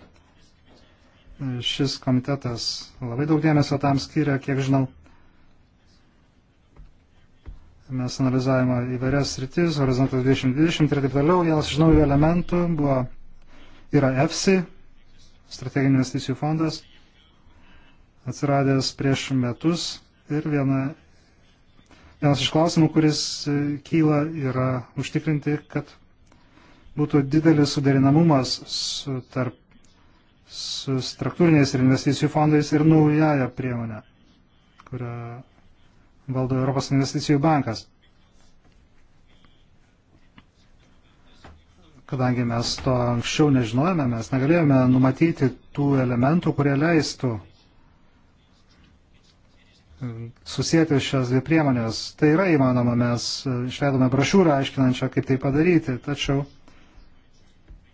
šis komitetas labai daug dėmesio tam skiria, kiek žinau. Mes analizavome įvairias rytis, horizontas 2020 ir taip toliau. Vienas iš naujų elementų buvo, yra EFSI, strateginių investicijų fondas, atsiradęs prieš metus ir viena, vienas iš klausimų, kuris e, kyla, yra užtikrinti, kad būtų didelis suderinamumas su tarp su struktūriniais ir investicijų fondais ir naujaja priemonė, kurią valdo Europos investicijų bankas. Kadangi mes to anksčiau nežinojame, mes negalėjome numatyti tų elementų, kurie leistų susijęti šias dvi priemonės. Tai yra įmanoma, mes išleidome brošiūrą aiškinančią, kaip tai padaryti, tačiau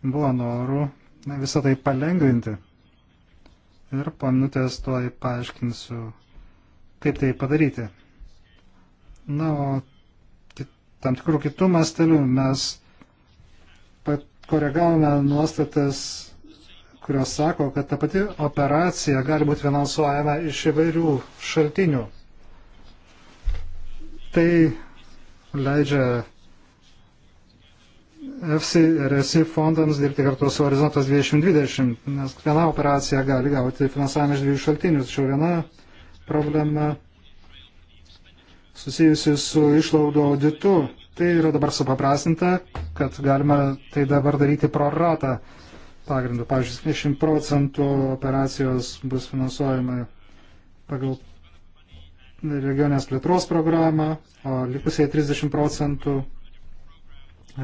buvo norų visą tai palengvinti. Ir po minutės tuoj paaiškinsiu, kaip tai padaryti. Na, o tam tikrų kitų mastelių mes koregavome nuostatas, kurios sako, kad ta pati operacija gali būti finansuojama iš įvairių šaltinių. Tai leidžia EFSI ir ESI fondams dirbti kartu su Horizontas 2020, nes viena operacija gali gauti finansavimą iš dviejų šaltinių, tačiau viena problema susijusi su išlaidų auditu, tai yra dabar supaprastinta, kad galima tai dabar daryti proratą pagrindu. Pavyzdžiui, 70 procentų operacijos bus finansuojama pagal regionės plėtros programą, o likusiai 30 procentų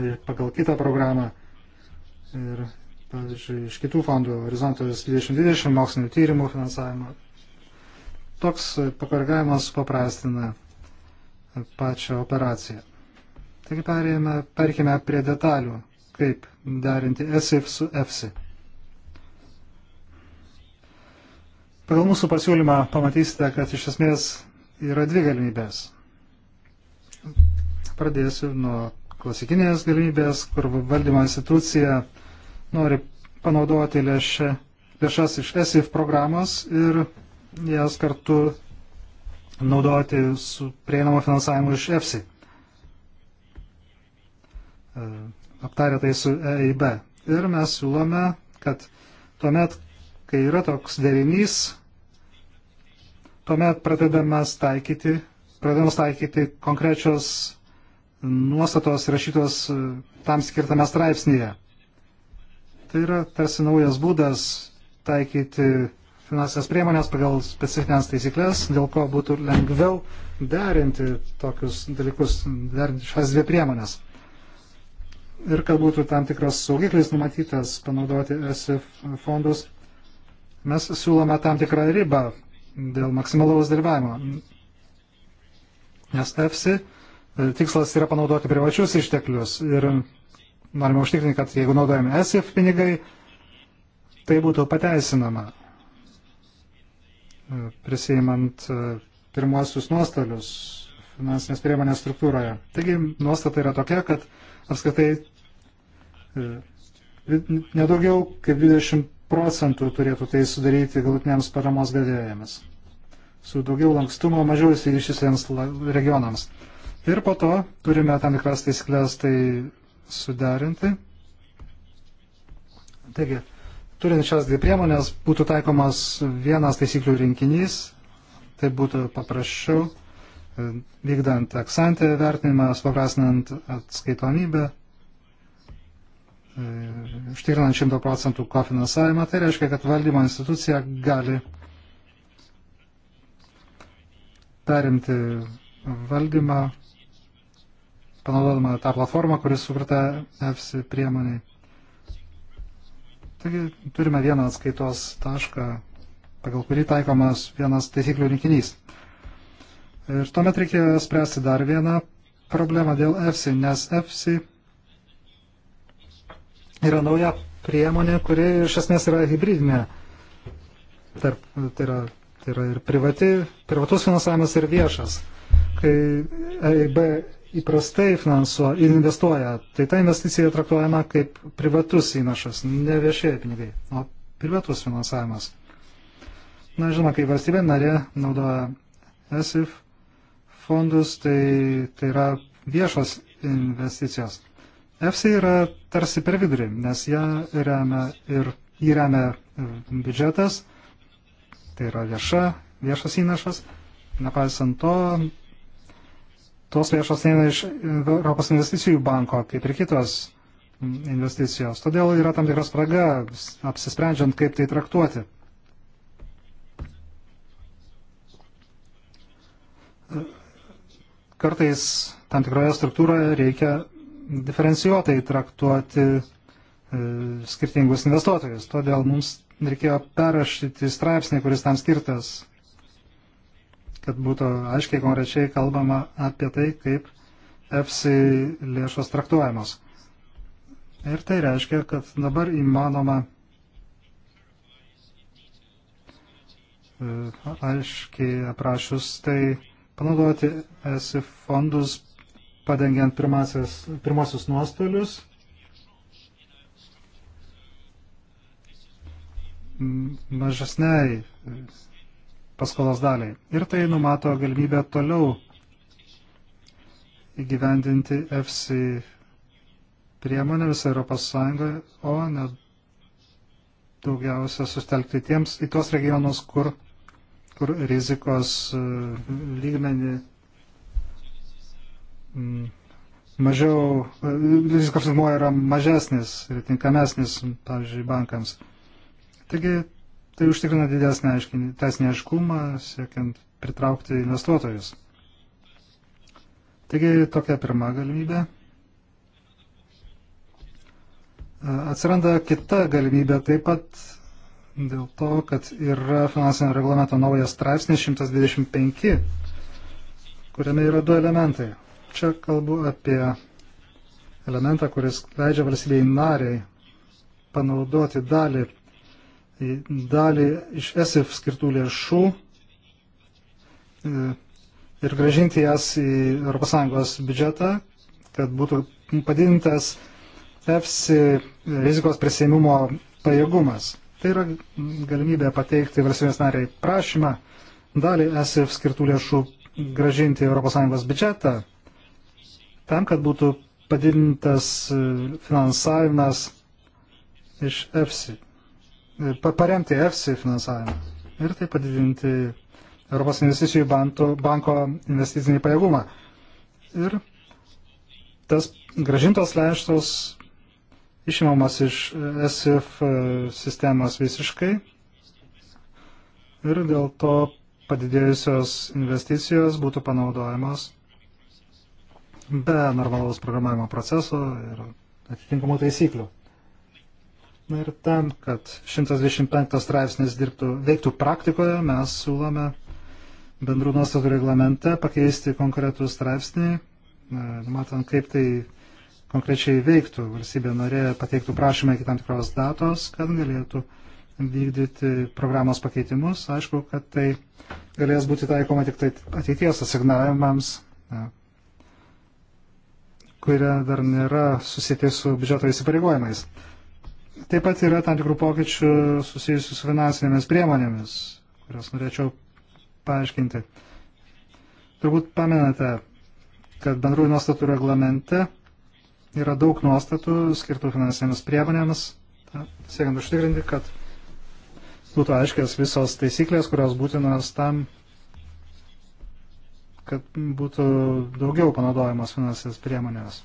E, pagal kitą programą ir, pavyzdžiui, iš kitų fondų Horizontas 2020 mokslinių tyrimų finansavimo. Toks pakoregavimas paprastina pačią operaciją. Taigi perėjame, perkime prie detalių, kaip derinti ESIF su EFSI. Pagal mūsų pasiūlymą pamatysite, kad iš esmės yra dvi galimybės. Pradėsiu nuo klasikinės galimybės, kur valdymo institucija nori panaudoti lėšę, lėšas iš ESIF programos ir jas kartu naudoti su prieinamo finansavimu iš EFSI. E, Aptarė tai su EIB. Ir mes siūlome, kad tuomet, kai yra toks derinys, tuomet pradedamas taikyti, pradedamas taikyti konkrečios nuostatos rašytos e, tam skirtame straipsnėje. Tai yra tarsi naujas būdas taikyti finansinės priemonės pagal specifines taisyklės, dėl ko būtų lengviau derinti tokius dalykus, derinti šias dvi priemonės. Ir kad būtų tam tikras saugiklis numatytas panaudoti ESIF fondus, mes siūlome tam tikrą ribą dėl maksimalaus dalyvavimo. Nes EFSI E, tikslas yra panaudoti privačius išteklius ir norime užtikrinti, kad jeigu naudojame ESIF pinigai, tai būtų pateisinama e, prisėjimant e, pirmuosius nuostolius finansinės priemonės struktūroje. Taigi nuostata yra tokia, kad apskritai nedaugiau kaip 20 procentų turėtų tai sudaryti galutiniams paramos gavėjams. Su daugiau lankstumo mažiau įsivyšusiems regionams. Ir po to turime tam tikras taisyklės tai suderinti. Taigi, turint šias dvi priemonės, būtų taikomas vienas taisyklių rinkinys, tai būtų paprasčiau, e, vykdant eksantį vertinimą, supaprastinant atskaitomybę, e, užtikrinant 100 procentų kofinansavimą, tai reiškia, kad valdymo institucija gali perimti valdymą panaudodama tą platformą, kuris sukurta EFSI priemoniai. Taigi turime vieną atskaitos tašką, pagal kurį taikomas vienas taisyklių rinkinys. Ir tuomet reikėjo spręsti dar vieną problemą dėl EFSI, nes EFSI yra nauja priemonė, kuri iš esmės yra hybridinė. Tarp, tai, yra, tai yra ir privati, privatus finansavimas ir viešas. Kai EIB įprastai finansuo, investuoja, tai ta investicija traktuojama kaip privatus įnašas, ne viešieji pinigai, o privatus finansavimas. Na, žinoma, kai valstybė narė naudoja ESIF fondus, tai, tai yra viešos investicijos. EFSI yra tarsi per vidurį, nes ją remia ir jį remia biudžetas, tai yra vieša, viešas įnašas. Nepaisant to, tos lėšos eina iš Europos investicijų banko, kaip ir kitos investicijos. Todėl yra tam tikras spraga, apsisprendžiant, kaip tai traktuoti. Kartais tam tikroje struktūroje reikia diferencijuotai traktuoti e, skirtingus investuotojus. Todėl mums reikėjo perrašyti straipsnį, kuris tam skirtas kad būtų aiškiai konkrečiai kalbama apie tai, kaip EFSI lėšos traktuojamos. Ir tai reiškia, kad dabar įmanoma e, aiškiai aprašius tai panaudoti ESI fondus padengiant pirmosius nuostolius. mažesniai paskolos daliai. Ir tai numato galimybę toliau įgyvendinti EFSI priemonę visą Europos Sąjungą, o ne daugiausia sustelkti tiems į tuos regionus, kur, kur rizikos e, lygmenį mažiau, e, rizikos lygmuo yra mažesnis ir tinkamesnis, pavyzdžiui, bankams. Taigi Tai užtikrina didesnį teisinį aiškumą, siekiant pritraukti investuotojus. Taigi tokia pirma galimybė. Atsiranda kita galimybė taip pat dėl to, kad yra finansinio reglamento naujas straipsnis 125, kuriame yra du elementai. Čia kalbu apie elementą, kuris leidžia valstybei nariai panaudoti dalį dalį iš ESIF skirtų lėšų e, ir gražinti jas į ES biudžetą, kad būtų padidintas EFSI rizikos prisėmimo pajėgumas. Tai yra galimybė pateikti valstybės nariai prašymą dalį ESIF skirtų lėšų gražinti į ES biudžetą, tam, kad būtų padidintas e, finansavimas iš EFSI paremti EFSI finansavimą ir taip padidinti Europos investicijų banto, banko investicinį pajėgumą. Ir tas gražintos lėšos išimamos iš SIF sistemos visiškai ir dėl to padidėjusios investicijos būtų panaudojamos be normalaus programavimo proceso ir atitinkamų taisyklių. Na ir tam, kad 125 straipsnis dirbtų, veiktų praktikoje, mes siūlome bendrų nuostatų reglamente pakeisti konkretų straipsnį, e, matant, kaip tai konkrečiai veiktų. Valstybė norė pateiktų prašymą iki tam tikros datos, kad galėtų vykdyti programos pakeitimus. Aišku, kad tai galės būti taikoma tik tai ateities asignavimams, e, kurie dar nėra susitė su biudžeto įsipareigojimais. Taip pat yra tam tikrų pokyčių susijusių su finansinėmis priemonėmis, kurias norėčiau paaiškinti. Turbūt pamenate, kad bendrųjų nuostatų reglamente yra daug nuostatų skirtų finansinėms priemonėms, siekiant užtikrinti, kad būtų aiškės visos taisyklės, kurios būtinos tam, kad būtų daugiau panaudojamos finansinės priemonės.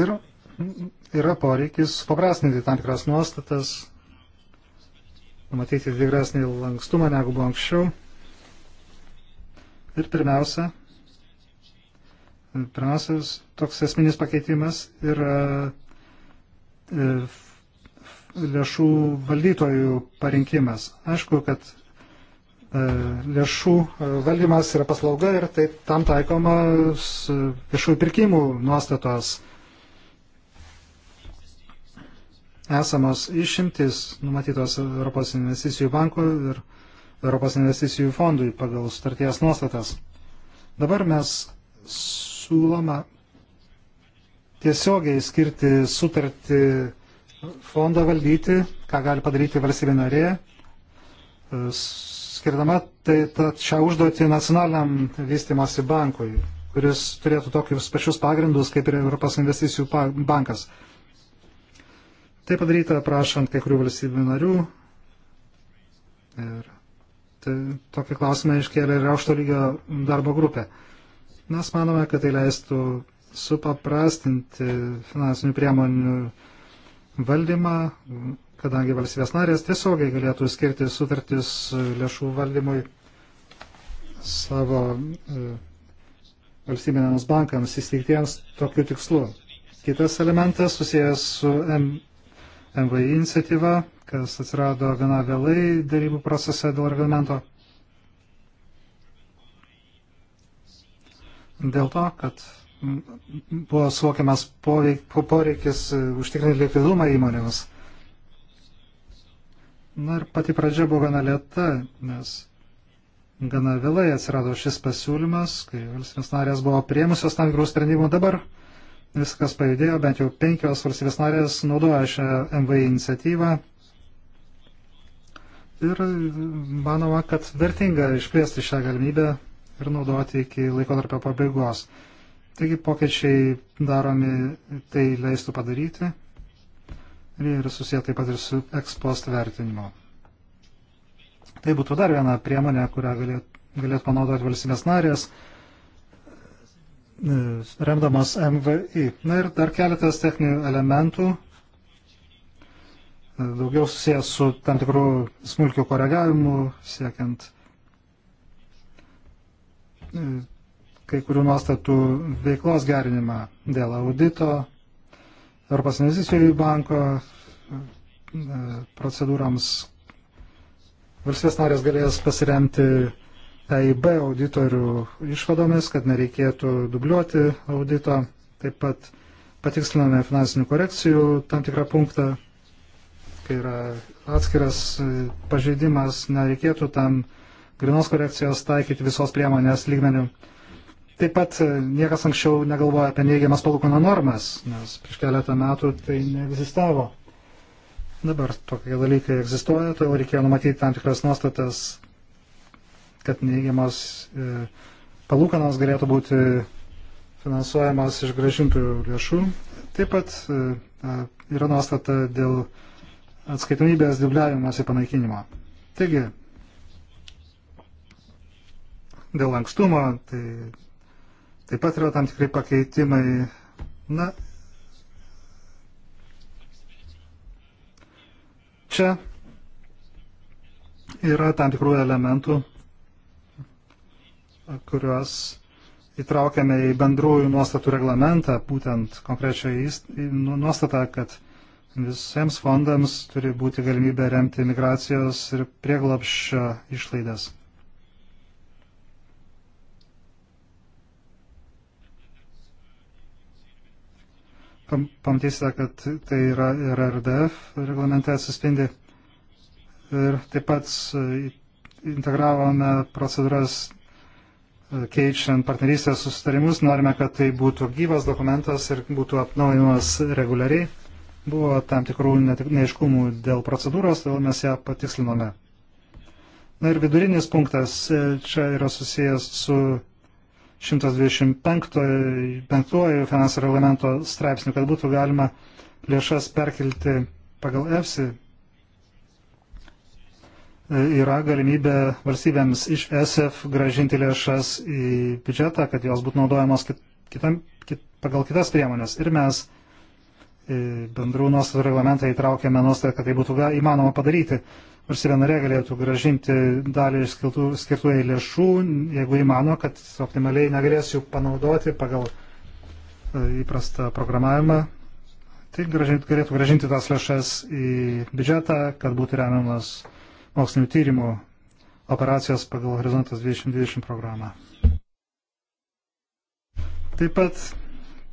Ir yra poreikis paprastinti tam tikras nuostatas, numatyti didesnį lankstumą negu buvo anksčiau. Ir pirmiausia, pirmiausias toks esminis pakeitimas yra e, lėšų valdytojų parinkimas. Aišku, kad e, lėšų e, valdymas yra paslauga ir tai tam taikomas viešųjų pirkimų nuostatos esamos išimtis numatytos Europos investicijų bankų ir Europos investicijų fondui pagal sutarties nuostatas. Dabar mes siūloma tiesiogiai skirti sutartį fondą valdyti, ką gali padaryti valstybė narė, e, skirdama tai, ta, šią užduotį nacionaliniam vystimosi bankui, kuris turėtų tokius pačius pagrindus kaip ir Europos investicijų bankas. Tai padaryta prašant kai kurių valstybių narių. Ir tai, tokį klausimą iškėlė ir aukšto lygio darbo grupė. Mes manome, kad tai leistų supaprastinti finansinių priemonių valdymą, kadangi valstybės narės tiesiogiai galėtų skirti sutartis lėšų valdymui savo e, valstybinėms bankams įsteigtiems tokiu tikslu. Kitas elementas susijęs su M MVI iniciatyva, kas atsirado gana vėlai darybų procese dėl reglamento. Dėl to, kad buvo suvokiamas poreikis e, užtikrinti likvidumą įmonėms. Na ir pati pradžia buvo gana lėta, nes gana vėlai atsirado šis pasiūlymas, kai valstybės narės buvo priemusios tam tikrų sprendimų dabar viskas pajudėjo, bent jau penkios valstybės narės naudoja šią MVI iniciatyvą. Ir manoma, kad vertinga išplėsti šią galimybę ir naudoti iki laikotarpio pabaigos. Taigi pokyčiai daromi, tai leistų padaryti ir jie yra susiję taip pat ir su ekspost vertinimu. Tai būtų dar viena priemonė, kurią galėtų galėt panaudoti valstybės narės, E, remdamas MVI. Na ir dar keletas techninių elementų, e, daugiau susijęs su tam tikrų smulkių koregavimu, siekiant e, kai kurių nuostatų veiklos gerinimą dėl audito, Europos investicijų banko procedūroms. Valstybės narės galės pasiremti EIB auditorių išvadomis, kad nereikėtų dubliuoti audito. Taip pat patiksliname finansinių korekcijų tam tikrą punktą, kai yra atskiras e, pažeidimas, nereikėtų tam grinos korekcijos taikyti visos priemonės lygmenių. Taip pat e, niekas anksčiau negalvoja apie neigiamas palūkanų normas, nes prieš keletą metų tai neegzistavo. Dabar tokie dalykai egzistuoja, todėl reikėjo numatyti tam tikras nuostatas kad neigiamas e, palūkanos galėtų būti finansuojamas iš gražintų lėšų. Taip pat e, yra nuostata dėl atskaitomybės dubliavimas ir panaikinimo. Taigi, dėl lankstumo, tai taip pat yra tam tikrai pakeitimai. Na, čia yra tam tikrų elementų, kuriuos įtraukiame į bendrųjų nuostatų reglamentą, būtent konkrečiai nu-, nuostatą, kad visiems fondams turi būti galimybė remti migracijos ir prieglapščio išlaidas. Pamatysite, kad tai yra ir RDF reglamente atsispindi. Ir taip pat e, integravome procedūras keičiant partnerystės susitarimus, norime, kad tai būtų gyvas dokumentas ir būtų atnaujinamas reguliariai. Buvo tam tikrų neiškumų dėl procedūros, todėl mes ją patikslinome. Na ir vidurinis punktas e, čia yra susijęs su 125 finansų reglamento straipsniu, kad būtų galima lėšas perkelti pagal EFSI yra galimybė valstybėms iš SF gražinti lėšas į biudžetą, kad jos būtų naudojamos kitam, kit, pagal kitas priemonės. Ir mes e, bendrų nuostatų reglamentą įtraukėme nuostatą, kad tai būtų įmanoma padaryti. Valstybė narė galėtų gražinti dalį skirtų, skirtų į lėšų, jeigu įmano, kad optimaliai negalės jų panaudoti pagal e, įprastą programavimą. Tai gražinti, galėtų gražinti tas lėšas į biudžetą, kad būtų remiamas uh, mokslinių tyrimų operacijas pagal Horizontas 2020 programą. Taip pat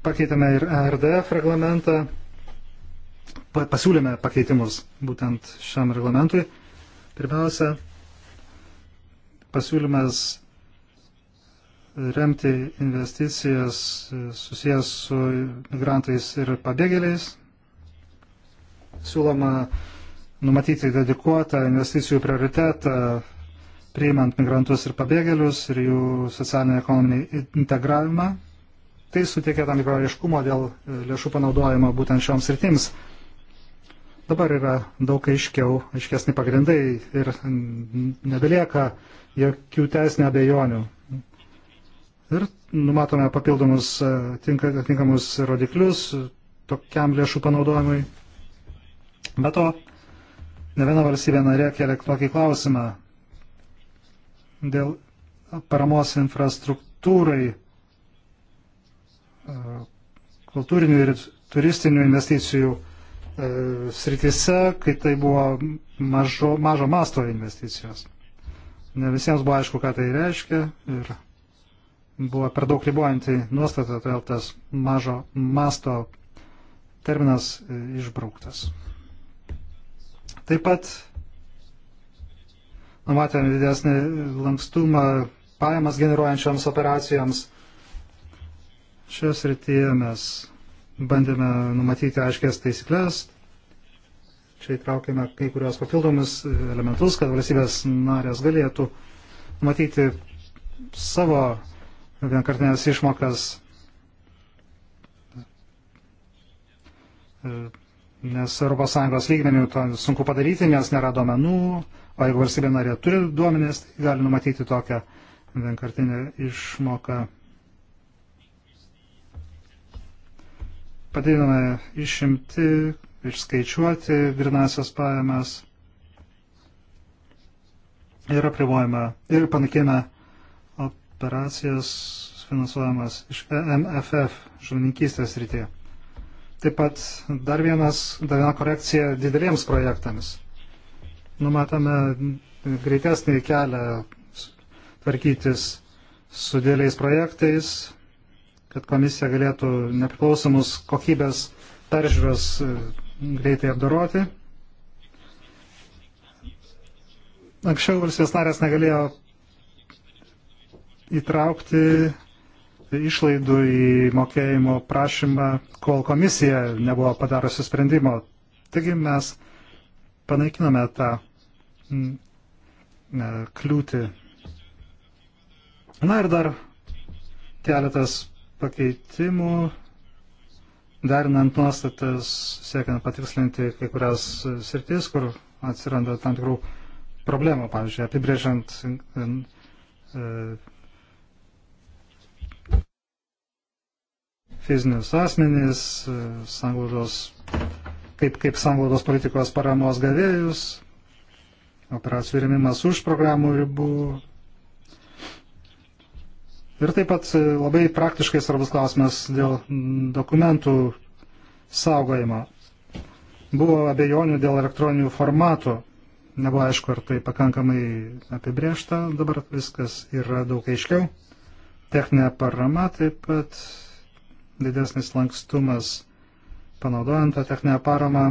pakeitėme ir e RDF reglamentą, pasiūlėme pakeitimus būtent šiam reglamentui. Pirmiausia, pasiūlymas remti investicijas susijęs su migrantais ir pabėgėliais. Siūloma uh, numatyti dedikuotą investicijų prioritetą, priimant migrantus ir pabėgėlius ir jų socialinį ekonominį integravimą. Tai suteikia tam tikro aiškumo dėl e, lėšų panaudojimo būtent šioms rytims. Dabar yra daug aiškiau, aiškesni pagrindai ir nebelieka jokių teisinių abejonių. Ir numatome papildomus e, atinkamus rodiklius tokiam lėšų panaudojimui. Be to, Ne viena valstybė narė kelia tokį klausimą dėl paramos infrastruktūrai, e, kultūrinių ir turistinių investicijų e, sritise, kai tai buvo mažo, mažo masto investicijos. Ne visiems buvo aišku, ką tai reiškia ir buvo per daug ribojanti nuostata, todėl tas mažo masto terminas e, išbrauktas. Taip pat numatėme didesnį lankstumą pajamas generuojančioms operacijoms. Šios rytyje mes bandėme numatyti aiškės taisyklės. Čia įtraukėme kai kurios papildomus elementus, kad valstybės narės galėtų matyti savo vienkartinės išmokas nes ES lygmenių to sunku padaryti, nes nėra duomenų, o jeigu valstybė narė turi duomenės, tai gali numatyti tokią vienkartinę išmoką. Padidiname išimti, išskaičiuoti grinasias pajamas ir apribojame ir panakėme operacijas finansuojamas iš e MFF žuvininkystės rytėje. Taip pat dar, vienas, dar viena korekcija dideliems projektams. Numatome greitesnį kelią tvarkytis su dėliais projektais, kad komisija galėtų nepriklausomus kokybės peržiūros e, greitai apdoroti. Anksčiau valstybės narės negalėjo įtraukti išlaidų į mokėjimo prašymą, kol komisija nebuvo padarusi sprendimo. Taigi mes panaikinome tą mm, e, kliūtį. Na ir dar keletas pakeitimų, derinant nuostatas, siekiant patikslinti kai kurias sritis, kur atsiranda tam tikrų problemų, pavyzdžiui, apibrėžiant e, fizinius asmenys, e, sanglaudos, kaip, kaip sanglaudos politikos paramos gavėjus, operacijų rėmimas už programų ribų. Ir taip pat e, labai praktiškai svarbus klausimas dėl dokumentų saugojimo. Buvo abejonių dėl elektroninių formatų. Nebuvo aišku, ar tai pakankamai apibriešta. Dabar viskas yra daug aiškiau. Techninė parama taip pat didesnis lankstumas panaudojant tą techninę paramą,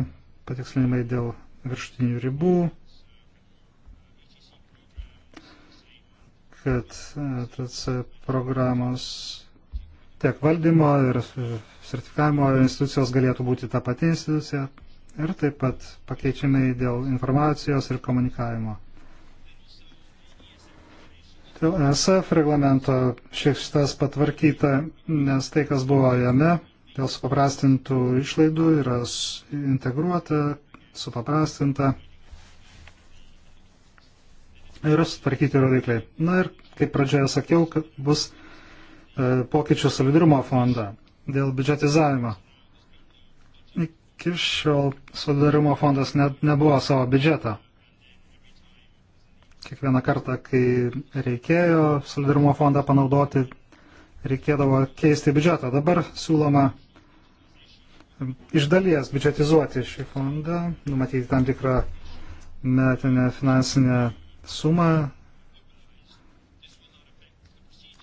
patikslinimai dėl viršutinių ribų, kad e, TC e, programos tiek valdymo ir sertifikavimo institucijos galėtų būti ta pati institucija ir taip pat pakeičiamai dėl informacijos ir komunikavimo. Dėl NSF reglamento šitas patvarkyta, nes tai, kas buvo jame, dėl supaprastintų išlaidų yra integruota, supaprastinta ir sutvarkyti rodikliai. Na ir kaip pradžioje sakiau, kad bus e, pokyčių solidarumo fondą dėl biudžetizavimo. Iki šiol solidarumo fondas net nebuvo savo biudžeto. Kiekvieną kartą, kai reikėjo solidarumo fondą panaudoti, reikėdavo keisti biudžetą. Dabar siūloma iš dalies biudžetizuoti šį fondą, numatyti tam tikrą metinę finansinę sumą,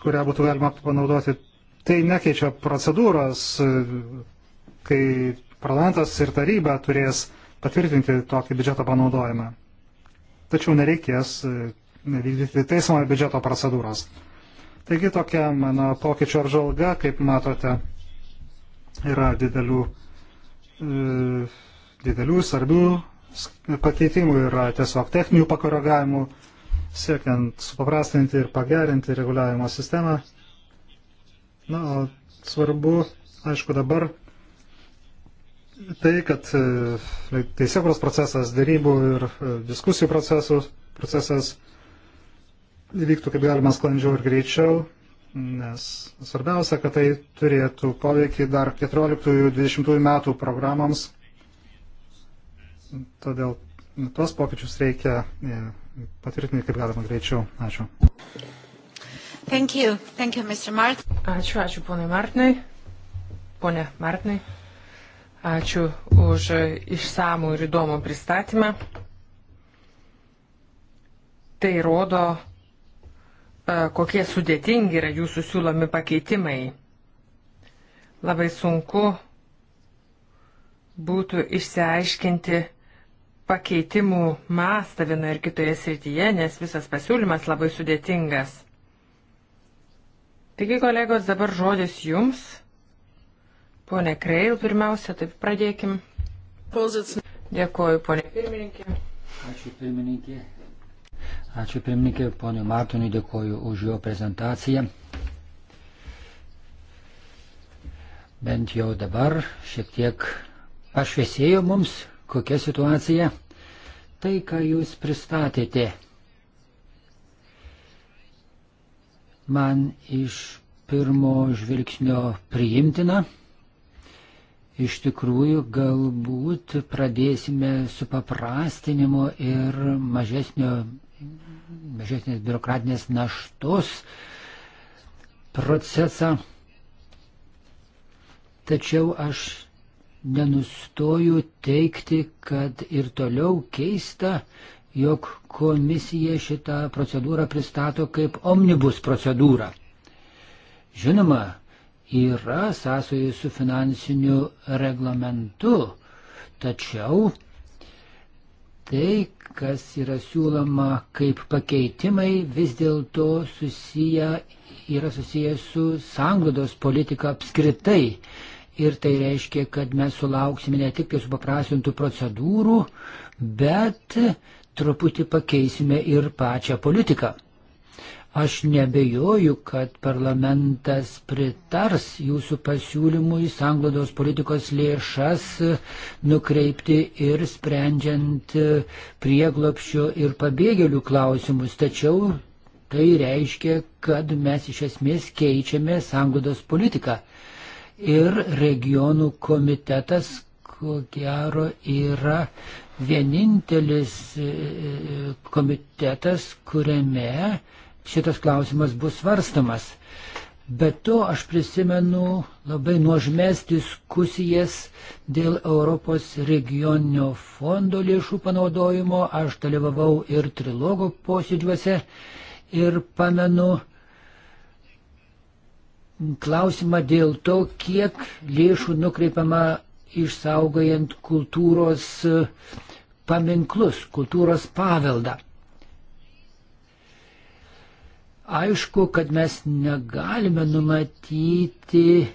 kurią būtų galima panaudoti. Tai nekeičia procedūros, kai parlamentas ir taryba turės patvirtinti tokį biudžeto panaudojimą tačiau nereikės e, vykdyti teismo biudžeto procedūros. Taigi tokia mano pokyčių apžalga, kaip matote, yra didelių, e, didelių svarbių pakeitimų, yra tiesiog techninių pakoregavimų, siekiant supaprastinti ir pagerinti reguliavimo sistemą. Na, o svarbu, aišku, dabar tai, kad e, tai teisėkuros procesas, dėrybų ir e, diskusijų procesus, procesas vyktų kaip galima sklandžiau ir greičiau, nes svarbiausia, kad tai turėtų poveikį dar 14-20 metų programams. Todėl tuos pokyčius reikia e, patvirtinti kaip galima greičiau. Ačiū. Thank you. Thank you, Mr. Martin. Ačiū, ačiū ponai Martinai. Pone Martinai. Ačiū už išsamų ir įdomų pristatymą. Tai rodo, e, kokie sudėtingi yra jūsų siūlomi pakeitimai. Labai sunku būtų išsiaiškinti pakeitimų mastą vienoje ir kitoje srityje, nes visas pasiūlymas labai sudėtingas. Taigi, kolegos, dabar žodis jums Pone Kreil, pirmiausia, taip pradėkim. Dėkuoju, ponė pirmininkė. Ačiū pirmininkė. Ačiū pirmininkė, ponė Martonui, dėkuoju už jo prezentaciją. Bent jau dabar šiek tiek pašviesėjo mums, kokia situacija. Tai, ką jūs pristatėte, man iš pirmo žvilgsnio priimtina. Iš tikrųjų, galbūt pradėsime su paprastinimu ir mažesnio, mažesnės biurokratinės naštos procesą. Tačiau aš nenustoju teikti, kad ir toliau keista, jog komisija šitą procedūrą pristato kaip omnibus procedūrą. Žinoma, yra sąsojų su finansiniu reglamentu. Tačiau tai, kas yra siūloma kaip pakeitimai, vis dėlto susiję, yra susiję su sanglodos politika apskritai. Ir tai reiškia, kad mes sulauksime ne tik tai supaprasintų procedūrų, bet truputį pakeisime ir pačią politiką. Aš nebejoju, kad parlamentas pritars jūsų pasiūlymui sanglodos politikos lėšas nukreipti ir sprendžiant prieglopščio ir pabėgėlių klausimus. Tačiau tai reiškia, kad mes iš esmės keičiame sanglodos politiką. Ir regionų komitetas, ko gero, yra vienintelis e, e, komitetas, kuriame šitas klausimas bus svarstamas. Bet to aš prisimenu labai nuožmės diskusijas dėl Europos regioninio fondo lėšų panaudojimo. Aš dalyvavau ir trilogo posėdžiuose ir pamenu klausimą dėl to, kiek lėšų nukreipiama išsaugojant kultūros paminklus, kultūros paveldą. Aišku, kad mes negalime numatyti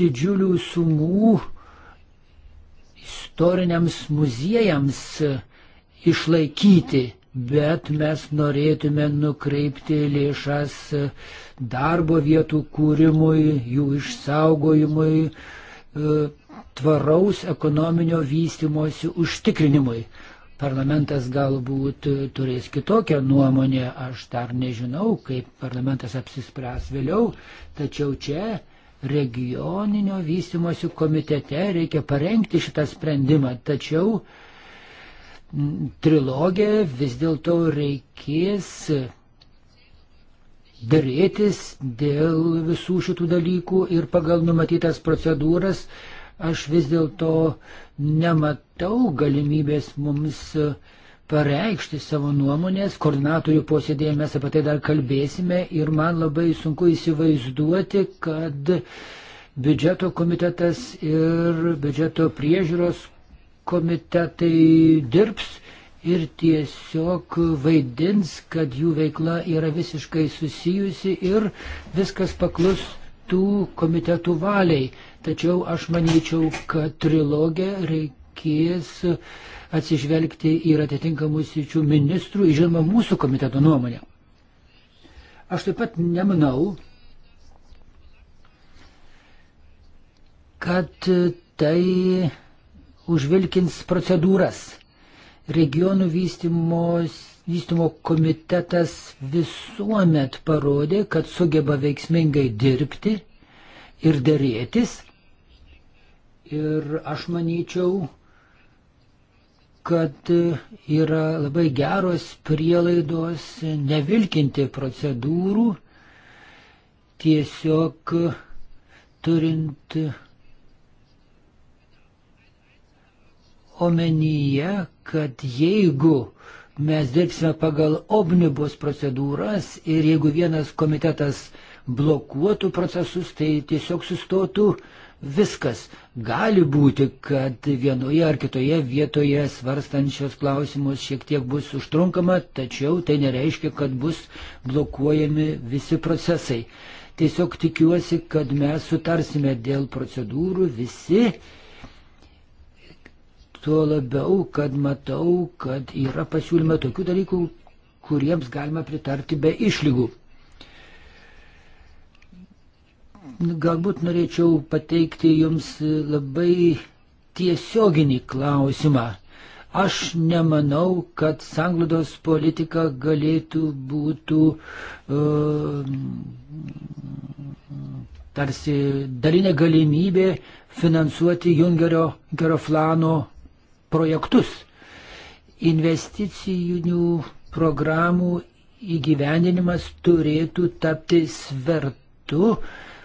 didžiulių sumų istoriniams muziejams išlaikyti, bet mes norėtume nukreipti lėšas darbo vietų kūrimui, jų išsaugojimui, e, tvaraus ekonominio vystimosi užtikrinimui parlamentas galbūt turės kitokią nuomonę, aš dar nežinau, kaip parlamentas apsispręs vėliau, tačiau čia regioninio vystimosi komitete reikia parengti šitą sprendimą, tačiau trilogė vis dėlto reikės dėrėtis dėl visų šitų dalykų ir pagal numatytas procedūras aš vis dėlto uh, nematau galimybės mums e, pareikšti savo nuomonės. Koordinatorių posėdėje mes apie tai dar kalbėsime ir man labai sunku įsivaizduoti, kad biudžeto komitetas ir biudžeto priežiūros komitetai dirbs ir tiesiog vaidins, kad jų veikla yra visiškai susijusi ir viskas paklus tų komitetų valiai. Tačiau aš manyčiau, kad trilogę reikės atsižvelgti ir atitinkamus įčių ministrų, žinoma, mūsų komiteto nuomonę. Aš taip pat nemanau, kad tai užvilkins procedūras. Regionų vystimos, vystimo komitetas visuomet parodė, kad sugeba veiksmingai dirbti ir dėrėtis. Ir aš manyčiau, kad yra labai geros prielaidos nevilkinti procedūrų, tiesiog turint omenyje, kad jeigu mes dirbsime pagal omnibus procedūras ir jeigu vienas komitetas blokuotų procesus, tai tiesiog sustotų uh, viskas. Gali būti, kad vienoje ar kitoje vietoje svarstančios klausimus šiek tiek bus užtrunkama, tačiau tai nereiškia, kad bus blokuojami visi procesai. Tiesiog tikiuosi, kad mes sutarsime dėl procedūrų visi. Tuo labiau, kad matau, kad yra pasiūlyme tokių dalykų, kuriems galima pritarti be išlygų. Galbūt norėčiau pateikti Jums labai tiesioginį klausimą. Aš nemanau, kad sanglados politika galėtų būtų uh, tarsi dalinė galimybė finansuoti Jungerio Geroflano projektus. Investicijų programų įgyvendinimas turėtų tapti svertu uh,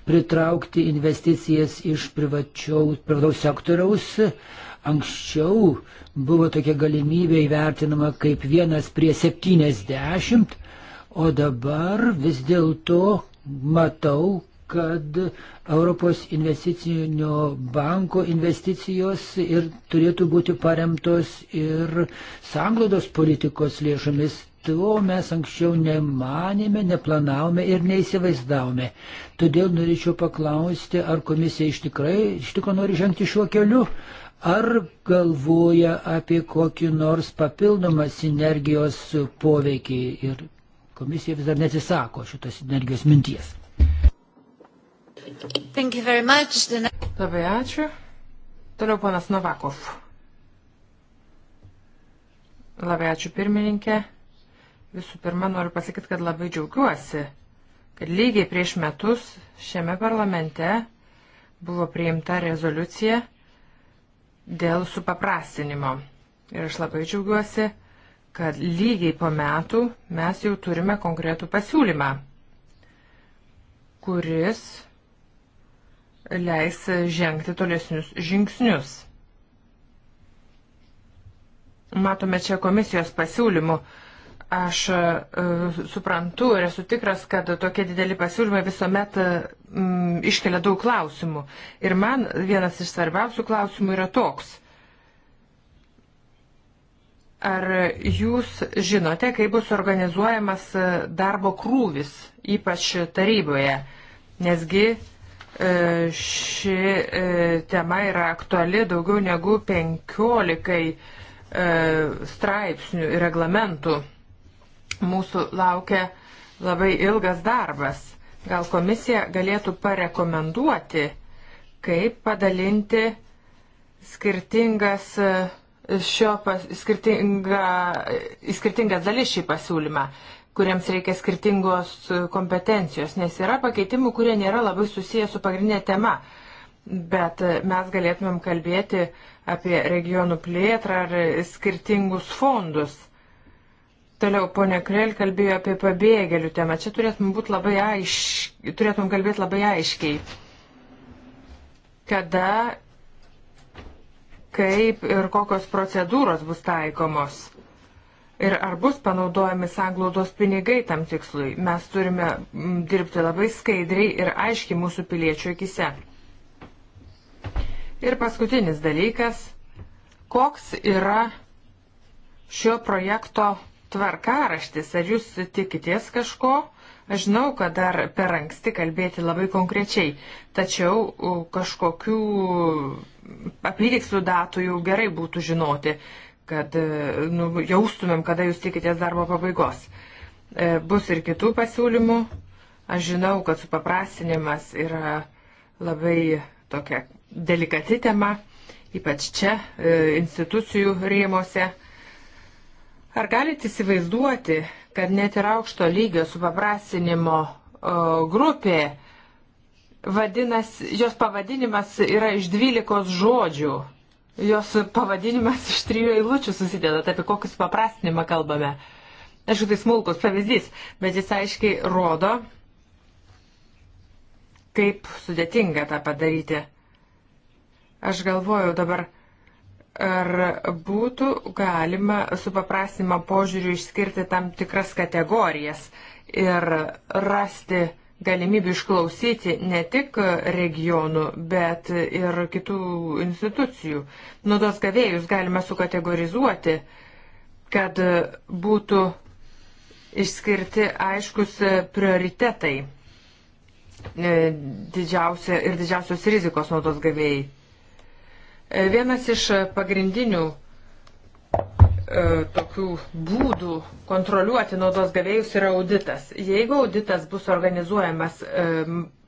pritraukti investicijas iš privataus sektoriaus. Anksčiau buvo tokia galimybė įvertinama kaip vienas prie 70, o dabar vis dėlto matau, kad Europos investicinio banko investicijos ir turėtų būti paremtos ir sanglaudos politikos lėšomis to mes anksčiau nemanėme, neplanavome ir neįsivaizdavome. Todėl norėčiau paklausti, ar komisija iš tikrai, iš tikrųjų nori žengti šiuo keliu, ar galvoja apie kokį nors papildomą sinergijos poveikį ir komisija vis dar nesisako šitos sinergijos minties. Labai ačiū. Toliau ponas Novakov. Labai ačiū pirmininkė. Visų pirma, noriu pasakyti, kad labai džiaugiuosi, kad lygiai prieš metus šiame parlamente buvo priimta rezoliucija dėl supaprastinimo. Ir aš labai džiaugiuosi, kad lygiai po metų mes jau turime konkretų pasiūlymą, kuris leis žengti tolesnius žingsnius. Matome čia komisijos pasiūlymų Aš uh, suprantu ir esu tikras, kad tokie dideli pasiūlymai visuomet um, iškelia daug klausimų. Ir man vienas iš svarbiausių klausimų yra toks. Ar jūs žinote, kaip bus organizuojamas e, darbo krūvis, ypač taryboje? Nesgi ši tema yra aktuali daugiau negu penkiolikai straipsnių ir reglamentų. Mūsų laukia labai ilgas darbas. Gal komisija galėtų parekomenduoti, kaip padalinti skirtingas e, šio pas, skirtinga, skirtingas dalis šį pasiūlymą, kuriems reikia skirtingos e, kompetencijos, nes yra pakeitimų, kurie nėra labai susiję su pagrindinė tema. Bet e, mes galėtumėm kalbėti apie regionų plėtrą ar skirtingus fondus. Toliau, ponia Krell kalbėjo apie pabėgėlių temą. Čia turėtum, būt labai aiš... turėtum kalbėti labai aiškiai. Kada, kaip ir kokios procedūros bus taikomos. Ir ar bus panaudojami sanglaudos pinigai tam tikslui. Mes turime mm, dirbti labai skaidriai ir aiškiai mūsų piliečių akise. Ir paskutinis dalykas. Koks yra šio projekto tvarkaraštis, ar jūs tikitės kažko? Aš žinau, kad dar per anksti kalbėti labai konkrečiai, tačiau kažkokių apytikslių datų jau gerai būtų žinoti, kad e, nu, jaustumėm, kada jūs tikitės darbo pabaigos. E, bus ir kitų pasiūlymų. Aš žinau, kad supaprastinimas yra labai tokia delikati tema, ypač čia e, institucijų rėmose Ar galite įsivaizduoti, kad net ir aukšto lygio supaprastinimo grupė, vadinasi, jos pavadinimas yra iš dvylikos žodžių, jos pavadinimas iš trijų eilučių susideda, tai apie kokį supaprastinimą kalbame. Aišku, tai smulkus pavyzdys, bet jis aiškiai rodo, kaip sudėtinga tą padaryti. Aš galvojau dabar, ar būtų galima su paprastinimo požiūriu išskirti tam tikras kategorijas ir rasti galimybių išklausyti ne tik regionų, bet ir kitų institucijų. Naudos gavėjus galima sukategorizuoti, kad būtų išskirti aiškus prioritetai e, didžiausia ir didžiausios rizikos naudos gavėjai. E, vienas iš pagrindinių e, tokių būdų kontroliuoti naudos gavėjus yra auditas. Jeigu auditas bus organizuojamas e,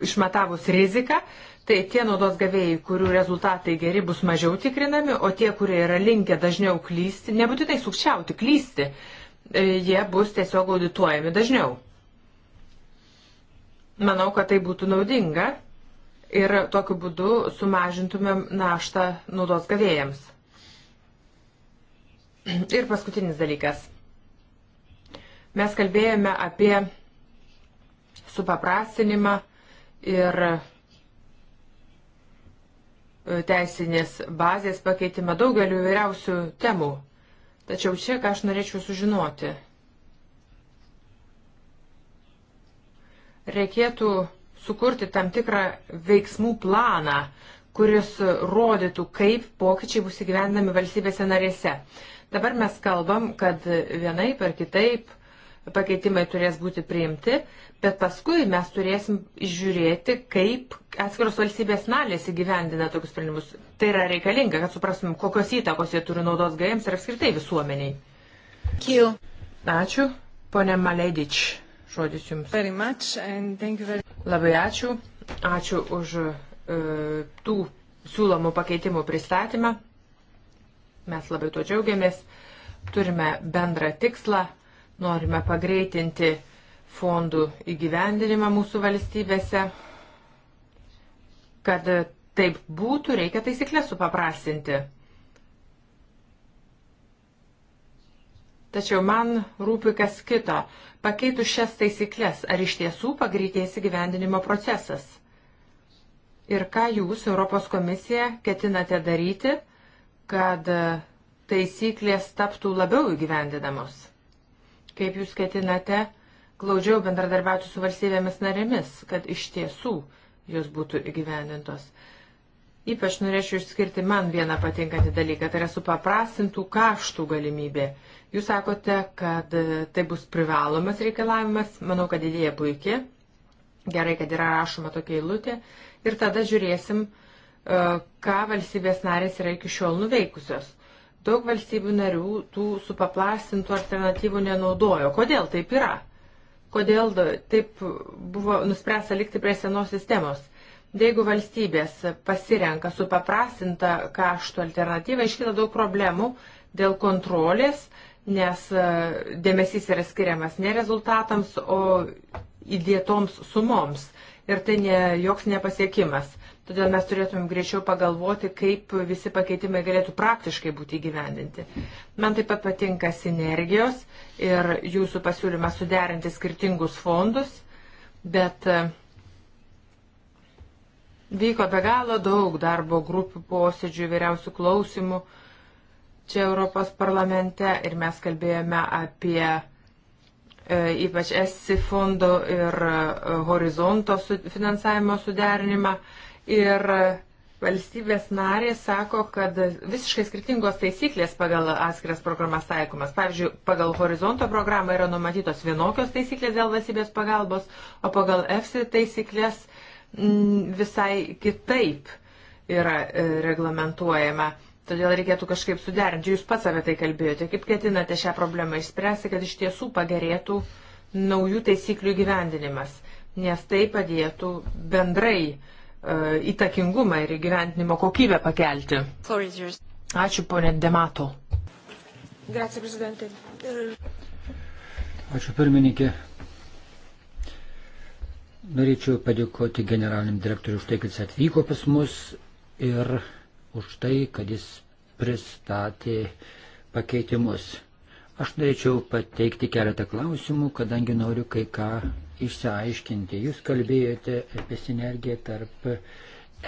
išmatavus riziką, tai tie naudos gavėjai, kurių rezultatai geri, bus mažiau tikrinami, o tie, kurie yra linkę dažniau klysti, nebūtinai sukčiauti, klysti, jie bus tiesiog audituojami dažniau. Manau, kad tai būtų naudinga ir tokiu būdu sumažintumėm naštą naudos gavėjams. Ir paskutinis dalykas. Mes kalbėjome apie supaprastinimą ir e, teisinės bazės pakeitimą daugeliu įvairiausių temų. Tačiau čia, ką aš norėčiau sužinoti, reikėtų sukurti tam tikrą veiksmų planą, kuris rodytų, kaip pokyčiai bus įgyvendami valstybėse narėse. Dabar mes kalbam, kad vienai per kitaip pakeitimai turės būti priimti, bet paskui mes turėsim žiūrėti, kaip atskiros valstybės narės įgyvendina tokius sprendimus. Tai yra reikalinga, kad suprastum, kokios įtakos jie turi naudos gajams ir apskritai visuomeniai. Ačiū. Ačiū, ponė Maledič. Žodis jums. Very much and thank you very much. Labai ačiū. Ačiū už e, tų siūlomų pakeitimų pristatymą. Mes labai to džiaugiamės. Turime bendrą tikslą. Norime pagreitinti fondų įgyvendinimą mūsų valstybėse. Kad taip būtų, reikia taisyklės supaprastinti. Tačiau man rūpi kas kito. Pakeitus šias taisyklės, ar iš tiesų pagreitės įgyvendinimo procesas? Ir ką jūs, Europos komisija, ketinate daryti, kad e, taisyklės taptų labiau įgyvendinamos? Kaip jūs ketinate glaudžiau bendradarbiauti su valstybėmis narėmis, kad iš tiesų jos būtų įgyvendintos? Ypač norėčiau išskirti man vieną patinkantį dalyką, tai yra supaprastintų kaštų galimybė. Jūs sakote, kad e, tai bus privalomas reikalavimas. Manau, kad idėja puikia. Gerai, kad yra rašoma tokia eilutė. Ir tada žiūrėsim, e, ką valstybės narės yra iki šiol nuveikusios. Daug valstybių narių tų supaplastintų alternatyvų nenaudojo. Kodėl taip yra? Kodėl taip buvo nuspręsta likti prie senos sistemos? Jeigu valstybės pasirenka supaprastintą kaštų alternatyvą, iškyla daug problemų dėl kontrolės, uh, nes e, dėmesys yra skiriamas ne rezultatams, o įdėtoms sumoms. Ir tai ne, joks nepasiekimas. Todėl mes turėtumėm greičiau pagalvoti, kaip visi pakeitimai galėtų praktiškai būti įgyvendinti. Man taip pat patinka sinergijos ir jūsų pasiūlymas suderinti skirtingus fondus, bet e, vyko be galo daug darbo grupių posėdžių, vyriausių klausimų. Po čia Europos parlamente ir mes kalbėjome apie e, ypač ESI fondo ir e, horizonto finansavimo suderinimą. Ir valstybės narės sako, kad visiškai skirtingos taisyklės pagal atskiras programas taikomas. Pavyzdžiui, pagal horizonto programą yra numatytos vienokios taisyklės dėl valstybės pagalbos, o pagal EFSI taisyklės mm, visai kitaip yra e, reglamentuojama. Todėl reikėtų kažkaip suderinti. Jūs pats apie tai kalbėjote. Kaip ketinate šią problemą išspręsti, kad iš tiesų pagerėtų naujų taisyklių gyvendinimas? Nes tai padėtų bendrai uh, įtakingumą ir gyventinimo kokybę pakelti. Ačiū, ponė Demato. Grazie, prezidentė. Ačiū, pirmininkė. Norėčiau padėkoti generaliniam direktoriui už tai, kad jis atvyko pas mus ir už tai, kad jis pristatė pakeitimus. Aš norėčiau pateikti keletą klausimų, kadangi noriu kai ką išsiaiškinti. Jūs kalbėjote apie sinergiją tarp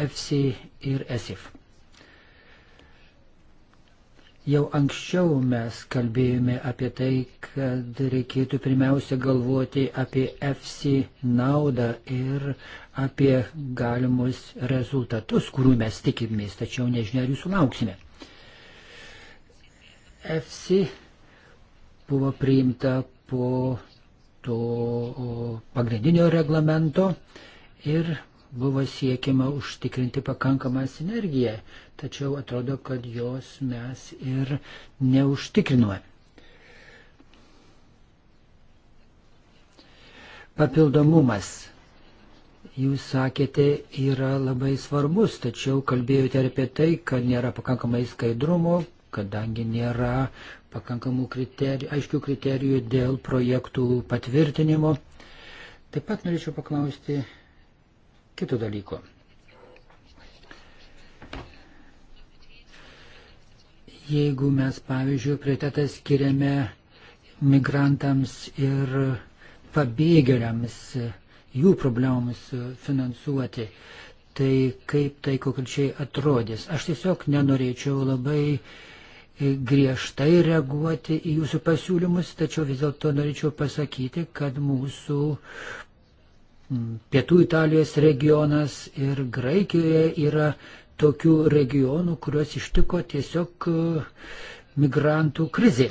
FC ir ESIF. Jau anksčiau mes kalbėjome apie tai, kad reikėtų pirmiausia galvoti apie FC naudą ir apie galimus rezultatus, kurių mes tikimės, tačiau nežinia, ar jų sulauksime. FC buvo priimta po to pagrindinio reglamento ir buvo siekiama užtikrinti pakankamą sinergiją, tačiau atrodo, kad jos mes ir neužtikrinuojame. Papildomumas jūs sakėte, yra labai svarbus, tačiau kalbėjote ir apie tai, kad nėra pakankamai skaidrumo, kadangi nėra pakankamų kriterijų, aiškių kriterijų dėl projektų patvirtinimo. Taip pat norėčiau paklausti kito dalyko. Jeigu mes, pavyzdžiui, prioritetą skiriame migrantams ir pabėgėliams, jų problemams e, finansuoti. Tai kaip tai konkrečiai atrodys. Aš tiesiog nenorėčiau labai e, griežtai reaguoti į jūsų pasiūlymus, tačiau vis dėlto norėčiau pasakyti, kad mūsų pietų Italijos regionas ir Graikijoje yra tokių regionų, kuriuos ištiko tiesiog e, migrantų krizė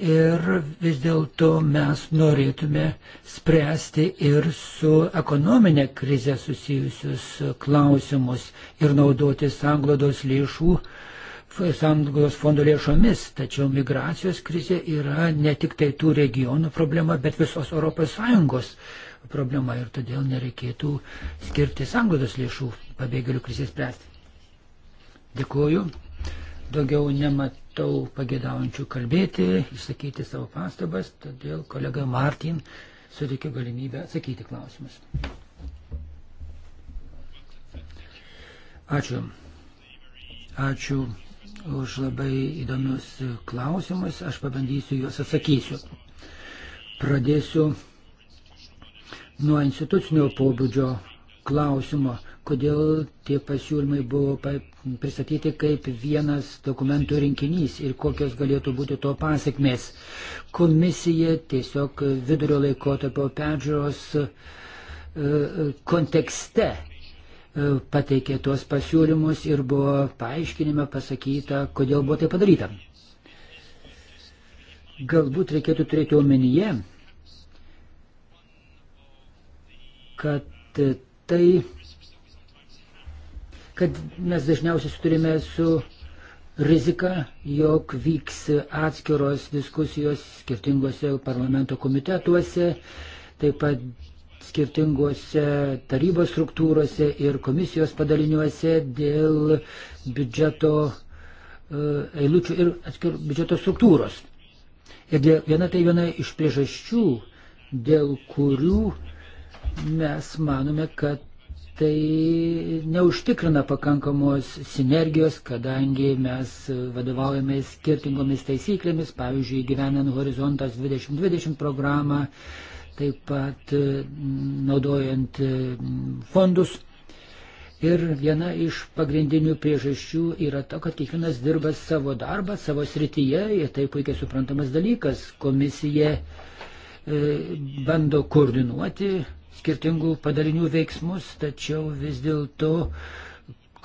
ir vis dėlto mes norėtume spręsti ir su ekonominė krize susijusius klausimus ir naudoti sanglodos lėšų, sanglodos fondo lėšomis. Tačiau migracijos krize yra ne tik tai tų regionų problema, bet visos ES problema ir todėl nereikėtų skirti sanglodos lėšų pabėgėlių krizės spręsti. Dėkuoju. Daugiau nematau matau pagėdaujančių kalbėti, išsakyti savo pastabas, todėl kolega Martin suteikiu galimybę atsakyti klausimus. Ačiū. Ačiū už labai įdomius klausimus. Aš pabandysiu juos atsakysiu. Pradėsiu nuo institucinio pobūdžio klausimo kodėl tie pasiūlymai buvo pristatyti kaip vienas dokumentų rinkinys ir kokios galėtų būti to pasiekmės. Komisija tiesiog vidurio laikotarpio peržiūros e, e, kontekste e, pateikė tuos pasiūlymus ir buvo paaiškinime pasakyta, kodėl buvo tai padaryta. Galbūt reikėtų turėti omenyje, kad tai kad mes dažniausiai turime su rizika, jog vyks atskiros diskusijos skirtingose parlamento komitetuose, taip pat skirtingose tarybos struktūrose ir komisijos padaliniuose dėl biudžeto e, eilučių ir atskirų biudžeto struktūros. Ir viena tai viena iš priežasčių, dėl kurių mes manome, kad tai neužtikrina pakankamos sinergijos, kadangi mes vadovaujamės skirtingomis taisyklėmis, pavyzdžiui, gyvenant Horizontas 2020 programą, taip pat mm, naudojant mm, fondus. Ir viena iš pagrindinių priežasčių yra ta, kad kiekvienas dirba savo darbą, savo srityje ir tai puikiai suprantamas dalykas. Komisija e, bando koordinuoti skirtingų padalinių veiksmus, tačiau vis dėlto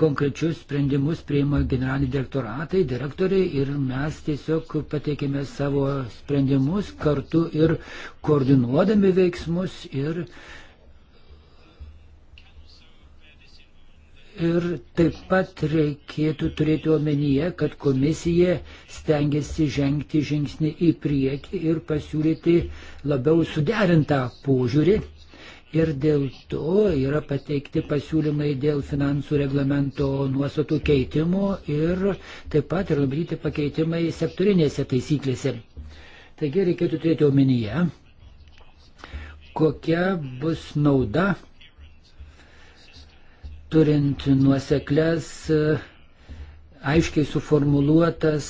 konkrečius sprendimus prieima generaliniai direktoratai, direktoriai ir mes tiesiog pateikėme savo sprendimus kartu ir koordinuodami veiksmus ir, ir taip pat reikėtų turėti omenyje, kad komisija stengiasi žengti žingsnį į priekį ir pasiūlyti labiau suderintą požiūrį ir dėl to yra pateikti pasiūlymai dėl finansų reglamento nuostatų keitimo ir taip pat yra numatyti pakeitimai sektorinėse taisyklėse. Taigi reikėtų turėti omenyje, kokia bus nauda turint nuoseklės, aiškiai suformuluotas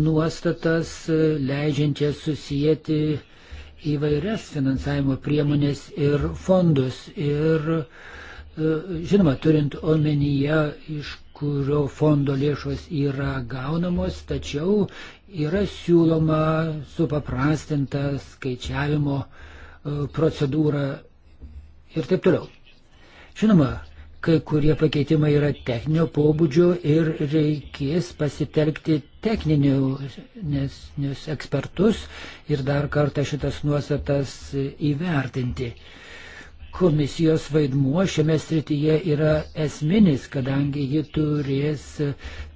nuostatas, leidžiančias susijęti įvairias finansavimo priemonės ir fondus. Ir e, žinoma, turint omenyje, iš kurio fondo lėšos yra gaunamos, tačiau yra siūloma supaprastinta skaičiavimo e, procedūra ir taip toliau. Žinoma, kai kurie pakeitimai yra techninio pobūdžio ir reikės pasitelkti techninius ekspertus ir dar kartą šitas nuostatas įvertinti. Komisijos vaidmuo šiame srityje yra esminis, kadangi ji turės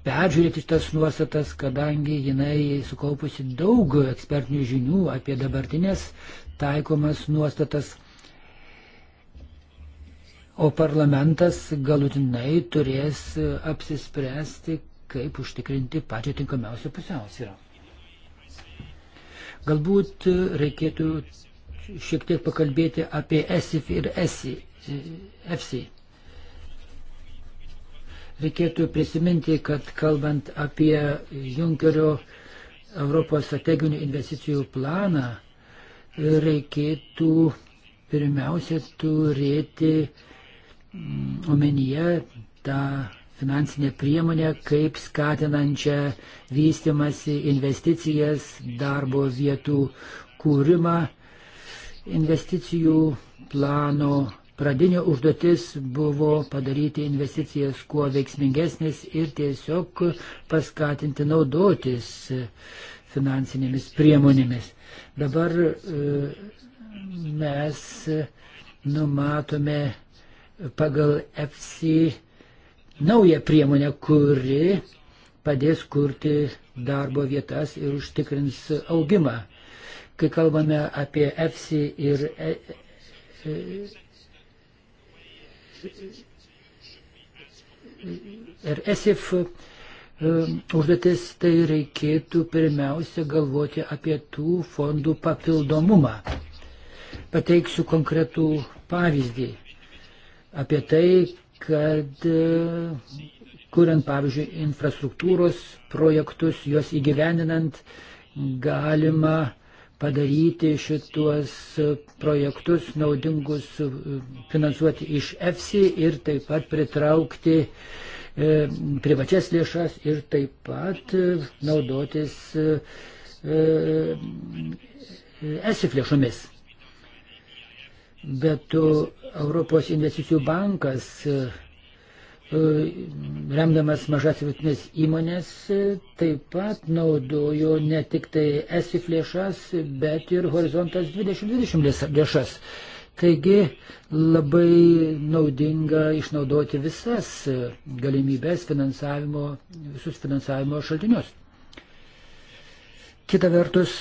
peržiūrėti šitas nuostatas, kadangi jinai sukaupusi daug ekspertinių žinių apie dabartinės taikomas nuostatas o parlamentas galutinai turės apsispręsti, kaip užtikrinti pačią tinkamiausią pusiausvyrą. Galbūt reikėtų šiek tiek pakalbėti apie ESIF ir ESI, EFSI. Reikėtų prisiminti, kad kalbant apie Junkerio Europos strateginių investicijų planą, reikėtų pirmiausia turėti uh, omenyje tą finansinę priemonę kaip skatinančią vystimasi investicijas, darbo vietų kūrimą. Investicijų plano pradinė užduotis buvo padaryti investicijas kuo veiksmingesnis ir tiesiog paskatinti naudotis finansinėmis priemonėmis. Dabar e, mes numatome pagal EFSI naują priemonę, kuri padės kurti darbo vietas ir užtikrins augimą. Kai kalbame apie EFSI ir ir e, e, e, ESIF užduotis, tai reikėtų pirmiausia galvoti apie tų fondų papildomumą. Pateiksiu konkretų pavyzdį apie tai, kad e, kuriant, pavyzdžiui, infrastruktūros projektus, juos įgyveninant, galima padaryti šituos projektus naudingus, e, finansuoti iš EFSI ir taip pat pritraukti e, privačias lėšas ir taip pat naudotis ESIF lėšomis bet tu Europos investicijų bankas, e, e, remdamas mažas vidutinės įmonės, e, taip pat naudojo ne tik tai ESIF lėšas, bet ir Horizontas 2020 lėšas. Taigi labai naudinga išnaudoti visas galimybės finansavimo, visus finansavimo šaltinius. Kita vertus,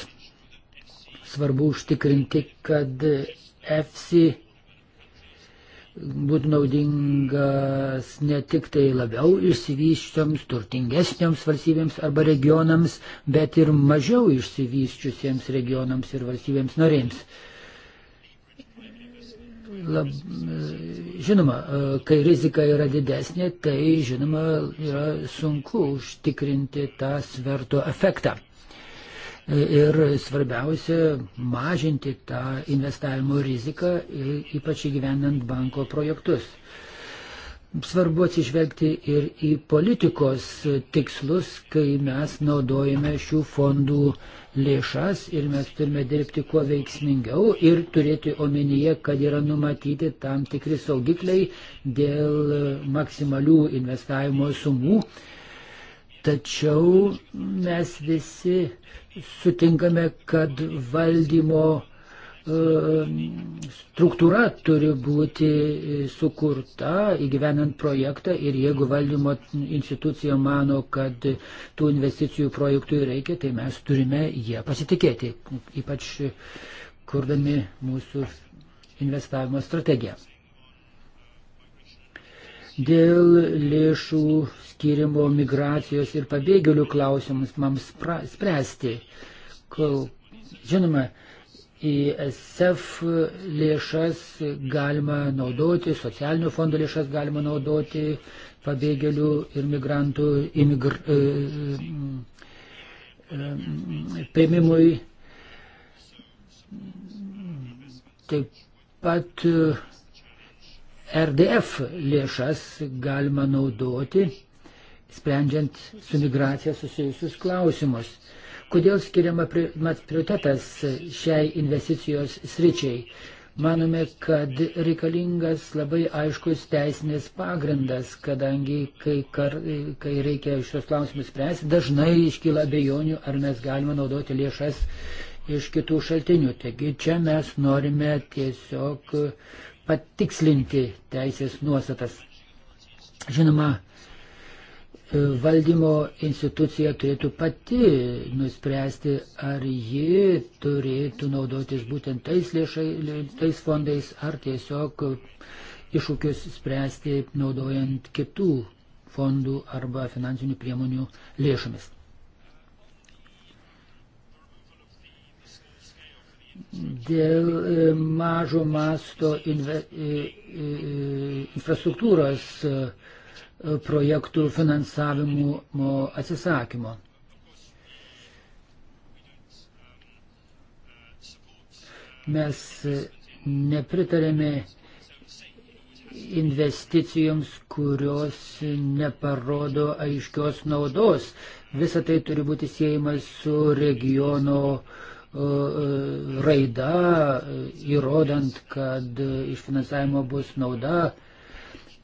svarbu užtikrinti, kad EFSI būtų naudingas ne tik tai labiau išsivyščioms, turtingesnioms valstybėms arba regionams, bet ir mažiau išsivyščiusiems regionams ir valstybėms norėms. Lab, žinoma, kai rizika yra didesnė, tai žinoma yra sunku užtikrinti tą sverto efektą. Ir svarbiausia mažinti tą investavimo riziką, ypač įgyvendant banko projektus. Svarbu atsižvelgti ir į politikos tikslus, kai mes naudojame šių fondų lėšas ir mes turime dirbti kuo veiksmingiau ir turėti omenyje, kad yra numatyti tam tikri saugikliai dėl maksimalių investavimo sumų. Tačiau mes visi sutinkame, kad valdymo e, struktūra turi būti sukurta įgyvenant projektą ir jeigu valdymo institucija mano, kad tų investicijų projektui reikia, tai mes turime jie pasitikėti, ypač kurdami mūsų investavimo strategiją dėl lėšų skirimo migracijos ir pabėgėlių klausimus mums spręsti. Kol, žinoma, į SF lėšas galima naudoti, socialinio fondo lėšas galima naudoti pabėgėlių ir migrantų imigr, e, e, e, paimimui. Taip pat e, RDF lėšas galima naudoti, sprendžiant su migracija susijusius klausimus. Kodėl skiriama prioritetas šiai investicijos sričiai? Manome, kad reikalingas labai aiškus teisinės pagrindas, kadangi kai, kar, kai reikia šios klausimus spręsti, dažnai iškyla abejonių, ar mes galime naudoti lėšas iš kitų šaltinių. Taigi čia mes norime tiesiog patikslinti teisės nuostatas. Žinoma, e, valdymo institucija turėtų pati nuspręsti, ar ji turėtų naudotis būtent tais, lėšai, tais fondais, ar tiesiog iššūkius spręsti naudojant kitų fondų arba finansinių priemonių lėšomis. dėl e, mažo masto inve, e, e, infrastruktūros projektų finansavimo atsisakymo. Mes nepritarėme investicijoms, kurios neparodo aiškios naudos. Visa tai turi būti siejama su regiono uh, E, e, raida, e, įrodant, kad iš finansavimo bus nauda.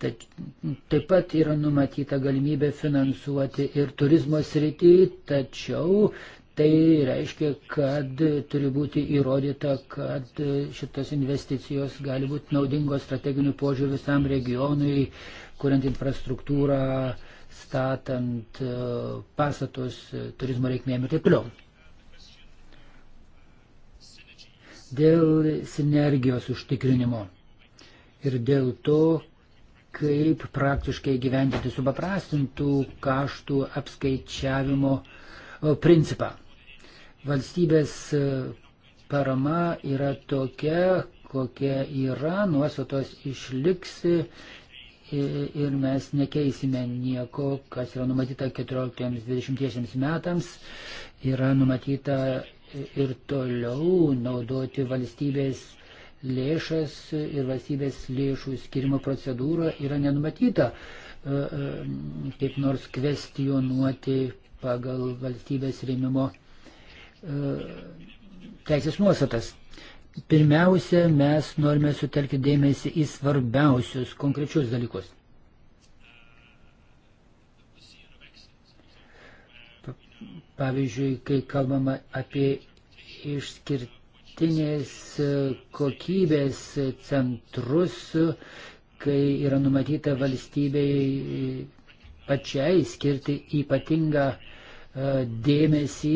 Taip pat yra numatyta galimybė finansuoti ir turizmo sritį, tačiau tai reiškia, kad turi būti įrodyta, kad šitos investicijos gali būti naudingos strateginių požiūrį visam regionui, kuriant infrastruktūrą, statant pastatus turizmo reikmėm ir taip toliau. dėl sinergijos užtikrinimo ir dėl to, kaip praktiškai gyventi supaprastintų kaštų apskaičiavimo principą. Valstybės e, parama yra tokia, kokia yra, nuostatos išliks ir mes nekeisime nieko, kas yra numatyta 14-20 metams, yra numatyta ir toliau naudoti valstybės lėšas ir valstybės lėšų skirimo procedūra yra nenumatyta e, e, kaip nors kvestionuoti pagal valstybės rėmimo e, teisės nuostatas. Pirmiausia, mes norime sutelkti dėmesį į svarbiausius konkrečius dalykus. Pavyzdžiui, kai kalbama apie išskirtinės kokybės centrus, kai yra numatyta valstybei pačiai skirti ypatingą e, dėmesį,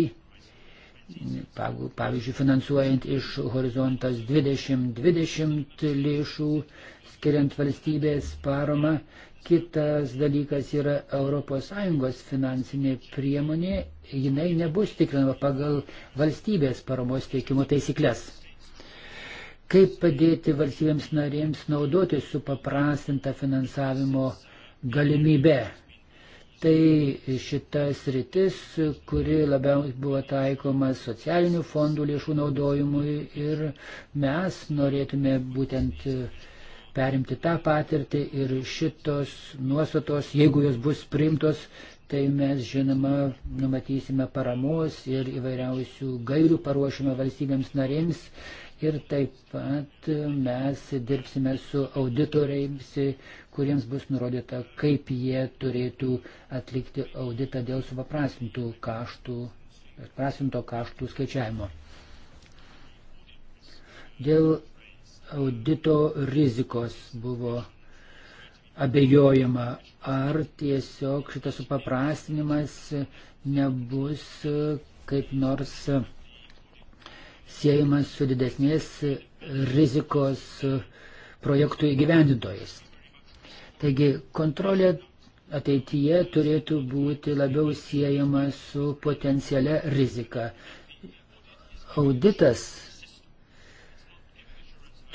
pavyzdžiui, finansuojant iš horizontas 2020 lėšų, skiriant valstybės paramą, Kitas dalykas yra ES finansinė priemonė, jinai nebus tikrinama pagal valstybės paramos teikimo taisyklės. Kaip padėti valstybėms narėms naudoti su paprastinta finansavimo galimybė? Tai šitas rytis, kuri labiausiai buvo taikoma socialinių fondų lėšų naudojimui ir mes norėtume būtent uh, perimti tą patirtį ir šitos nuostatos, jeigu jos bus priimtos, tai mes žinoma numatysime paramos ir įvairiausių gairių paruošime valstybėms narėms ir taip pat mes dirbsime su auditoriais, kuriems bus nurodyta, kaip jie turėtų atlikti auditą dėl supaprastintų kaštų, prasinto kaštų skaičiavimo. Dėl audito rizikos buvo abejojama, ar tiesiog šitas supaprastinimas nebus kaip nors siejamas su didesnės rizikos projektų įgyvendintojais. Taigi kontrolė ateityje turėtų būti labiau siejama su potencialia rizika. Auditas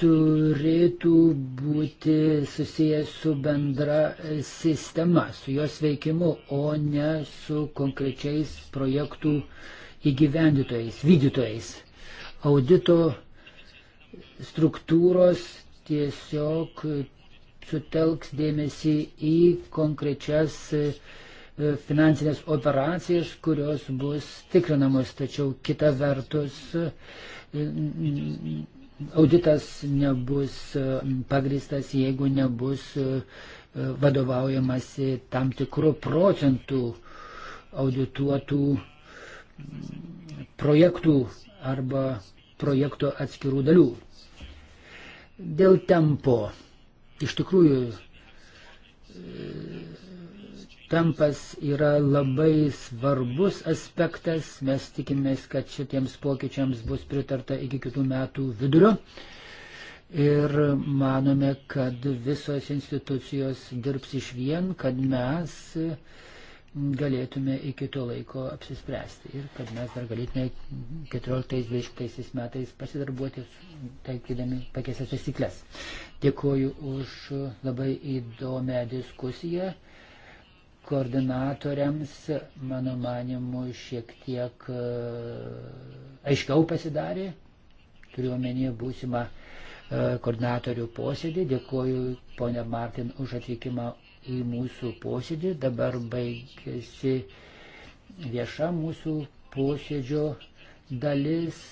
turėtų būti susijęs su bendra sistema, su jos veikimu, o ne su konkrečiais projektų įgyvendytojais, vykdytojais. Audito struktūros tiesiog sutelks dėmesį į konkrečias e, finansinės operacijas, kurios bus tikrinamos, tačiau kita vertus e, auditas nebus pagristas, jeigu nebus e, e, vadovaujamasi tam tikrų procentų audituotų projektų arba projekto atskirų dalių. Dėl tempo. Iš tikrųjų, e, Tempas yra labai svarbus aspektas, mes tikimės, kad šitiems pokyčiams bus pritarta iki kitų metų vidurio ir manome, kad visos institucijos dirbs iš vien, kad mes galėtume iki to laiko apsispręsti ir kad mes dar galėtume 14-20 metais pasidarbuoti, taikydami pakėsės taisyklės. Dėkuoju už labai įdomią diskusiją koordinatoriams, mano manimu, šiek tiek e, aiškiau pasidarė. Turiu omenyje būsimą e, koordinatorių posėdį. Dėkoju ponia Martin už atvykimą į mūsų posėdį. Dabar baigėsi vieša mūsų posėdžio dalis.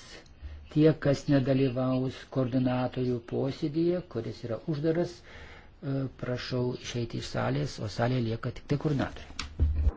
Tie, kas nedalyvaus koordinatorių posėdėje, kuris yra uždaras, prašau išeiti iš salės, o salėje lieka tik tai koordinatoriai.